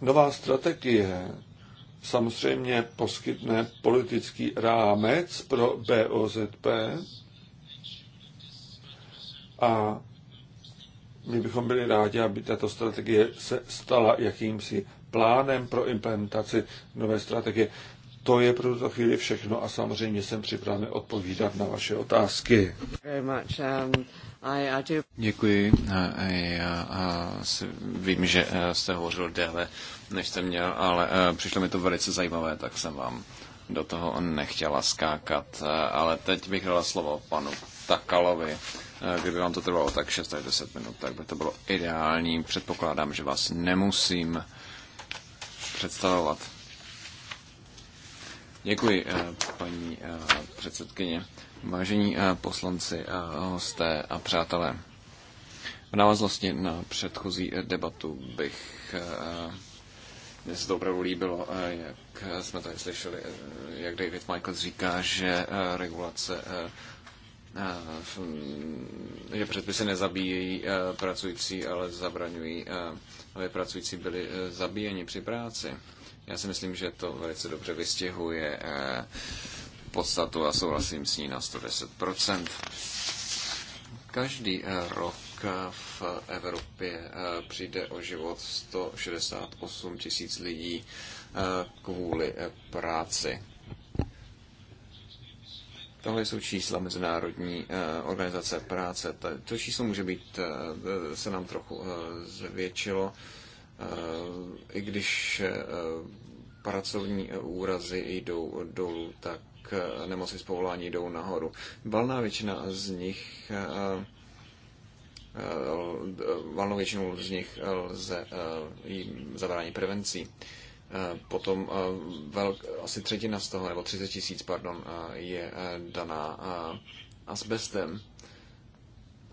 Nová strategie samozřejmě poskytne politický rámec pro BOZP a my bychom byli rádi, aby tato strategie se stala jakýmsi plánem pro implementaci nové strategie. To je pro tuto chvíli všechno a samozřejmě jsem připraven odpovídat na vaše otázky. Um, Děkuji. Já vím, že eh, jste hovořil déle, než jste měl, ale eh, přišlo mi to velice zajímavé, tak jsem vám do toho nechtěla skákat. Eh, ale teď bych dala slovo panu Sakalovi. Eh, kdyby vám to trvalo tak 6 až 10 minut, tak by to bylo ideální. Předpokládám, že vás nemusím představovat. Děkuji, eh, paní eh, předsedkyně. Vážení poslanci, hosté a přátelé, v návaznosti na předchozí debatu bych mně se to opravdu líbilo, jak jsme tady slyšeli, jak David Michaels říká, že regulace že eh, předpisy nezabíjejí eh, pracující, ale zabraňují, eh, aby pracující byli zabíjeni při práci. Já si myslím, že to velice dobře vystihuje podstatu a souhlasím s ní na 110%. Každý rok v Evropě přijde o život 168 tisíc lidí kvůli práci. Tohle jsou čísla Mezinárodní eh, organizace práce. To číslo může být, eh, eh, se nám trochu zvětšilo, i když pracovní úrazy jdou dolů, tak nemoci z povolání jdou nahoru. Valná většina z nich valnou většinu z nich lze zabránit prevencí. Eh, potom eh, velk, asi třetina z toho, nebo 30 tisíc, pardon, eh, je daná asbestem.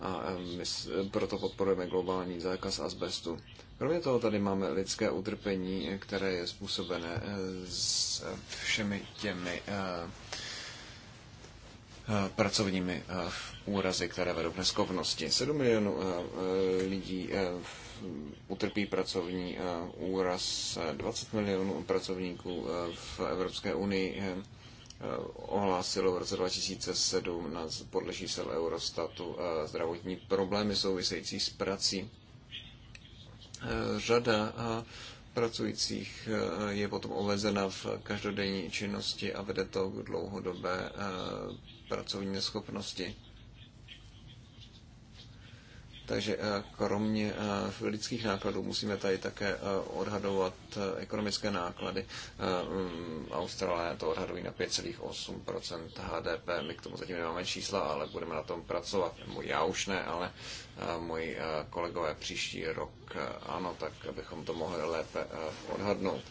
A my proto podporujeme globální zákaz asbestu. Kromě toho tady máme lidské utrpení, které je způsobené s všemi těmi pracovními úrazy, které vedou k neskovnosti. 7 milionů lidí v utrpí pracovní eh, úraz. 20 milionů pracovníků eh, v Evropské unii eh, ohlásilo v roce 2017 podle čísel Eurostatu zdravotní problémy související s prací. Řada pracujících je potom omezena v každodenní činnosti a vede to k dlouhodobé pracovní neschopnosti. Takže eh, kromě eh, lidských nákladů musíme tady také eh, odhadovat ekonomické náklady. Mm, Australané to odhadují na 5,8 HDP. My k tomu zatím nemáme čísla, ale budeme na tom pracovat. Já už ne, ale moji kolegové příští rok ano, tak abychom to mohli lépe odhadnout.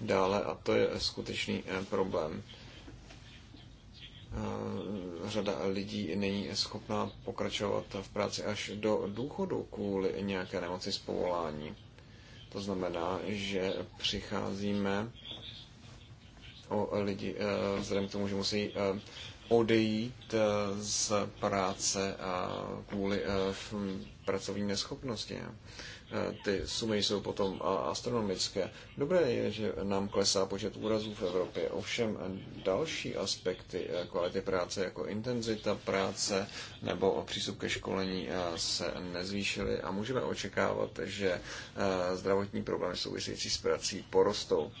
Dále, a to je skutečný problém, řada lidí není schopná pokračovat v práci až do důchodu kvůli nějaké nemoci z povolání. To znamená, že přicházíme o lidi eh, vzhledem k tomu, že musí eh, odejít eh, z práce a kvůli pracovní neschopnosti. Eh, ty sumy jsou potom eh, astronomické. Dobré je, že nám klesá počet úrazů v Evropě, ovšem eh, další aspekty kvality práce, jako intenzita práce nebo přístup ke školení, se nezvýšily a můžeme očekávat, že zdravotní problémy související s prací porostou.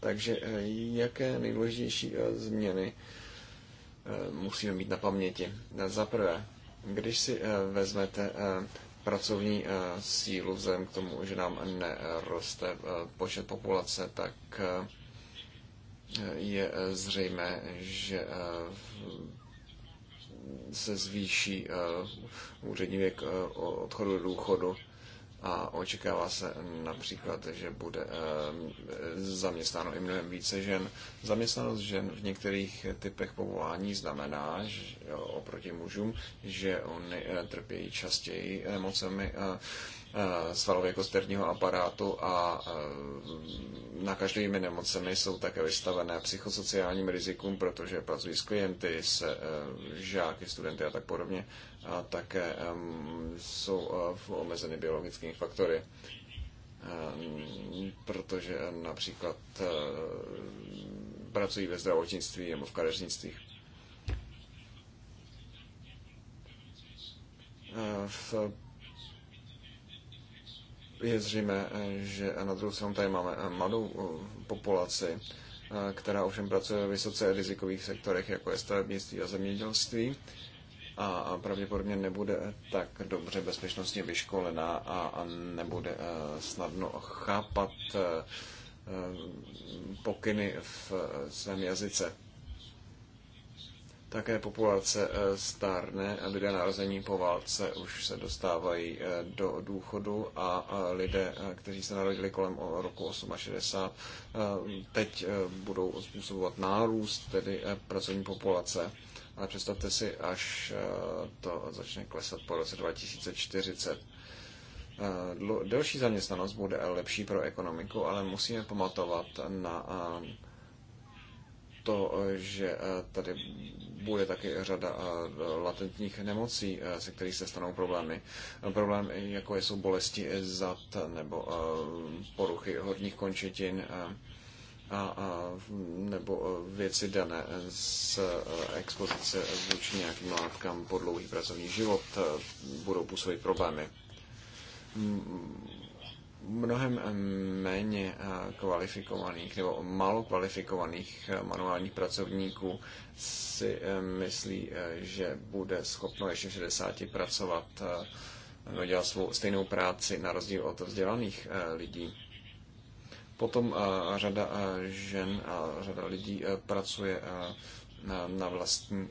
Takže jaké nejdůležitější změny musíme mít na paměti? Za prvé, když si vezmete pracovní eh, sílu vzhledem k tomu, že nám neroste eh, počet populace, tak eh, je zřejmé, že se zvýší úřední věk odchodu do důchodu a očekává se například, že bude eh, zaměstnáno i mnohem více žen. Zaměstnanost žen v některých typech povolání znamená že oproti mužům, že oni eh, trpějí častěji nemocemi Eh, svalově kosterního jako aparátu a eh, nakažlivými nemocemi jsou také vystavené psychosociálním rizikům, protože pracují s klienty, s eh, žáky, studenty a tak podobně a také jsou omezeny biologickými faktory protože například pracují ve zdravotnictví nebo v kadeřnictví. V je zřejmé, eh, že na druhou stranu tady máme eh, mladou eh, populaci, která ovšem pracuje ve vysoce rizikových sektorech, jako je stavebnictví a zemědělství a pravděpodobně nebude tak dobře bezpečnostně vyškolená a, nebude snadno chápat pokyny v svém jazyce. Také populace eh, stárne a lidé narození po válce už se dostávají eh, do důchodu a lidé, eh, kteří se narodili kolem roku 68, teď budou způsobovat nárůst tedy pracovní populace. Ale představte si, až to začne klesat po roce 2040. Delší zaměstnanost bude lepší pro ekonomiku, ale musíme pamatovat na to, že eh, tady bude taky řada eh, latentních nemocí, eh, se kterých se stanou problémy. Problém, jako jsou bolesti zad nebo poruchy horních končetin a, a nebo věci dané z expozice vůči nějakým látkám po dlouhý pracovní život budou působit problémy mnohem méně eh, kvalifikovaných nebo málo kvalifikovaných eh, manuálních pracovníků si myslí, eh, že bude schopno ještě v 60 pracovat, dělat svou stejnou práci na rozdíl od vzdělaných lidí. Potom řada žen a řada lidí pracuje na vlastní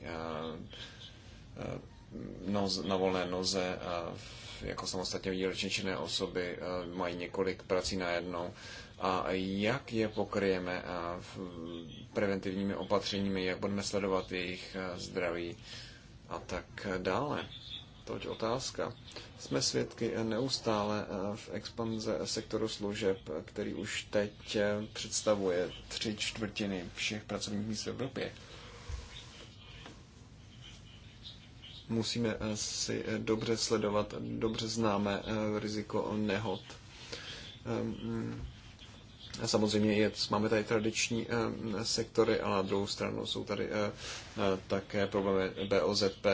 no, na volné noze v jako samostatně výdělečně činné osoby eh, mají několik prací najednou a jak je pokryjeme eh, preventivními opatřeními, jak budeme sledovat jejich eh, zdraví a tak dále. Toť otázka. Jsme svědky neustále v expanze sektoru služeb, který už teď představuje tři čtvrtiny všech pracovních míst v Evropě. musíme eh, si eh, dobře sledovat, dobře známe eh, riziko nehod. Ehm, mm. A samozřejmě je, máme tady tradiční ehm, sektory, ale na druhou stranu jsou tady také problémy BOZP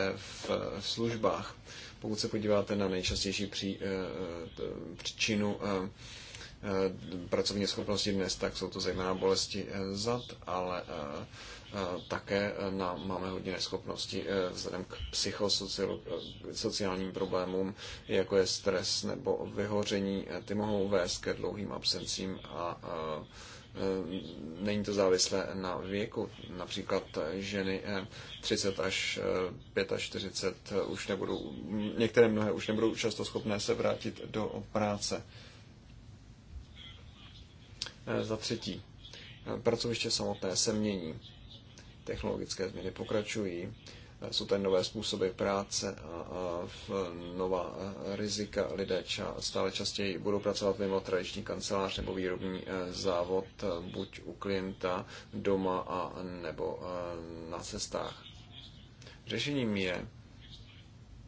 v službách. Pokud se podíváte na nejčastější pří, příčinu ehm, pracovní schopnosti dnes, tak jsou to zejména bolesti zad, ale Eh, také eh, na, máme hodně neschopnosti eh, vzhledem k psychosociálním problémům, jako je stres nebo vyhoření. Ty mohou vést ke dlouhým absencím a není to závislé na věku. Například ženy 30 až 45 už nebudou, některé mnohé už nebudou často schopné se vrátit do práce. Za třetí, pracoviště samotné se mění. Technologické změny pokračují, eh, jsou tady nové způsoby práce a nová eh, rizika. Lidé stále častěji budou pracovat mimo tradiční kancelář nebo výrobní eh, závod, buď u klienta, doma a nebo na cestách. Řešením je,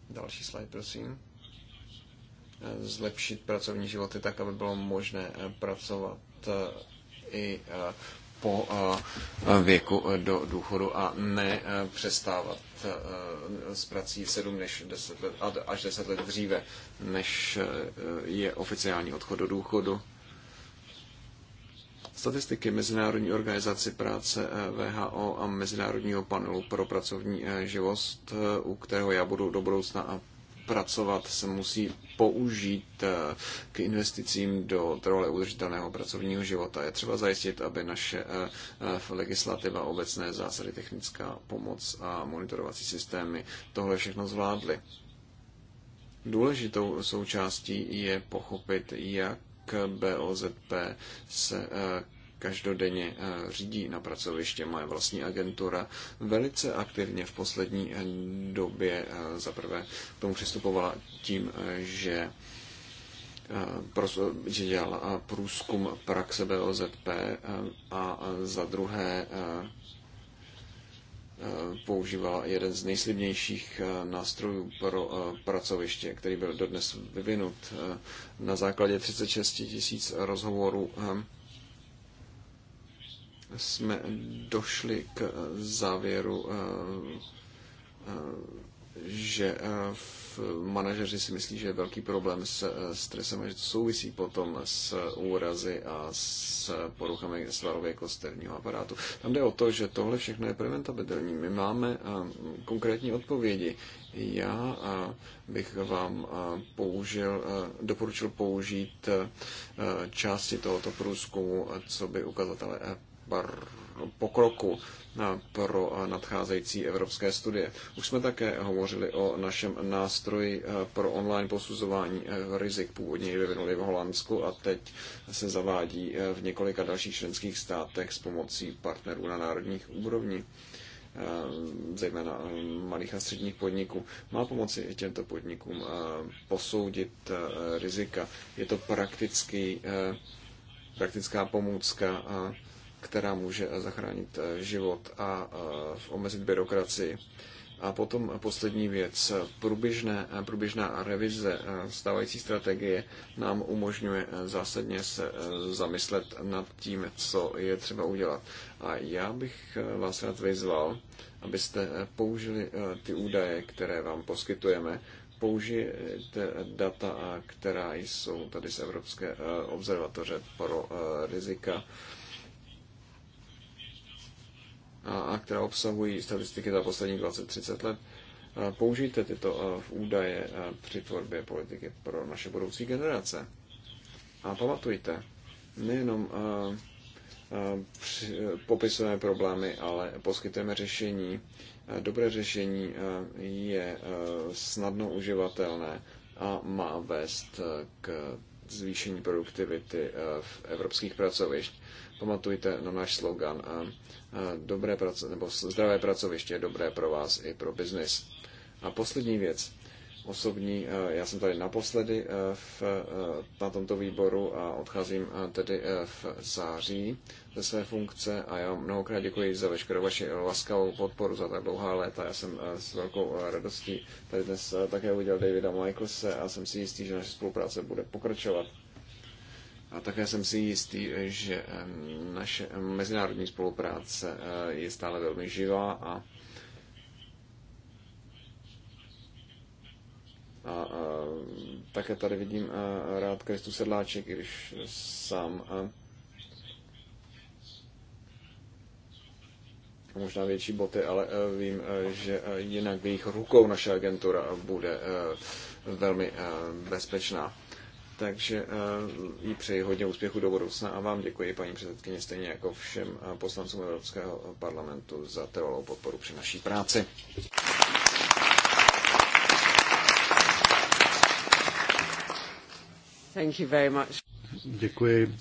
další slide prosím, zlepšit pracovní životy tak, aby bylo možné pracovat i po eh, věku eh, do důchodu a ne eh, přestávat s prací 7 než 10 let, až 10 let dříve, než je oficiální odchod do důchodu. Statistiky Mezinárodní organizace práce VHO a Mezinárodního panelu pro pracovní živost, u kterého já budu do budoucna pracovat, se musí použít eh, k investicím do trvale udržitelného pracovního života. Je třeba zajistit, aby naše eh, eh, legislativa, obecné zásady, technická pomoc a monitorovací systémy tohle všechno zvládly. Důležitou součástí je pochopit, jak BOZP se každodenně eh, řídí na pracoviště moje vlastní agentura, velice aktivně v poslední eh, době eh, zaprvé k tomu přistupovala tím, že že dělal průzkum praxe BOZP a za druhé používala jeden z nejslibnějších nástrojů pro pracoviště, který byl dodnes vyvinut. Na základě 36 tisíc rozhovorů jsme došli k závěru, eh, eh, že eh, v manažeři si myslí, že je velký problém s stresem a že to souvisí potom s úrazy a s poruchami svalově kosterního aparátu. Tam jde o to, že tohle všechno je preventabilní. My máme konkrétní odpovědi. Já bych vám použil, doporučil použít části tohoto průzkumu, co by ukazatele pokroku eh, pro eh, nadcházející evropské studie. Už jsme také hovořili o našem nástroji eh, pro online posuzování rizik. Původně vyvinuli v Holandsku a teď se zavádí v několika dalších členských státech s pomocí partnerů na národních úrovni zejména malých a středních podniků, má pomoci těmto podnikům posoudit rizika. Je to praktický, praktická pomůcka a která může zachránit eh, život a eh, omezit byrokracii. A potom poslední věc. Průběžné, eh, průběžná revize stávající strategie nám umožňuje zásadně se zamyslet nad tím, co je třeba udělat. A já bych vás rád vyzval, abyste použili ty údaje, které vám poskytujeme, použijte data, která jsou tady z Evropské observatoře pro rizika a která obsahují statistiky za poslední 20-30 let. Použijte tyto údaje při tvorbě politiky pro naše budoucí generace. A pamatujte, nejenom popisujeme problémy, ale poskytujeme řešení. Dobré řešení je snadno uživatelné a má vést k zvýšení produktivity v evropských pracovišť. Pamatujte na náš slogan dobré praco- nebo zdravé pracoviště je dobré pro vás i pro biznis. A poslední věc osobní. Já jsem tady naposledy v, na tomto výboru a odcházím tedy v září ze své funkce a já mnohokrát děkuji za veškerou vaši laskavou podporu za tak dlouhá léta. Já jsem s velkou radostí tady dnes také udělal Davida Michaelse a jsem si jistý, že naše spolupráce bude pokračovat. A také jsem si jistý, že naše mezinárodní spolupráce eh, je stále velmi živá a A, a také tady vidím a, eh, rád Kristu Sedláček, když sám a, eh, možná větší boty, ale vím, že jinak v jejich rukou naše agentura bude velmi bezpečná. Takže eh, jí přeji hodně úspěchu do budoucna a vám děkuji, paní předsedkyně, stejně jako všem eh, poslancům Evropského parlamentu za trvalou podporu při naší práci. Thank you very much. Děkuji.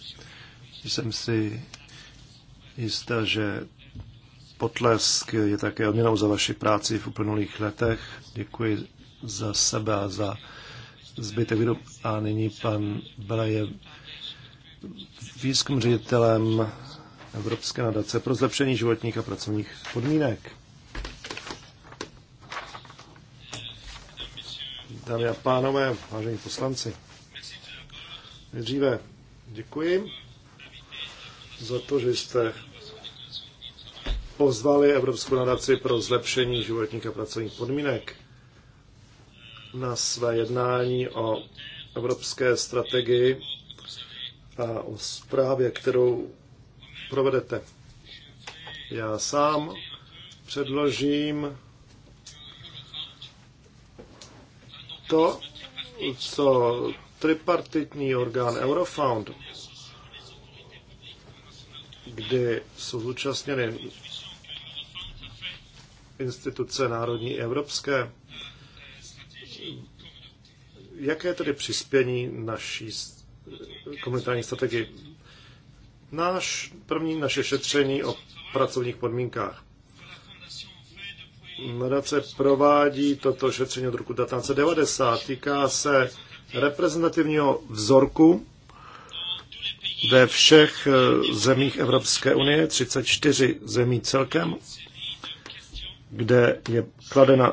Jsem si jistá, že potlesk je také odměnou za vaši práci v uplynulých letech. Děkuji za sebe a za zbytek výrob. A nyní pan Bela je výzkum ředitelem Evropské nadace pro zlepšení životních a pracovních podmínek. Dámy a pánové, vážení poslanci, nejdříve děkuji za to, že jste pozvali Evropskou nadaci pro zlepšení životních a pracovních podmínek na své jednání o evropské strategii a o zprávě, kterou provedete. Já sám předložím to, co tripartitní orgán Eurofound, kdy jsou zúčastněny instituce národní i evropské, Jaké je tedy přispění naší komunitární strategii? Náš první naše šetření o pracovních podmínkách. Nadace provádí toto šetření od roku 1990. Týká se reprezentativního vzorku ve všech eh, zemích Evropské unie, 34 zemí celkem, kde je kladena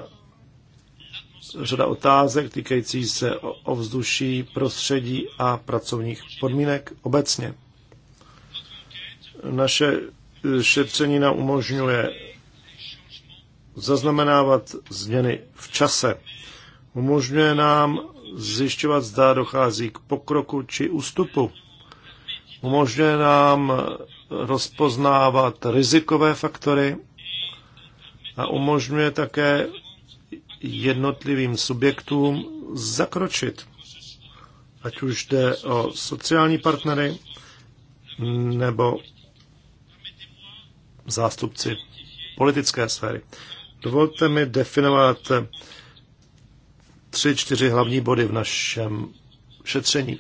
řada otázek týkající se ovzduší, prostředí a pracovních podmínek obecně. Naše šetření nám umožňuje zaznamenávat změny v čase. Umožňuje nám zjišťovat, zda dochází k pokroku či ústupu. Umožňuje nám rozpoznávat rizikové faktory a umožňuje také jednotlivým subjektům zakročit. Ať už jde o sociální partnery nebo zástupci politické sféry. Dovolte mi definovat tři, čtyři hlavní body v našem šetření.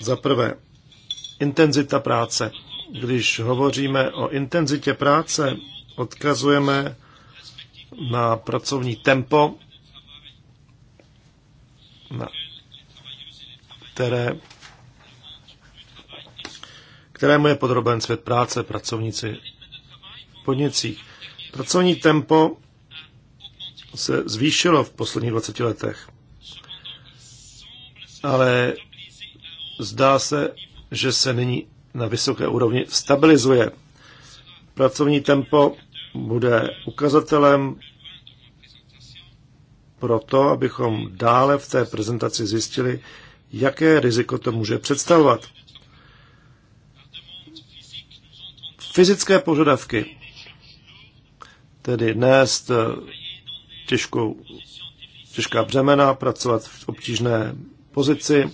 Za prvé, intenzita práce. Když hovoříme o intenzitě práce, odkazujeme na pracovní tempo, na, které, kterému je podroben svět práce, pracovníci v podnicích. Pracovní tempo se zvýšilo v posledních 20 letech, ale zdá se, že se nyní na vysoké úrovni stabilizuje. Pracovní tempo bude ukazatelem pro to, abychom dále v té prezentaci zjistili, jaké riziko to může představovat. Fyzické požadavky, tedy nést eh, těžkou, těžká břemena, pracovat v obtížné pozici,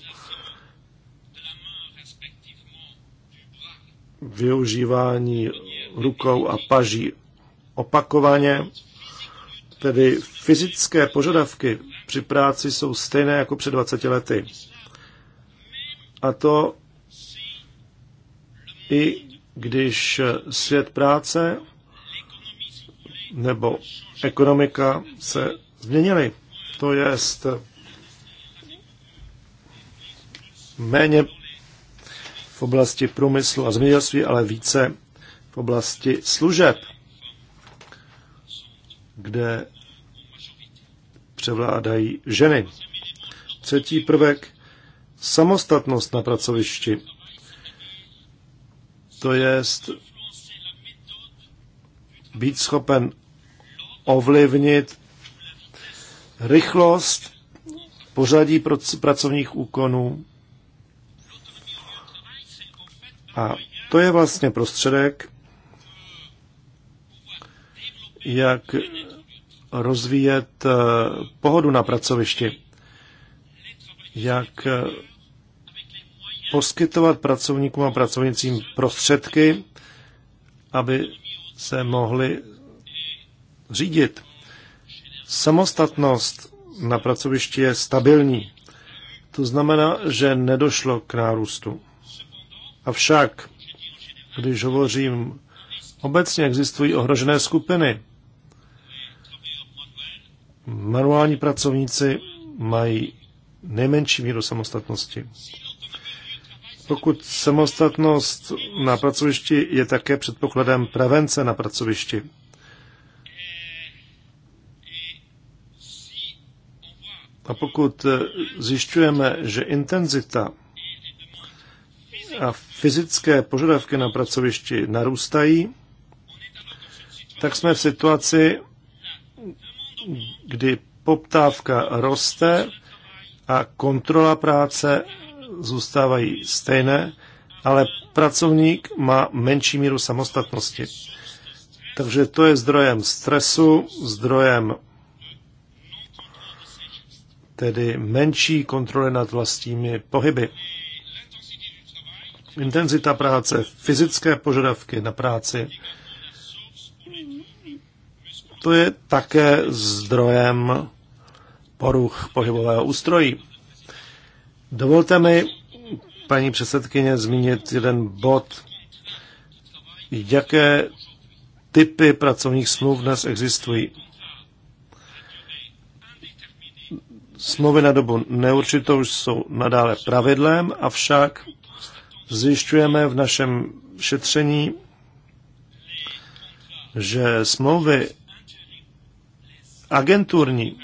využívání rukou a paží opakovaně, tedy fyzické požadavky při práci jsou stejné jako před 20 lety. A to i když svět práce nebo ekonomika se změnily. To jest méně v oblasti průmyslu a zemědělství, ale více v oblasti služeb kde převládají ženy. Třetí prvek, samostatnost na pracovišti. To je být schopen ovlivnit rychlost, pořadí pracovních úkonů. A to je vlastně prostředek, jak rozvíjet eh, pohodu na pracovišti, jak eh, poskytovat pracovníkům a pracovnicím prostředky, aby se mohli řídit. Samostatnost na pracovišti je stabilní. To znamená, že nedošlo k nárůstu. Avšak, když hovořím obecně, existují ohrožené skupiny, manuální pracovníci mají nejmenší míru samostatnosti. Pokud samostatnost na pracovišti je také předpokladem prevence na pracovišti. A pokud zjišťujeme, že intenzita a fyzické požadavky na pracovišti narůstají, tak jsme v situaci, kdy poptávka roste a kontrola práce zůstávají stejné, ale pracovník má menší míru samostatnosti. Takže to je zdrojem stresu, zdrojem tedy menší kontroly nad vlastními pohyby. Intenzita práce, fyzické požadavky na práci, to je také zdrojem poruch pohybového ústrojí. Dovolte mi, paní předsedkyně, zmínit jeden bod, jaké typy pracovních smluv dnes existují. Smlouvy na dobu neurčitou jsou nadále pravidlem, avšak zjišťujeme v našem šetření, že smlouvy agenturní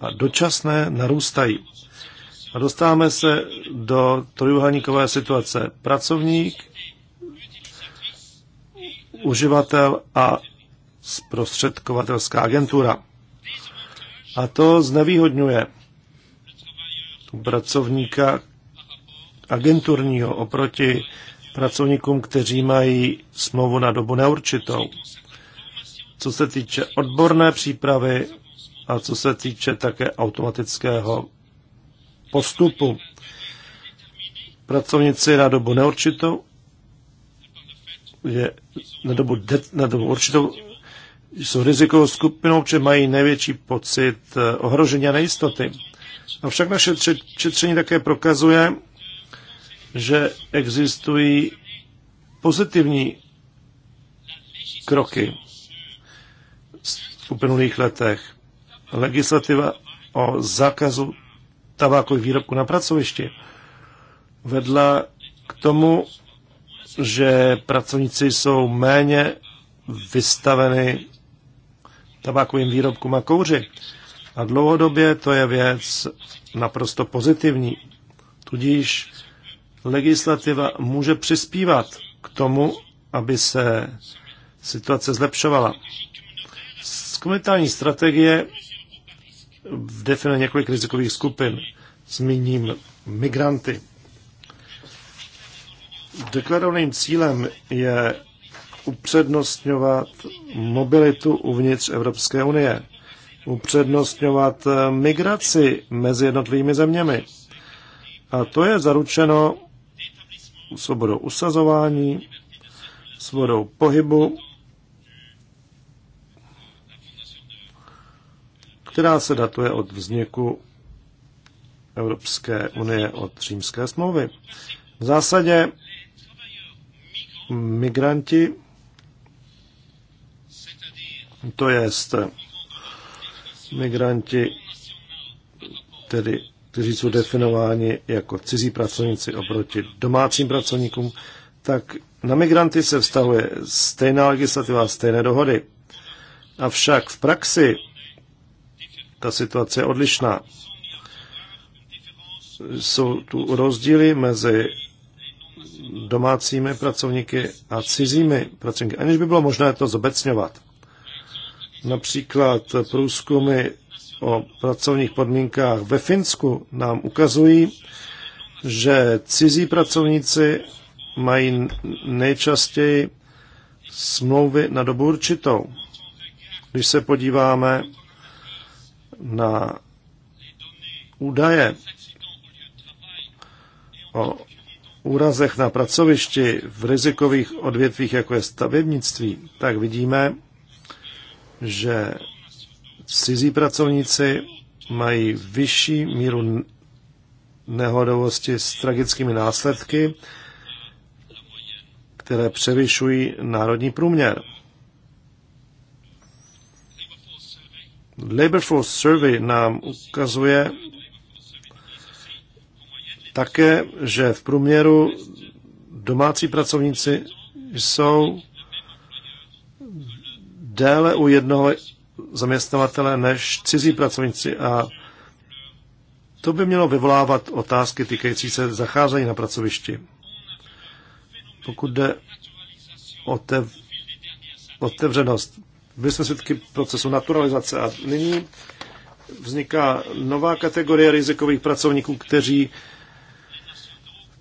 a dočasné narůstají. A dostáváme se do trojuhelníkové situace. Pracovník, uživatel a zprostředkovatelská agentura. A to znevýhodňuje pracovníka agenturního oproti pracovníkům, kteří mají smlouvu na dobu neurčitou co se týče odborné přípravy a co se týče také automatického postupu. Pracovníci na dobu neurčitou je na dobu, de, na dobu určitou jsou rizikovou skupinou, že mají největší pocit eh, ohrožení a nejistoty. Avšak naše četření také prokazuje, že existují pozitivní kroky uplynulých letech. Legislativa o zákazu tabákových výrobků na pracovišti vedla k tomu, že pracovníci jsou méně vystaveny tabákovým výrobkům a kouři. A dlouhodobě to je věc naprosto pozitivní. Tudíž legislativa může přispívat k tomu, aby se situace zlepšovala. Komunitární strategie definuje několik rizikových skupin. Zmíním migranty. Deklarovaným cílem je upřednostňovat mobilitu uvnitř Evropské unie, upřednostňovat eh, migraci mezi jednotlivými zeměmi. A to je zaručeno svobodou usazování, svobodou pohybu která se datuje od vzniku Evropské unie od římské smlouvy. V zásadě migranti, to jest migranti, tedy, kteří jsou definováni jako cizí pracovníci oproti domácím pracovníkům, tak na migranty se vztahuje stejná legislativa, stejné dohody. Avšak v praxi ta situace je odlišná. Jsou tu rozdíly mezi domácími pracovníky a cizími pracovníky, aniž by bylo možné to zobecňovat. Například průzkumy o pracovních podmínkách ve Finsku nám ukazují, že cizí pracovníci mají nejčastěji smlouvy na dobu určitou. Když se podíváme na údaje o úrazech na pracovišti v rizikových odvětvích, jako je stavebnictví, tak vidíme, že cizí pracovníci mají vyšší míru nehodovosti s tragickými následky, které převyšují národní průměr. Labor Force Survey nám ukazuje také, že v průměru domácí pracovníci jsou déle u jednoho zaměstnavatele než cizí pracovníci a to by mělo vyvolávat otázky týkající se zacházení na pracovišti. Pokud jde o te, otevřenost, byli jsme svědky procesu naturalizace a nyní vzniká nová kategorie rizikových pracovníků, kteří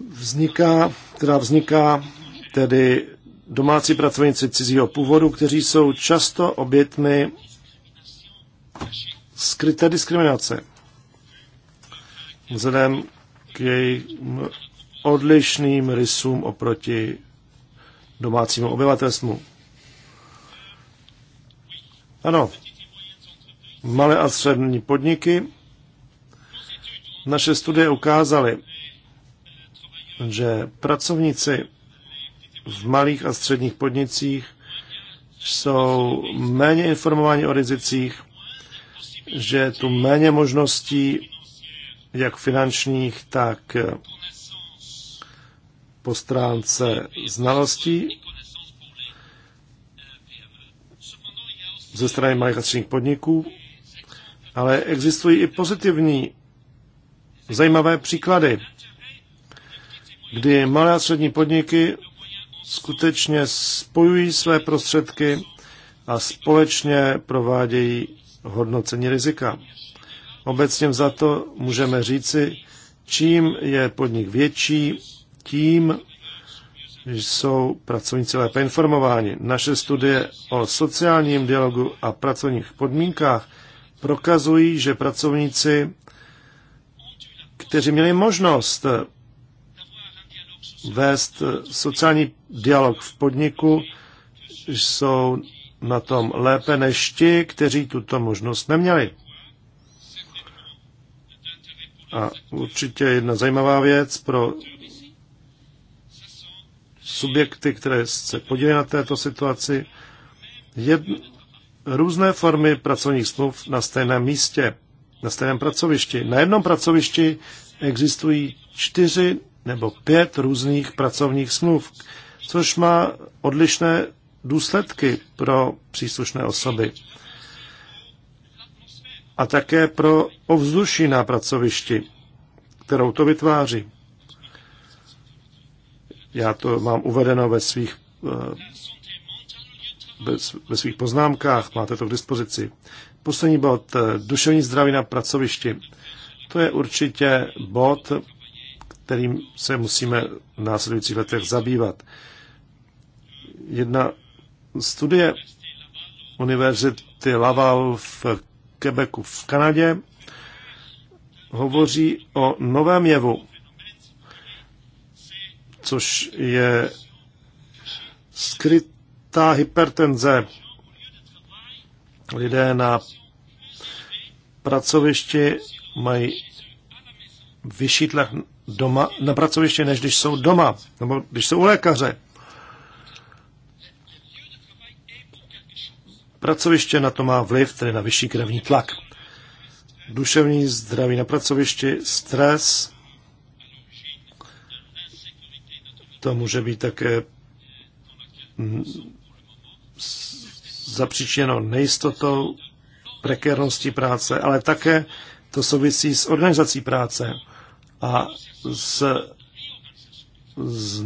vzniká, která vzniká tedy domácí pracovníci cizího původu, kteří jsou často obětmi skryté diskriminace. Vzhledem k jejich odlišným rysům oproti domácímu obyvatelstvu. Ano, malé a střední podniky. Naše studie ukázaly, že pracovníci v malých a středních podnicích jsou méně informováni o rizicích, že je tu méně možností, jak finančních, tak po stránce znalostí ze strany malých a středních podniků, ale existují i pozitivní zajímavé příklady, kdy malé a střední podniky skutečně spojují své prostředky a společně provádějí hodnocení rizika. Obecně za to můžeme říci, čím je podnik větší, tím jsou pracovníci lépe informováni. Naše studie o sociálním dialogu a pracovních podmínkách prokazují, že pracovníci, kteří měli možnost vést sociální dialog v podniku, jsou na tom lépe než ti, kteří tuto možnost neměli. A určitě jedna zajímavá věc pro subjekty, které se podílí na této situaci, jed, různé formy pracovních smluv na stejném místě, na stejném pracovišti. Na jednom pracovišti existují čtyři nebo pět různých pracovních smluv, což má odlišné důsledky pro příslušné osoby a také pro ovzduší na pracovišti, kterou to vytváří. Já to mám uvedeno ve svých, eh, ve svých poznámkách, máte to k dispozici. Poslední bod, eh, duševní zdraví na pracovišti. To je určitě bod, kterým se musíme v následujících letech zabývat. Jedna studie Univerzity Laval v Quebecu v Kanadě hovoří o novém jevu, což je skrytá hypertenze. Lidé na pracovišti mají vyšší tlak doma, na pracovišti, než když jsou doma, nebo když jsou u lékaře. Pracoviště na to má vliv, tedy na vyšší krevní tlak. Duševní zdraví na pracovišti, stres, to může být také mm, zapříčeno nejistotou, prekérností práce, ale také to souvisí s organizací práce a s, s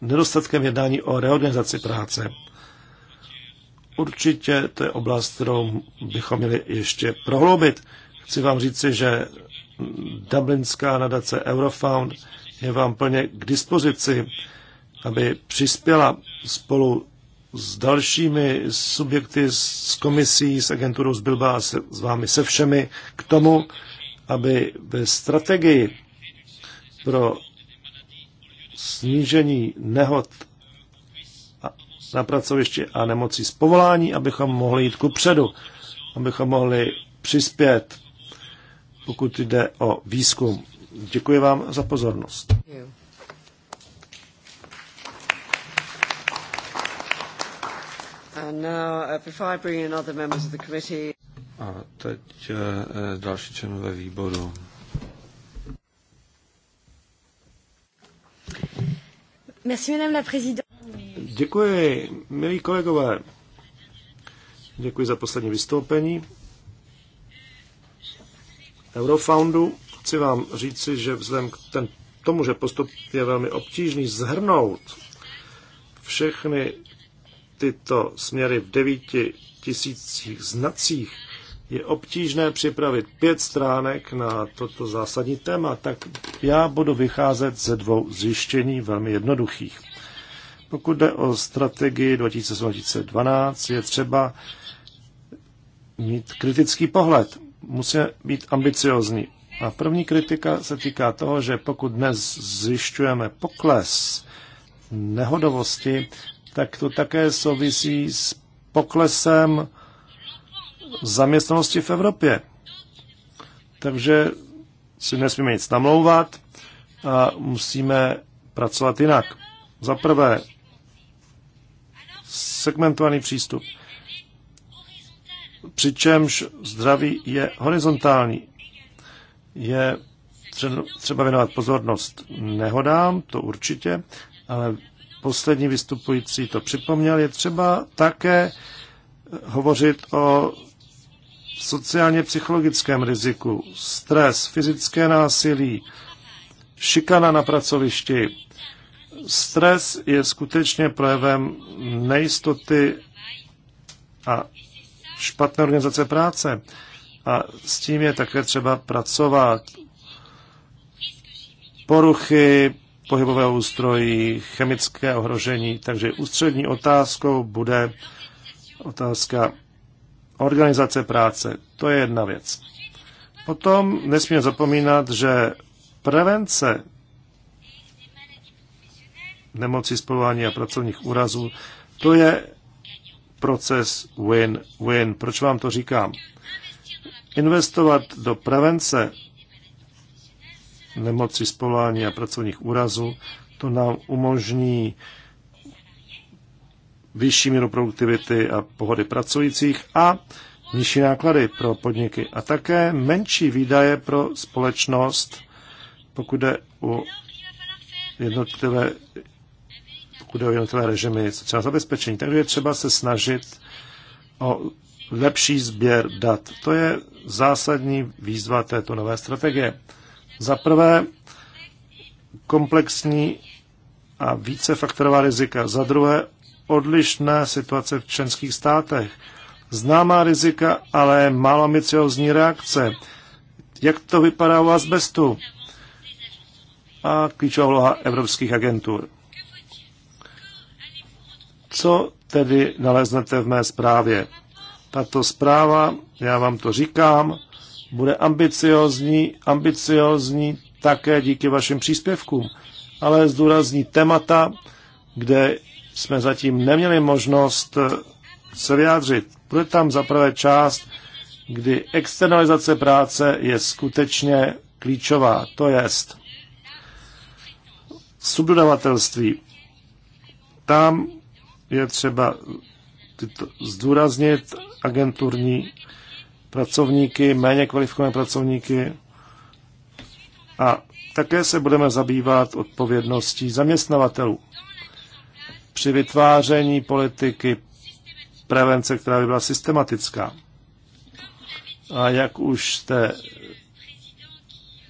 nedostatkem jednání o reorganizaci práce. Určitě to je oblast, kterou bychom měli ještě prohloubit. Chci vám říci, že Dublinská nadace Eurofound je vám plně k dispozici aby přispěla spolu s dalšími subjekty, s komisí, s agenturou z Bilba a se, s vámi se všemi k tomu, aby ve strategii pro snížení nehod na pracovišti a nemocí z povolání, abychom mohli jít ku předu, abychom mohli přispět, pokud jde o výzkum. Děkuji vám za pozornost. Děkuji. A teď uh, uh, další členové výboru. Děkuji, milí kolegové. Děkuji za poslední vystoupení. Eurofoundu chci vám říci, že vzhledem k tomu, že postup je velmi obtížný, zhrnout všechny tyto směry v devíti tisících znacích, je obtížné připravit pět stránek na toto zásadní téma, tak já budu vycházet ze dvou zjištění velmi jednoduchých. Pokud jde o strategii 2012, je třeba mít kritický pohled. Musí být ambiciozní. A první kritika se týká toho, že pokud dnes zjišťujeme pokles nehodovosti, tak to také souvisí s poklesem zaměstnanosti v Evropě. Takže si nesmíme nic namlouvat a musíme pracovat jinak. Za prvé, segmentovaný přístup. Přičemž zdraví je horizontální. Je třeba věnovat pozornost nehodám, to určitě, ale poslední vystupující to připomněl, je třeba také hovořit o sociálně psychologickém riziku, stres, fyzické násilí, šikana na pracovišti. Stres je skutečně projevem nejistoty a špatné organizace práce. A s tím je také třeba pracovat. Poruchy pohybového ústrojí, chemické ohrožení, takže ústřední otázkou bude otázka organizace práce. To je jedna věc. Potom nesmíme zapomínat, že prevence nemocí spolování a pracovních úrazů, to je proces win-win. Proč vám to říkám? Investovat do prevence nemoci z povolání a pracovních úrazů. To nám umožní vyšší míru produktivity a pohody pracujících a nižší náklady pro podniky a také menší výdaje pro společnost, pokud jde o jednotlivé, pokud jde o jednotlivé režimy sociálního zabezpečení. Takže je třeba se snažit o lepší sběr dat. To je zásadní výzva této nové strategie. Za prvé komplexní a vícefaktorová rizika. Za druhé odlišné situace v členských státech. Známá rizika, ale málo ambiciozní reakce. Jak to vypadá u asbestu? A klíčová vloha evropských agentur. Co tedy naleznete v mé zprávě? Tato zpráva, já vám to říkám, bude ambiciozní, ambiciozní také díky vašim příspěvkům, ale zdůrazní témata, kde jsme zatím neměli možnost eh, se vyjádřit. Bude tam zaprvé část, kdy externalizace práce je skutečně klíčová, to jest subdodavatelství. Tam je třeba zdůraznit agenturní pracovníky, méně kvalifikované pracovníky. A také se budeme zabývat odpovědností zaměstnavatelů při vytváření politiky prevence, která by byla systematická. A jak už jste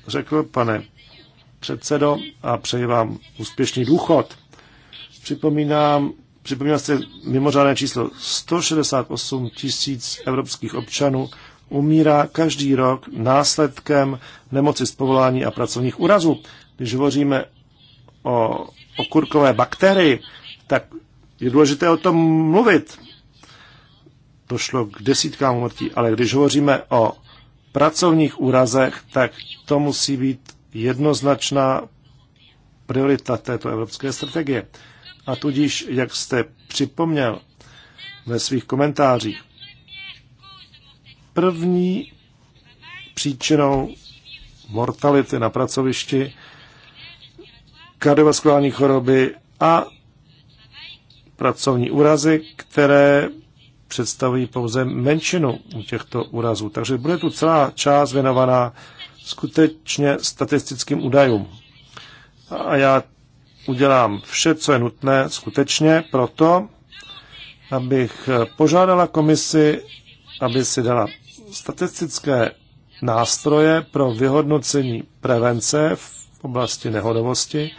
řekl, pane předsedo, a přeji vám úspěšný důchod, připomínám, připomínám se mimořádné číslo 168 tisíc evropských občanů, umírá každý rok následkem nemoci z povolání a pracovních úrazů. Když hovoříme o okurkové bakterii, tak je důležité o tom mluvit. Došlo k desítkám umrtí, ale když hovoříme o pracovních úrazech, tak to musí být jednoznačná priorita této evropské strategie. A tudíž, jak jste připomněl ve svých komentářích, první příčinou mortality na pracovišti, kardiovaskulární choroby a pracovní úrazy, které představují pouze menšinu u těchto úrazů. Takže bude tu celá část věnovaná skutečně statistickým údajům. A já udělám vše, co je nutné skutečně proto, abych požádala komisi, aby si dala statistické nástroje pro vyhodnocení prevence v oblasti nehodovosti,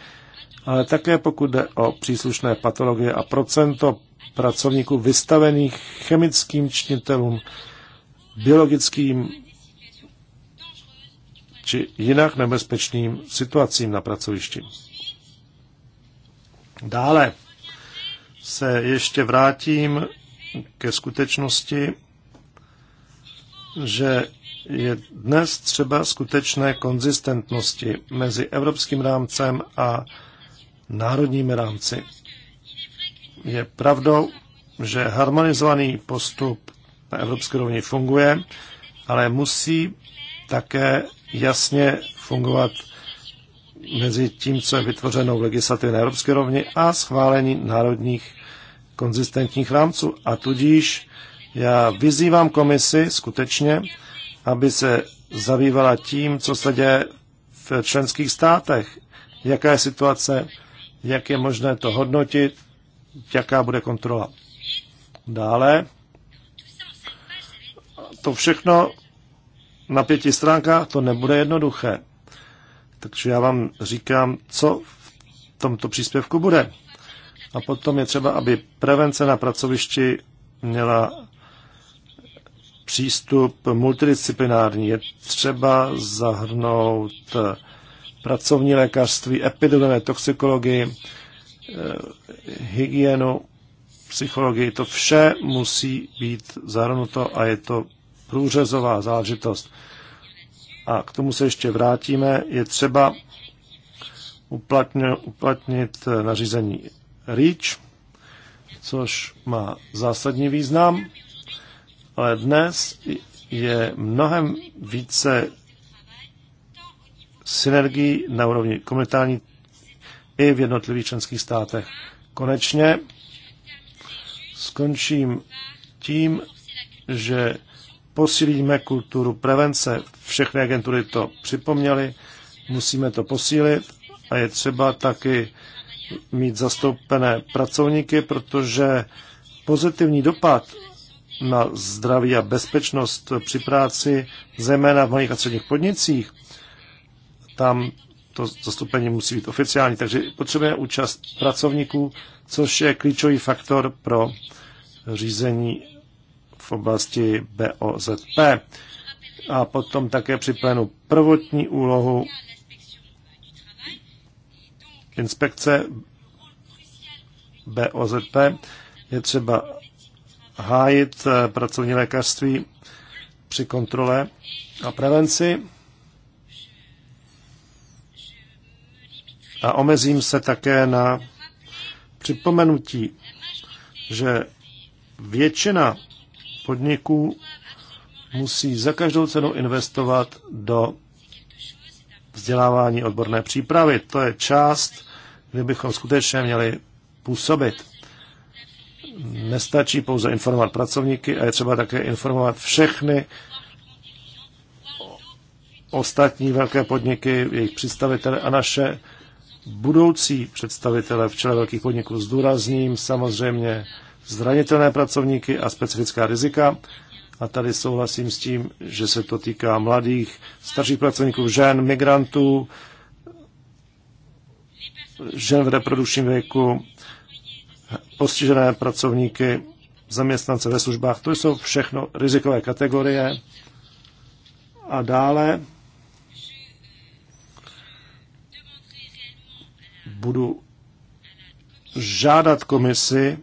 ale také pokud jde o příslušné patologie a procento pracovníků vystavených chemickým činitelům, biologickým či jinak nebezpečným situacím na pracovišti. Dále se ještě vrátím ke skutečnosti, že je dnes třeba skutečné konzistentnosti mezi evropským rámcem a národními rámci. Je pravdou, že harmonizovaný postup na evropské rovni funguje, ale musí také jasně fungovat mezi tím, co je vytvořeno v legislativě na evropské rovni a schválení národních konzistentních rámců. A tudíž já vyzývám komisi skutečně, aby se zabývala tím, co se děje v členských státech, jaká je situace, jak je možné to hodnotit, jaká bude kontrola. Dále, to všechno na pěti stránkách, to nebude jednoduché. Takže já vám říkám, co v tomto příspěvku bude. A potom je třeba, aby prevence na pracovišti měla přístup multidisciplinární. Je třeba zahrnout eh, pracovní lékařství, epidemiologii, toxikologii, eh, hygienu, psychologii. To vše musí být zahrnuto a je to průřezová záležitost. A k tomu se ještě vrátíme. Je třeba uplatně, uplatnit eh, nařízení REACH, což má zásadní význam ale dnes je mnohem více synergií na úrovni komunitární i v jednotlivých členských státech. Konečně skončím tím, že posílíme kulturu prevence. Všechny agentury to připomněly, musíme to posílit a je třeba taky mít zastoupené pracovníky, protože pozitivní dopad na zdraví a bezpečnost při práci, zejména v malých a středních podnicích. Tam to zastupení musí být oficiální, takže potřebujeme účast pracovníků, což je klíčový faktor pro řízení v oblasti BOZP. A potom také připojenu prvotní úlohu inspekce BOZP. Je třeba hájit eh, pracovní lékařství při kontrole a prevenci. A omezím se také na připomenutí, že většina podniků musí za každou cenu investovat do vzdělávání odborné přípravy. To je část, kde bychom skutečně měli působit nestačí pouze informovat pracovníky a je třeba také informovat všechny ostatní velké podniky, jejich představitele a naše budoucí představitele v čele velkých podniků. Zdůrazním samozřejmě zranitelné pracovníky a specifická rizika. A tady souhlasím s tím, že se to týká mladých, starších pracovníků, žen, migrantů, žen v reprodukčním věku, postižené pracovníky, zaměstnance ve službách. To jsou všechno rizikové kategorie. A dále budu žádat komisi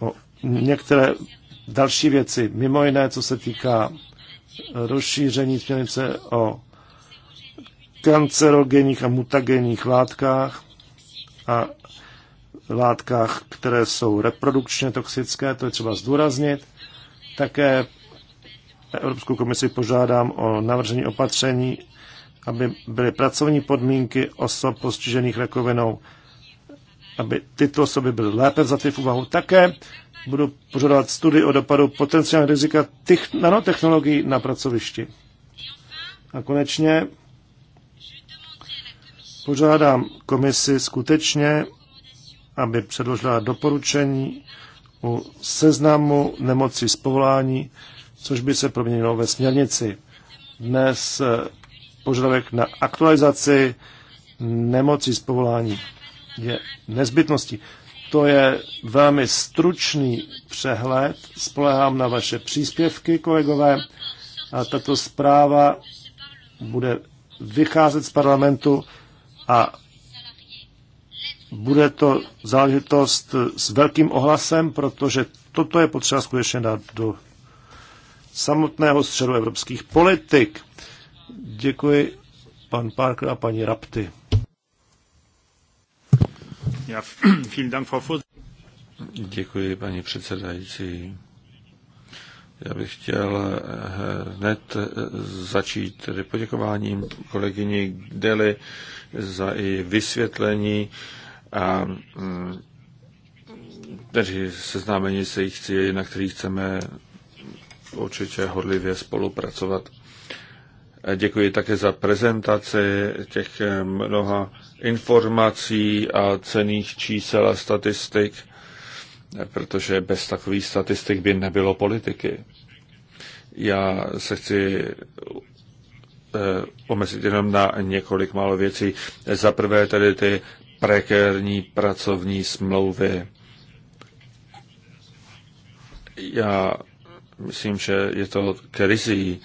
o některé další věci, mimo jiné, co se týká rozšíření směrnice o kancerogenních a mutagenních látkách a látkách, které jsou reprodukčně toxické, to je třeba zdůraznit. Také Evropskou komisi požádám o navržení opatření, aby byly pracovní podmínky osob postižených rakovinou, aby tyto osoby byly lépe vzaty v úvahu. Také budu požadovat studii o dopadu potenciálních rizika těch nanotechnologií na pracovišti. A konečně požádám komisi skutečně aby předložila doporučení u seznamu nemocí z povolání, což by se proměnilo ve směrnici. Dnes eh, požadavek na aktualizaci nemocí z povolání je nezbytností. To je velmi stručný přehled. Spolehám na vaše příspěvky, kolegové. A tato zpráva bude vycházet z parlamentu a bude to záležitost s velkým ohlasem, protože toto je potřeba skutečně dát do samotného středu evropských politik. Děkuji pan Parker a paní Rapty. Děkuji, paní předsedající. Já bych chtěl eh, hned eh, začít tedy poděkováním kolegyni Deli za i vysvětlení a kteří mm, seznámeni se jich chci, na kterých chceme určitě hodlivě spolupracovat. Děkuji také za prezentaci těch eh, mnoha informací a cených čísel a statistik, protože bez takových statistik by nebylo politiky. Já se chci eh, omezit jenom na několik málo věcí. Za prvé tedy ty prekérní pracovní smlouvy. Já myslím, že je to krizí,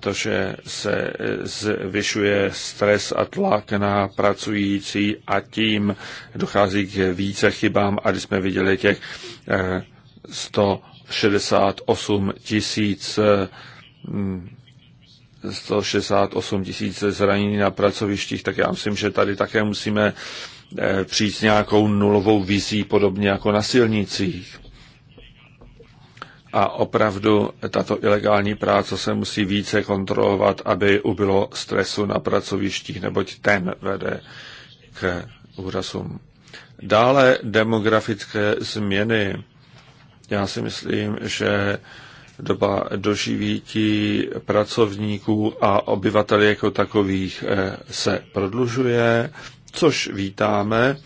to, že se zvyšuje stres a tlak na pracující a tím dochází k více chybám a když jsme viděli těch 168 eh, tisíc mm, 168 tisíc zranění na pracovištích, tak já myslím, že tady také musíme eh, přijít s nějakou nulovou vizí, podobně jako na silnicích. A opravdu tato ilegální práce se musí více kontrolovat, aby ubylo stresu na pracovištích, neboť ten vede k úrazům. Dále demografické změny. Já si myslím, že doba ti pracovníků a obyvatel jako takových eh, se prodlužuje, což vítáme,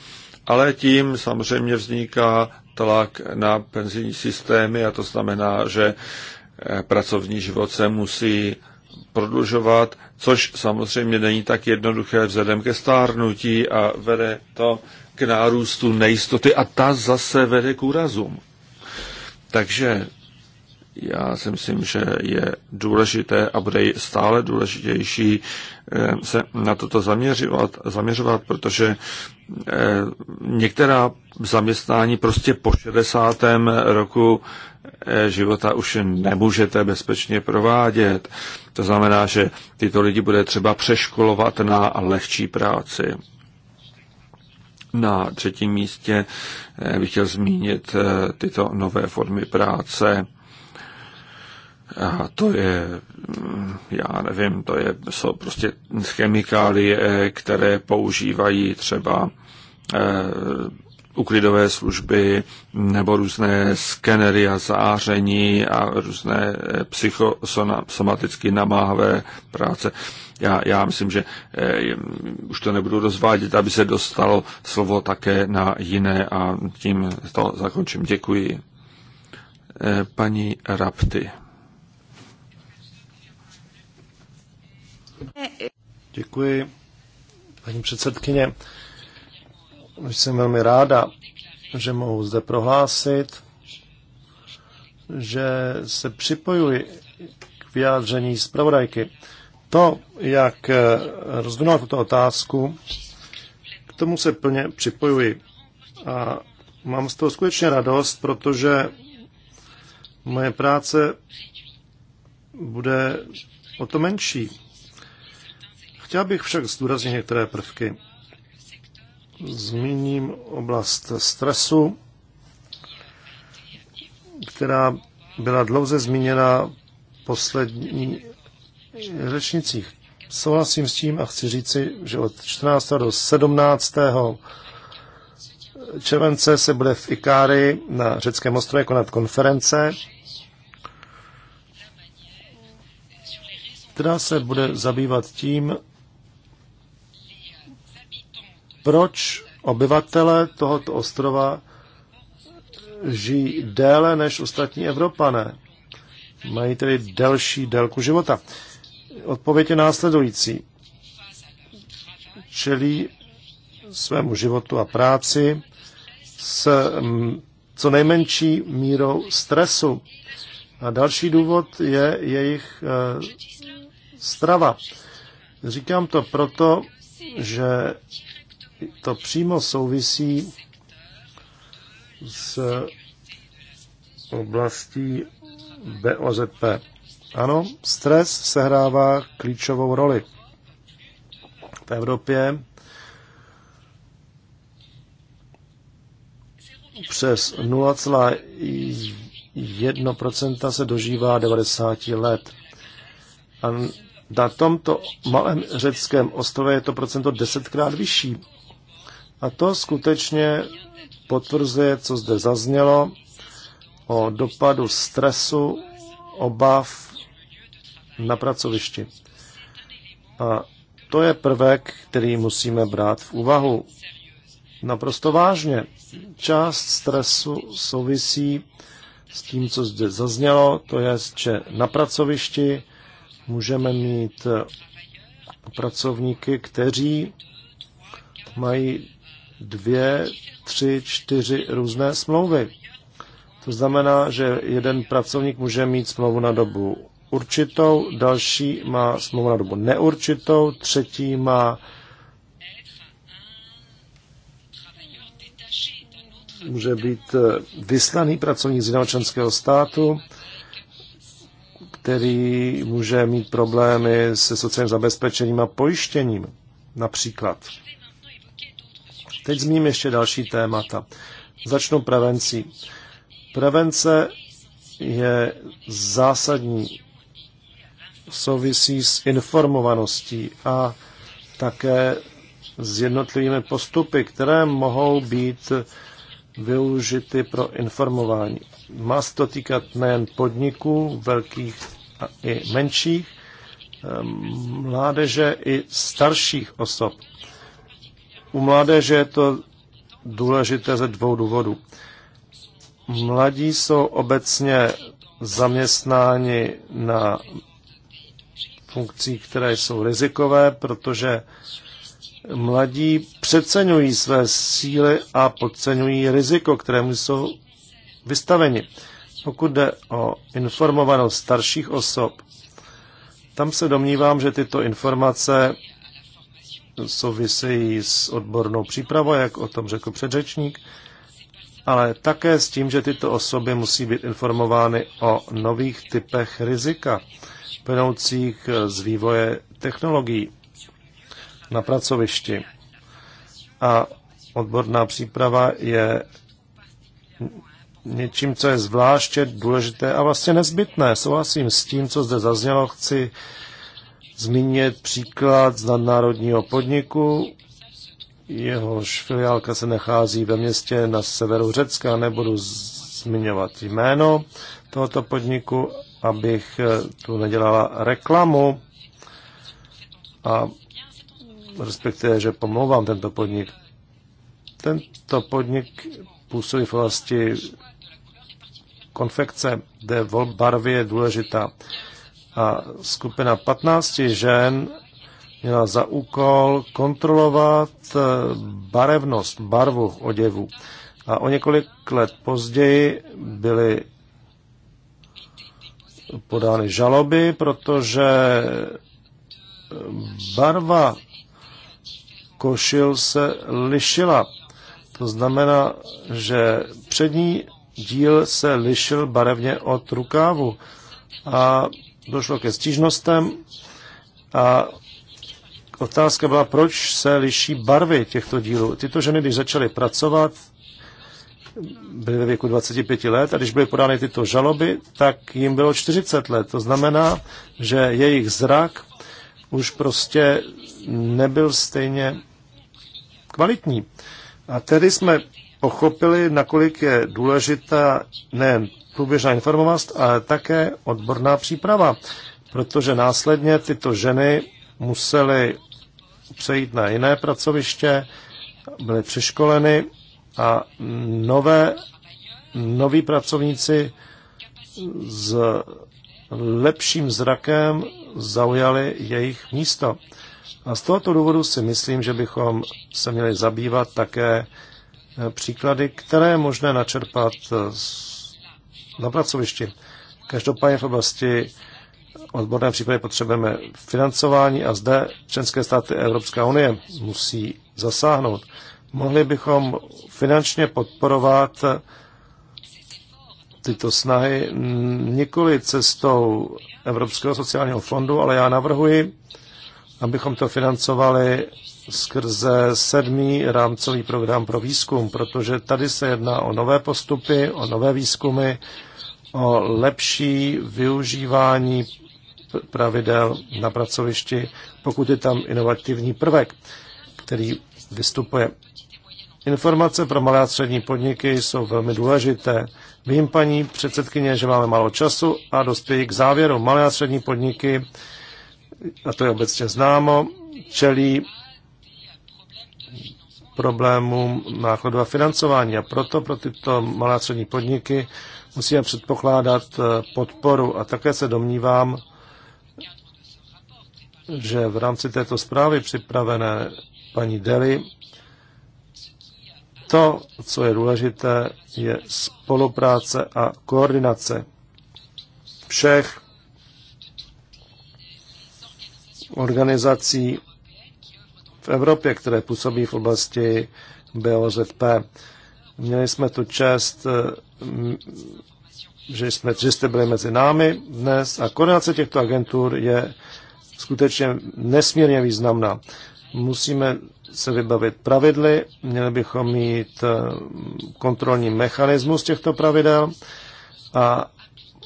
ale tím samozřejmě vzniká tlak na penzijní systémy a to znamená, že eh, pracovní život se musí prodlužovat, což samozřejmě není tak jednoduché vzhledem ke stárnutí a vede to k nárůstu nejistoty a ta zase vede k úrazům. Takže já si myslím, že je důležité a bude stále důležitější eh, se na toto zaměřovat, zaměřovat protože eh, některá zaměstnání prostě po 60. roku eh, života už nemůžete bezpečně provádět. To znamená, že tyto lidi bude třeba přeškolovat na lehčí práci. Na třetím místě bych chtěl zmínit tyto nové formy práce a to je, mm, já nevím, to je, jsou prostě chemikálie, které používají třeba eh, uklidové služby nebo různé skenery a záření a různé eh, psychosomaticky namáhavé práce. Já, já myslím, že e, už to nebudu rozvádět, aby se dostalo slovo také na jiné a tím to zakončím. Děkuji. E, paní Rapty. Děkuji, paní předsedkyně. Jsem velmi ráda, že mohu zde prohlásit, že se připojuji k vyjádření zpravodajky. To, jak eh, rozvinula tuto otázku, k tomu se plně připojuji. A mám z toho skutečně radost, protože moje práce bude o to menší. Chtěl bych však zdůraznit některé prvky. Zmíním oblast stresu, která byla dlouze zmíněna poslední řečnicích. Souhlasím s tím a chci říci, že od 14. do 17. července se bude v Ikári na řeckém ostrově konat konference, která se bude zabývat tím, proč obyvatele tohoto ostrova žijí déle než ostatní Evropané? Mají tedy delší délku života. Odpověď je následující. Čelí svému životu a práci s mm, co nejmenší mírou stresu. A další důvod je jejich eh, strava. Říkám to proto, že to přímo souvisí s oblastí BOZP. Ano, stres sehrává klíčovou roli v Evropě. Přes 0,1% se dožívá 90 let. A na tomto malém řeckém ostrově je to procento desetkrát vyšší. A to skutečně potvrzuje, co zde zaznělo o dopadu stresu, obav na pracovišti. A to je prvek, který musíme brát v úvahu. Naprosto vážně. Část stresu souvisí s tím, co zde zaznělo, to je, že na pracovišti můžeme mít pracovníky, kteří mají dvě, tři, čtyři různé smlouvy. To znamená, že jeden pracovník může mít smlouvu na dobu určitou, další má smlouvu na dobu neurčitou, třetí má může být eh, vyslaný pracovník z jiného členského státu, který může mít problémy se sociálním zabezpečením a pojištěním například. Teď zmíním ještě další témata. Začnu prevencí. Prevence je zásadní, souvisí s informovaností a také s jednotlivými postupy, které mohou být využity pro informování. Má se to týkat nejen podniků, velkých a i menších, ehm, mládeže i starších osob. U mládeže je to důležité ze dvou důvodů. Mladí jsou obecně zaměstnáni na funkcích, které jsou rizikové, protože mladí přeceňují své síly a podceňují riziko, kterému jsou vystaveni. Pokud jde o informovanost starších osob, tam se domnívám, že tyto informace souvisejí s odbornou přípravou, jak o tom řekl předřečník, ale také s tím, že tyto osoby musí být informovány o nových typech rizika plynoucích z vývoje technologií na pracovišti. A odborná příprava je něčím, co je zvláště důležité a vlastně nezbytné. Souhlasím s tím, co zde zaznělo, chci zmínit příklad z nadnárodního podniku, jehož filiálka se nachází ve městě na severu Řecka. Nebudu zmiňovat jméno tohoto podniku, abych eh, tu nedělala reklamu a respektive, že pomlouvám tento podnik. Tento podnik působí v oblasti konfekce, kde barvy je důležitá a skupina 15 žen měla za úkol kontrolovat eh, barevnost, barvu oděvu. A o několik let později byly podány žaloby, protože eh, barva košil se lišila. To znamená, že přední díl se lišil barevně od rukávu a došlo ke stížnostem a otázka byla, proč se liší barvy těchto dílů. Tyto ženy, když začaly pracovat, byly ve věku 25 let a když byly podány tyto žaloby, tak jim bylo 40 let. To znamená, že jejich zrak už prostě nebyl stejně kvalitní. A tedy jsme pochopili, nakolik je důležitá nejen průběžná informovanost, ale také odborná příprava, protože následně tyto ženy musely přejít na jiné pracoviště, byly přeškoleny a nové, noví pracovníci s lepším zrakem zaujali jejich místo. A z tohoto důvodu si myslím, že bychom se měli zabývat také příklady, které je možné načerpat z na pracovišti. Každopádně v oblasti odborné přípravy potřebujeme financování a zde členské státy Evropská unie musí zasáhnout. Mohli bychom finančně podporovat tyto snahy nikoli cestou Evropského sociálního fondu, ale já navrhuji, abychom to financovali skrze sedmý rámcový program pro výzkum, protože tady se jedná o nové postupy, o nové výzkumy, o lepší využívání pravidel na pracovišti, pokud je tam inovativní prvek, který vystupuje. Informace pro malé a střední podniky jsou velmi důležité. Vím, paní předsedkyně, že máme málo času a dospěji k závěru. Malé a střední podniky, a to je obecně známo, čelí problémům nákladu a financování. A proto pro tyto malé střední podniky musíme předpokládat eh, podporu. A také se domnívám, že v rámci této zprávy připravené paní Deli, to, co je důležité, je spolupráce a koordinace všech organizací v Evropě, které působí v oblasti BOZP. Měli jsme tu čest, eh, že, jsme, že jste byli mezi námi dnes a koordinace těchto agentur je skutečně nesmírně významná. Musíme se vybavit pravidly, měli bychom mít eh, kontrolní mechanismus těchto pravidel a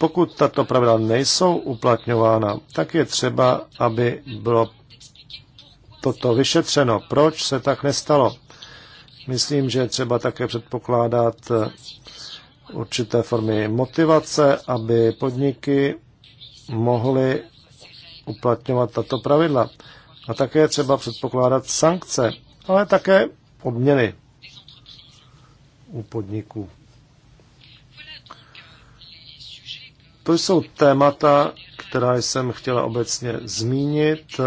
pokud tato pravidla nejsou uplatňována, tak je třeba, aby bylo toto vyšetřeno. Proč se tak nestalo? Myslím, že třeba také předpokládat eh, určité formy motivace, aby podniky mohly uplatňovat tato pravidla. A také třeba předpokládat sankce, ale také odměny u podniků. To jsou témata, která jsem chtěla obecně zmínit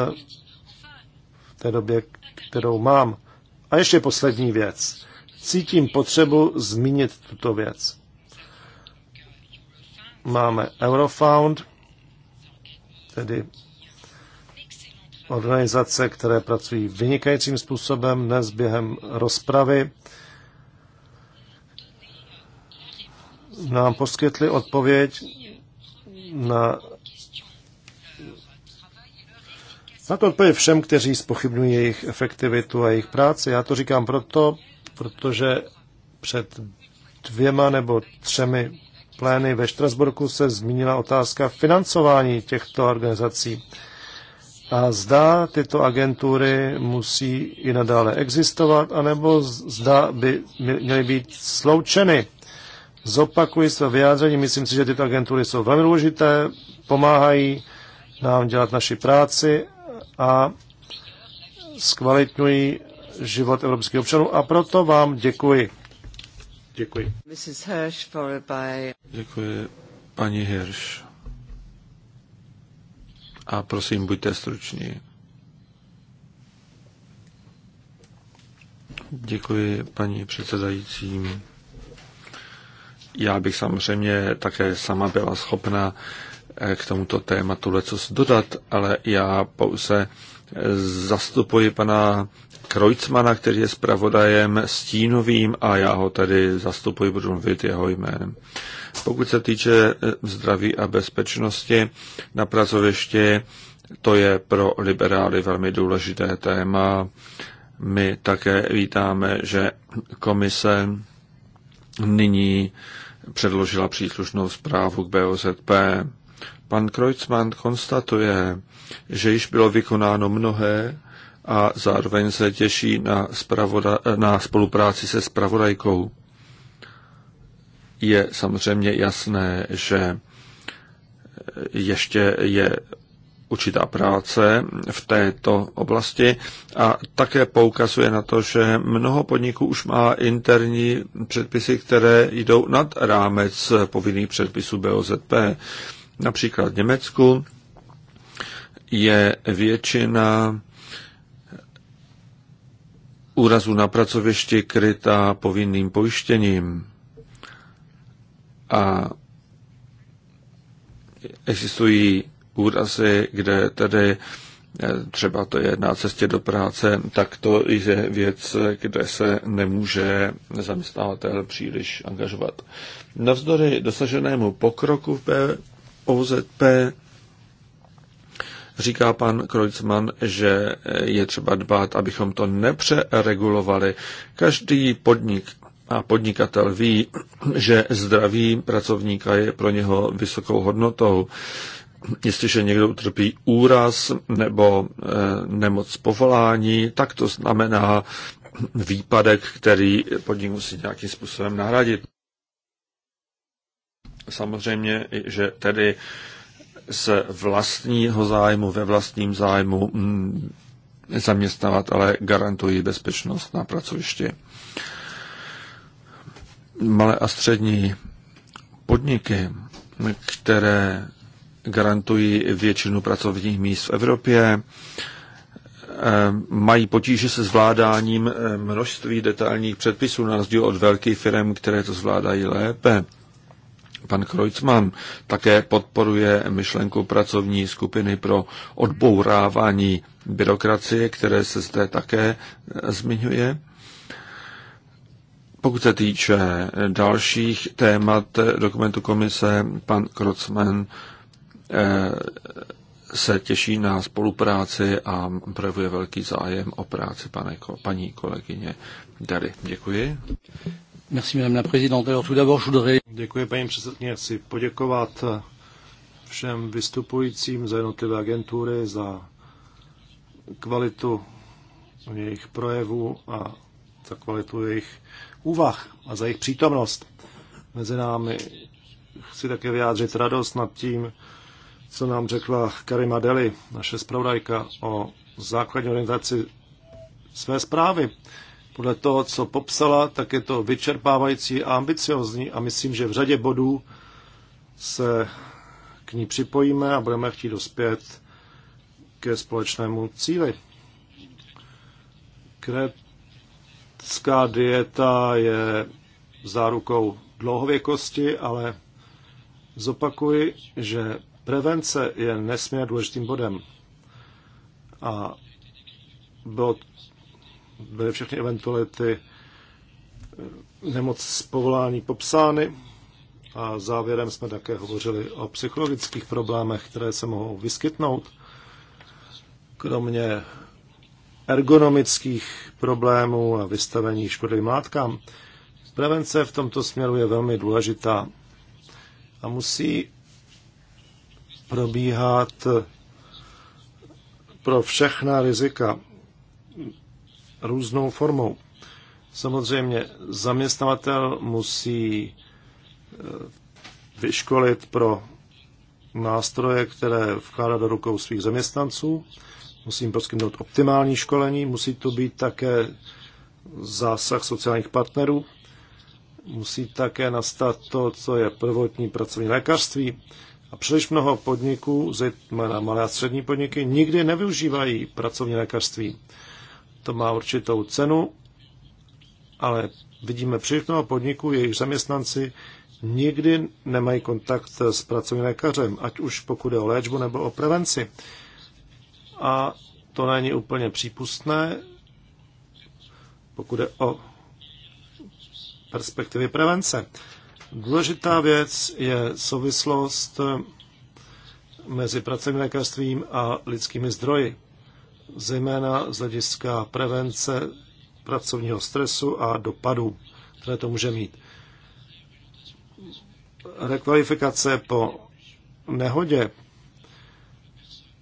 té době, kterou mám. A ještě poslední věc. Cítím potřebu zmínit tuto věc. Máme Eurofound, tedy organizace, které pracují vynikajícím způsobem dnes během rozpravy. Nám poskytli odpověď na Na to odpověď všem, kteří spochybnují jejich efektivitu a jejich práci. Já to říkám proto, protože před dvěma nebo třemi plény ve Štrasburku se zmínila otázka financování těchto organizací. A zda tyto agentury musí i nadále existovat, anebo zda by měly být sloučeny. Zopakuji své vyjádření, myslím si, že tyto agentury jsou velmi důležité, pomáhají nám dělat naši práci a zkvalitňují život evropských občanů a proto vám děkuji. Děkuji. Děkuji, paní Hirsch. A prosím, buďte struční. Děkuji, paní předsedající. Já bych samozřejmě také sama byla schopna uh, Eh, k tomuto tématu lecos dodat, ale já pouze eh, zastupuji pana Krojcmana, který je zpravodajem stínovým a já ho tady zastupuji, budu mluvit jeho jménem. Pokud se týče eh, zdraví a bezpečnosti na pracovišti, to je pro liberály velmi důležité téma. My také vítáme, že komise nyní předložila příslušnou zprávu k BOZP. Pan Kreutzmann konstatuje, že již bylo vykonáno mnohé a zároveň se těší na, na spolupráci se spravodajkou. Je samozřejmě jasné, že ještě je určitá práce v této oblasti a také poukazuje na to, že mnoho podniků už má interní předpisy, které jdou nad rámec povinných předpisů BOZP. Například v Německu je většina úrazů na pracovišti krytá povinným pojištěním. A existují úrazy, kde tedy eh, třeba to je na cestě do práce, tak to je věc, kde se nemůže zaměstnavatel příliš angažovat. Navzdory dosaženému pokroku v OZP říká pan Kreuzmann, že je třeba dbát, abychom to nepřeregulovali. Každý podnik a podnikatel ví, že zdraví pracovníka je pro něho vysokou hodnotou. Jestliže někdo utrpí úraz nebo e, nemoc povolání, tak to znamená výpadek, který podnik musí nějakým způsobem nahradit samozřejmě, že tedy z vlastního zájmu, ve vlastním zájmu mm, ale garantují bezpečnost na pracovišti. Malé a střední podniky, které garantují většinu pracovních míst v Evropě, eh, mají potíže se zvládáním eh, množství detailních předpisů na rozdíl od velkých firm, které to zvládají lépe. Pan Kreutzmann také podporuje myšlenku pracovní skupiny pro odbourávání byrokracie, které se zde také e, zmiňuje. Pokud se týče dalších témat dokumentu komise, pan Krocman e, se těší na spolupráci a projevuje velký zájem o práci pane, paní kolegyně Dary. Děkuji. Merci, madame la présidente. Alors, tout d'abord, je voudrais... Děkuji, paní předsedkyně. Chci poděkovat všem vystupujícím za jednotlivé agentury, za kvalitu jejich projevů a za kvalitu jejich úvah a za jejich přítomnost mezi námi. Chci také vyjádřit radost nad tím, co nám řekla Karima Deli, naše zpravodajka, o základní orientaci své zprávy. Podle toho, co popsala, tak je to vyčerpávající a ambiciozní a myslím, že v řadě bodů se k ní připojíme a budeme chtít dospět ke společnému cíli. Kretská dieta je zárukou dlouhověkosti, ale zopakuji, že prevence je nesmírně důležitým bodem. A bylo byly všechny eventuality eh, nemoc z povolání popsány a závěrem jsme také hovořili o psychologických problémech, které se mohou vyskytnout, kromě ergonomických problémů a vystavení škodlivým látkám. Prevence v tomto směru je velmi důležitá a musí probíhat pro všechna rizika různou formou. Samozřejmě zaměstnavatel musí eh, vyškolit pro nástroje, které vkládá do rukou svých zaměstnanců. Musí jim poskytnout optimální školení, musí to být také zásah sociálních partnerů, musí také nastat to, co je prvotní pracovní lékařství. A příliš mnoho podniků, zejména malé a střední podniky, nikdy nevyužívají pracovní lékařství. To má určitou cenu, ale vidíme příliš mnoho podniků, jejich zaměstnanci nikdy nemají kontakt s pracovním lékařem, ať už pokud je o léčbu nebo o prevenci. A to není úplně přípustné, pokud je o perspektivy prevence. Důležitá věc je souvislost mezi pracovním lékařstvím a lidskými zdroji zejména z hlediska prevence pracovního stresu a dopadů, které to může mít. Rekvalifikace po nehodě,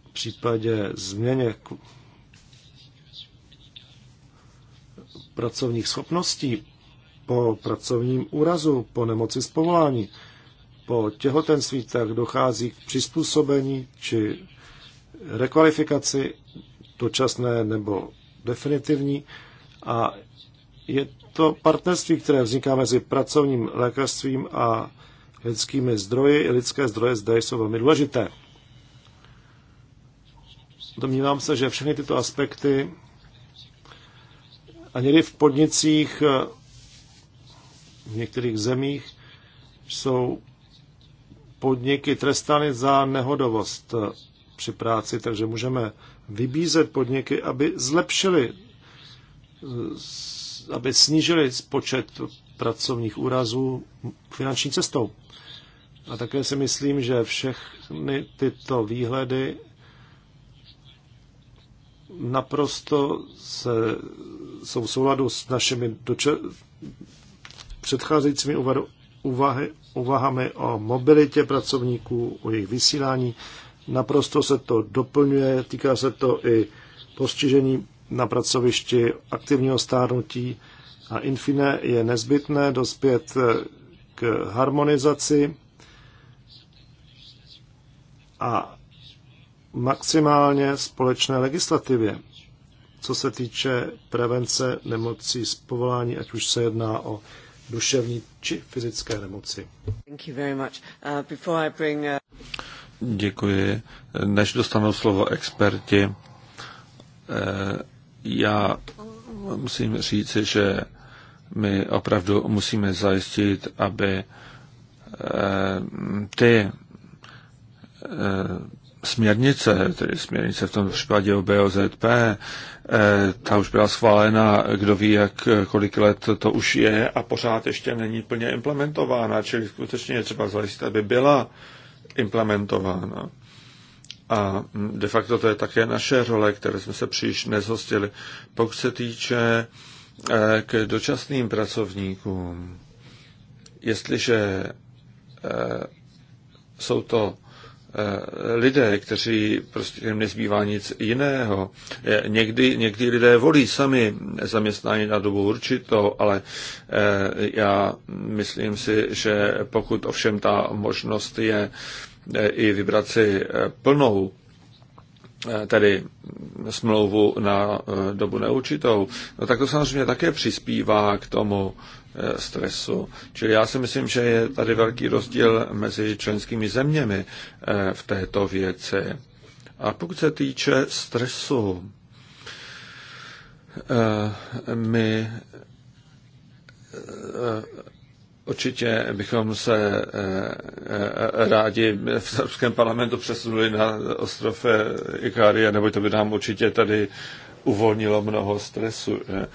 v případě změně pracovních schopností, po pracovním úrazu, po nemoci z povolání, po těhotenství, tak dochází k přizpůsobení či rekvalifikaci dočasné nebo definitivní. A je to partnerství, které vzniká mezi pracovním lékařstvím a lidskými zdroji. Lidské zdroje zde jsou velmi důležité. Domnívám se, že všechny tyto aspekty a někdy v podnicích v některých zemích jsou podniky trestány za nehodovost při práci, takže můžeme vybízet podniky, aby zlepšili, aby snížili počet pracovních úrazů finanční cestou. A také si myslím, že všechny tyto výhledy naprosto se, jsou v souladu s našimi doče, předcházejícími uvahy, uvahami o mobilitě pracovníků, o jejich vysílání Naprosto se to doplňuje, týká se to i postižení na pracovišti aktivního stárnutí a infine je nezbytné dospět k harmonizaci a maximálně společné legislativě, co se týče prevence nemocí z povolání, ať už se jedná o duševní či fyzické nemoci. Thank you very much. Uh, Děkuji. Než dostanu slovo experti, eh, já musím říci, že my opravdu musíme zajistit, aby eh, ty eh, směrnice, tedy směrnice v tom případě o BOZP, ta už byla schválena, kdo ví, jak, kolik let to už je a pořád ještě není plně implementována, čili skutečně je třeba zajistit, aby byla implementována. A de facto to je také naše role, které jsme se příliš nezhostili. Pokud se týče eh, k dočasným pracovníkům, jestliže eh, jsou to eh, lidé, kteří prostě jim nezbývá nic jiného. Někdy, někdy lidé volí sami zaměstnání na dobu určitou, ale já myslím si, že pokud ovšem ta možnost je E, i vybrat si e, plnou e, tedy smlouvu na dobu neurčitou, no tak to samozřejmě také přispívá k tomu stresu. Čili já si myslím, že je tady velký rozdíl mezi členskými zeměmi v této věci. A pokud se týče stresu, my Určitě bychom se eh, eh, rádi v srbském parlamentu přesunuli na ostrov eh, Ikária, nebo to by nám určitě tady uvolnilo mnoho stresu. Že?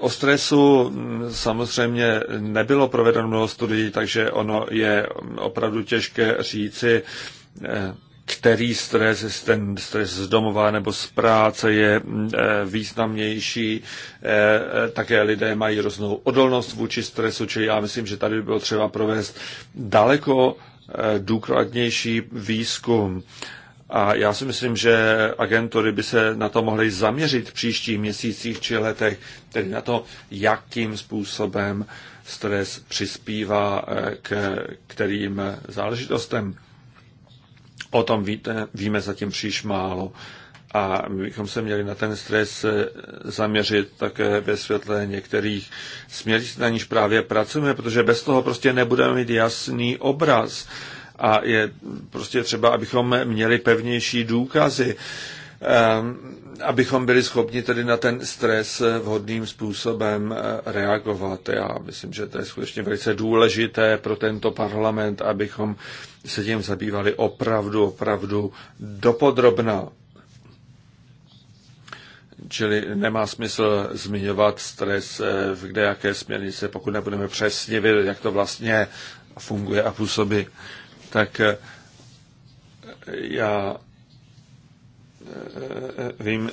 O stresu hm, samozřejmě nebylo provedeno mnoho studií, takže ono je opravdu těžké říci, který stres, ten stres z domova nebo z práce je eh, významnější. Eh, eh, také lidé mají různou odolnost vůči stresu, čili já myslím, že tady by bylo třeba provést daleko důkladnější výzkum. A já si myslím, že agentury by se na to mohly zaměřit v příštích měsících či letech, tedy na to, jakým způsobem stres přispívá k kterým záležitostem. O tom víte, víme zatím příliš málo. A my bychom se měli na ten stres eh, zaměřit také ve světle některých směrnic, na níž právě pracujeme, protože bez toho prostě nebudeme mít jasný obraz. A je prostě třeba, abychom měli pevnější důkazy, eh, abychom byli schopni tedy na ten stres eh, vhodným způsobem reagovat. Já myslím, že to je skutečně velice důležité pro tento parlament, abychom se tím zabývali opravdu, opravdu dopodrobná. Čili nemá smysl zmiňovat stres eh, v kde jaké směrnice, pokud nebudeme přesně vědět, jak to vlastně funguje a působí. Tak eh, já eh, vím,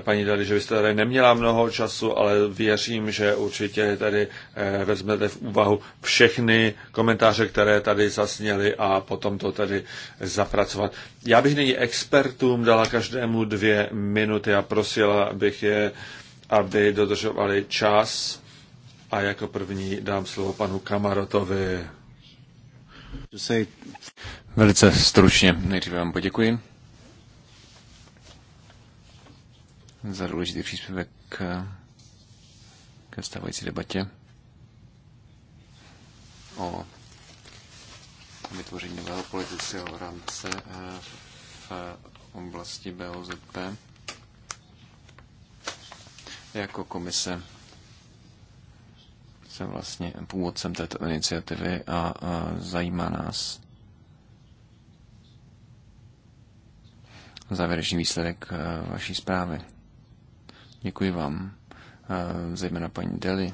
paní Dali, že byste tady neměla mnoho času, ale věřím, že určitě tady eh, vezmete v úvahu všechny komentáře, které tady zasněly a potom to tady zapracovat. Já bych nyní expertům dala každému dvě minuty a prosila, abych je, aby dodržovali čas. A jako první dám slovo panu Kamarotovi. Velice stručně, nejdříve vám poděkuji. za důležitý příspěvek ke stávající debatě o vytvoření nového politického rámce eh, v oblasti BOZP. Jako komise jsem vlastně původcem této iniciativy a zajímá nás závěrečný výsledek eh, vaší zprávy. Děkuji vám, eh, zejména paní Deli,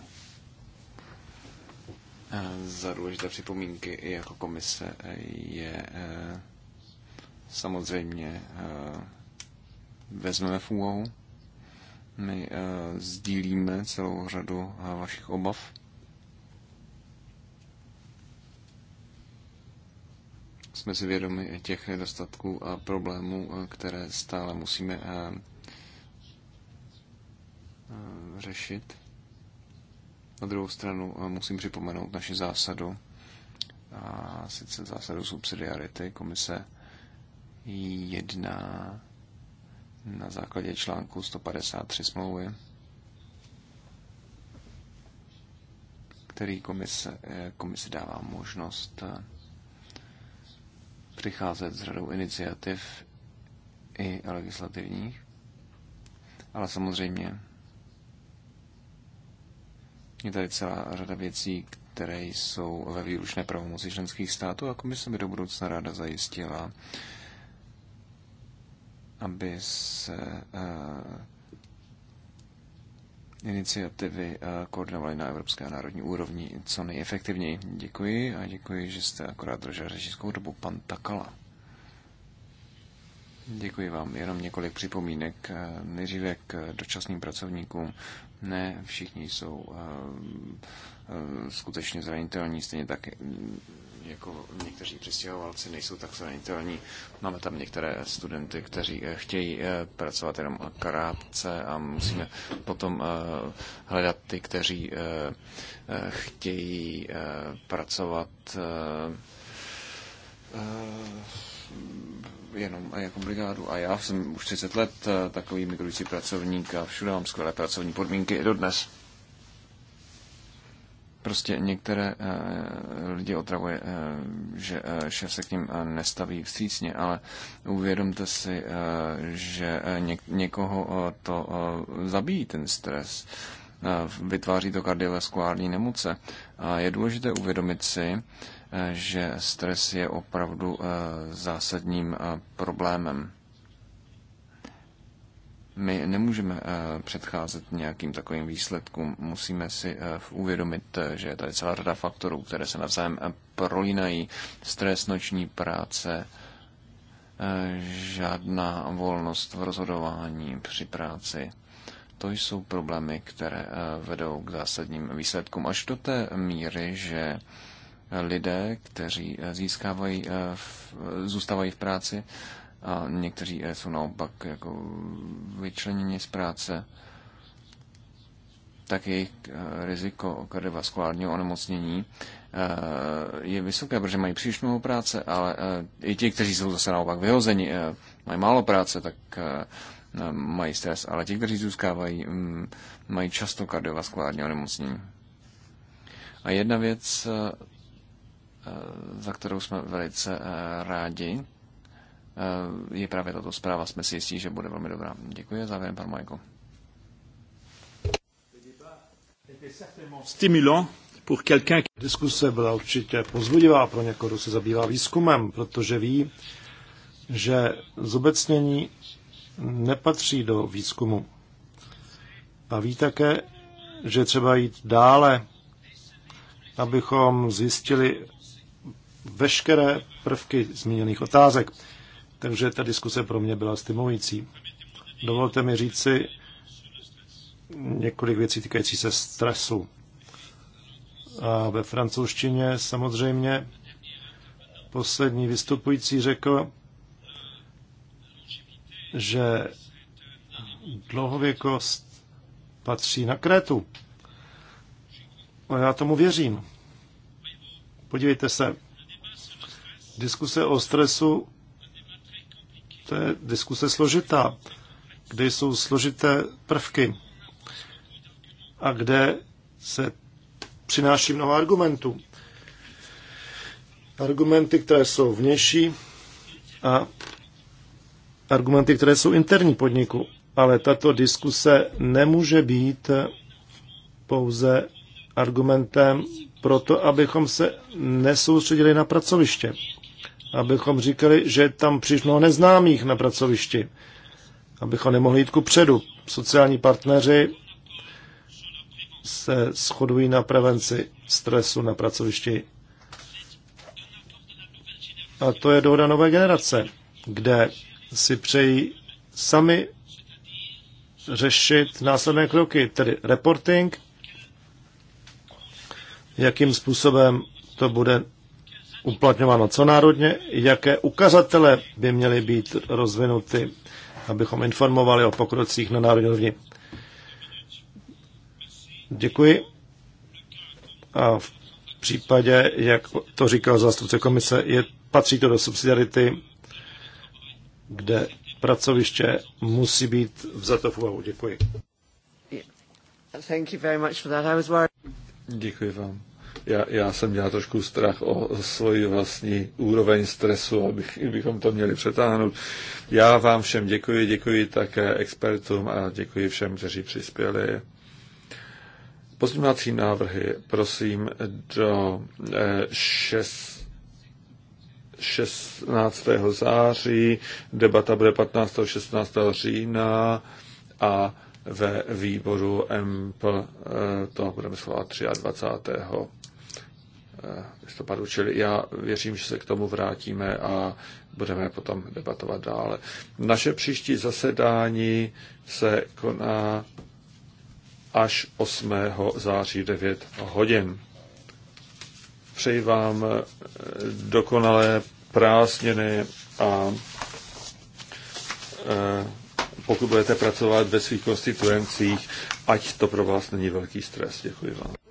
eh, za důležité připomínky. I jako komise eh, je samozřejmě vezmeme v úvahu. My sdílíme celou řadu vašich obav. Jsme si vědomi těch nedostatků a problémů, které stále musíme Eh, řešit. Na druhou stranu eh, musím připomenout naši zásadu, a sice zásadu subsidiarity. Komise jedná na základě článku 153 smlouvy, který komise, eh, komise dává možnost přicházet s řadou iniciativ i legislativních. Ale samozřejmě je tady celá řada věcí, které jsou ve výlučné pravomoci členských států a komise by do budoucna ráda zajistila, aby se eh, iniciativy eh, koordinovaly na evropské a národní úrovni co nejefektivněji. Děkuji a děkuji, že jste akorát držel řečnickou dobu pan Takala. Děkuji vám. Jenom několik připomínek. Eh, nejdříve k dočasným pracovníkům. Ne, všichni jsou eh, eh, skutečně zranitelní, stejně tak jako někteří přistěhovalci nejsou tak zranitelní. Máme tam některé studenty, kteří chtějí pracovat jenom krátce a musíme potom hledat ty, kteří chtějí pracovat jenom jako brigádu. A já jsem už 30 let eh, takový migrující pracovník a všude mám skvělé pracovní podmínky i dodnes. Prostě některé eh, lidi otravuje, eh, že šéf se k ním nestaví vstřícně, ale uvědomte si, že někoho to zabíjí ten stres vytváří to kardiovaskulární nemoce. A je důležité uvědomit si, že stres je opravdu eh, zásadním eh, problémem. My nemůžeme eh, předcházet nějakým takovým výsledkům. Musíme si uvědomit, že je tady celá řada faktorů, které se navzájem prolínají. Stres, noční práce, žádná volnost v rozhodování při práci. To jsou problémy, které vedou k zásadním výsledkům až do té míry, že lidé, kteří eh, získávají, eh, zůstávají v práci a někteří eh, jsou naopak jako vyčleněni z práce, tak jejich riziko kardiovaskulárního onemocnění je vysoké, protože mají příliš mnoho práce, ale i ti, kteří jsou zase naopak vyhozeni, mají málo práce, tak mají stres, ale ti, kteří zůstávají, mm, mají často kardiovaskulární onemocnění. A jedna věc, Eh, za kterou jsme velice eh, rádi, eh, je právě tato zpráva. Jsme si jistí, že bude velmi dobrá. Děkuji, závěrem pan Majko. Stimulant Diskuse byla určitě pozbudivá pro někoho, kdo se zabývá výzkumem, protože ví, že zobecnění nepatří do výzkumu. A ví také, že třeba jít dále, abychom zjistili veškeré prvky zmíněných otázek. Takže ta diskuse pro mě byla stimulující. Dovolte mi říci několik věcí týkající se stresu. A ve francouzštině samozřejmě poslední vystupující řekl, že dlouhověkost patří na Krétu. A já tomu věřím. Podívejte se, Diskuse o stresu, to je diskuse složitá, kde jsou složité prvky a kde se přináší mnoho argumentů. Argumenty, které jsou vnější a argumenty, které jsou interní podniku. Ale tato diskuse nemůže být pouze argumentem pro to, abychom se nesoustředili na pracoviště abychom říkali, že tam přišlo neznámých na pracovišti, abychom nemohli jít ku předu. Sociální partneři se shodují na prevenci stresu na pracovišti. A to je dohoda nové generace, kde si přejí sami řešit následné kroky, tedy reporting, jakým způsobem to bude uplatňováno co národně, jaké ukazatele by měly být rozvinuty, abychom informovali o pokrocích na národní úrovni. Děkuji. A v případě, jak to říkal zástupce komise, je, patří to do subsidiarity, kde pracoviště musí být vzato v úvahu. Děkuji. Děkuji vám já, já jsem měl trošku strach o svoji vlastní úroveň stresu, abych, abychom to měli přetáhnout. Já vám všem děkuji, děkuji také expertům a děkuji všem, kteří přispěli. Pozměňovací návrhy prosím do 16. Eh, září, debata bude 15. 16. října a ve výboru EMPL eh, to budeme schovat 23 listopadu, čili já věřím, že se k tomu vrátíme a budeme potom debatovat dále. Naše příští zasedání se koná až 8. září 9 hodin. Přeji vám eh, dokonalé prázdniny a eh, pokud budete pracovat ve svých konstituencích, ať to pro vás není velký stres. Děkuji vám.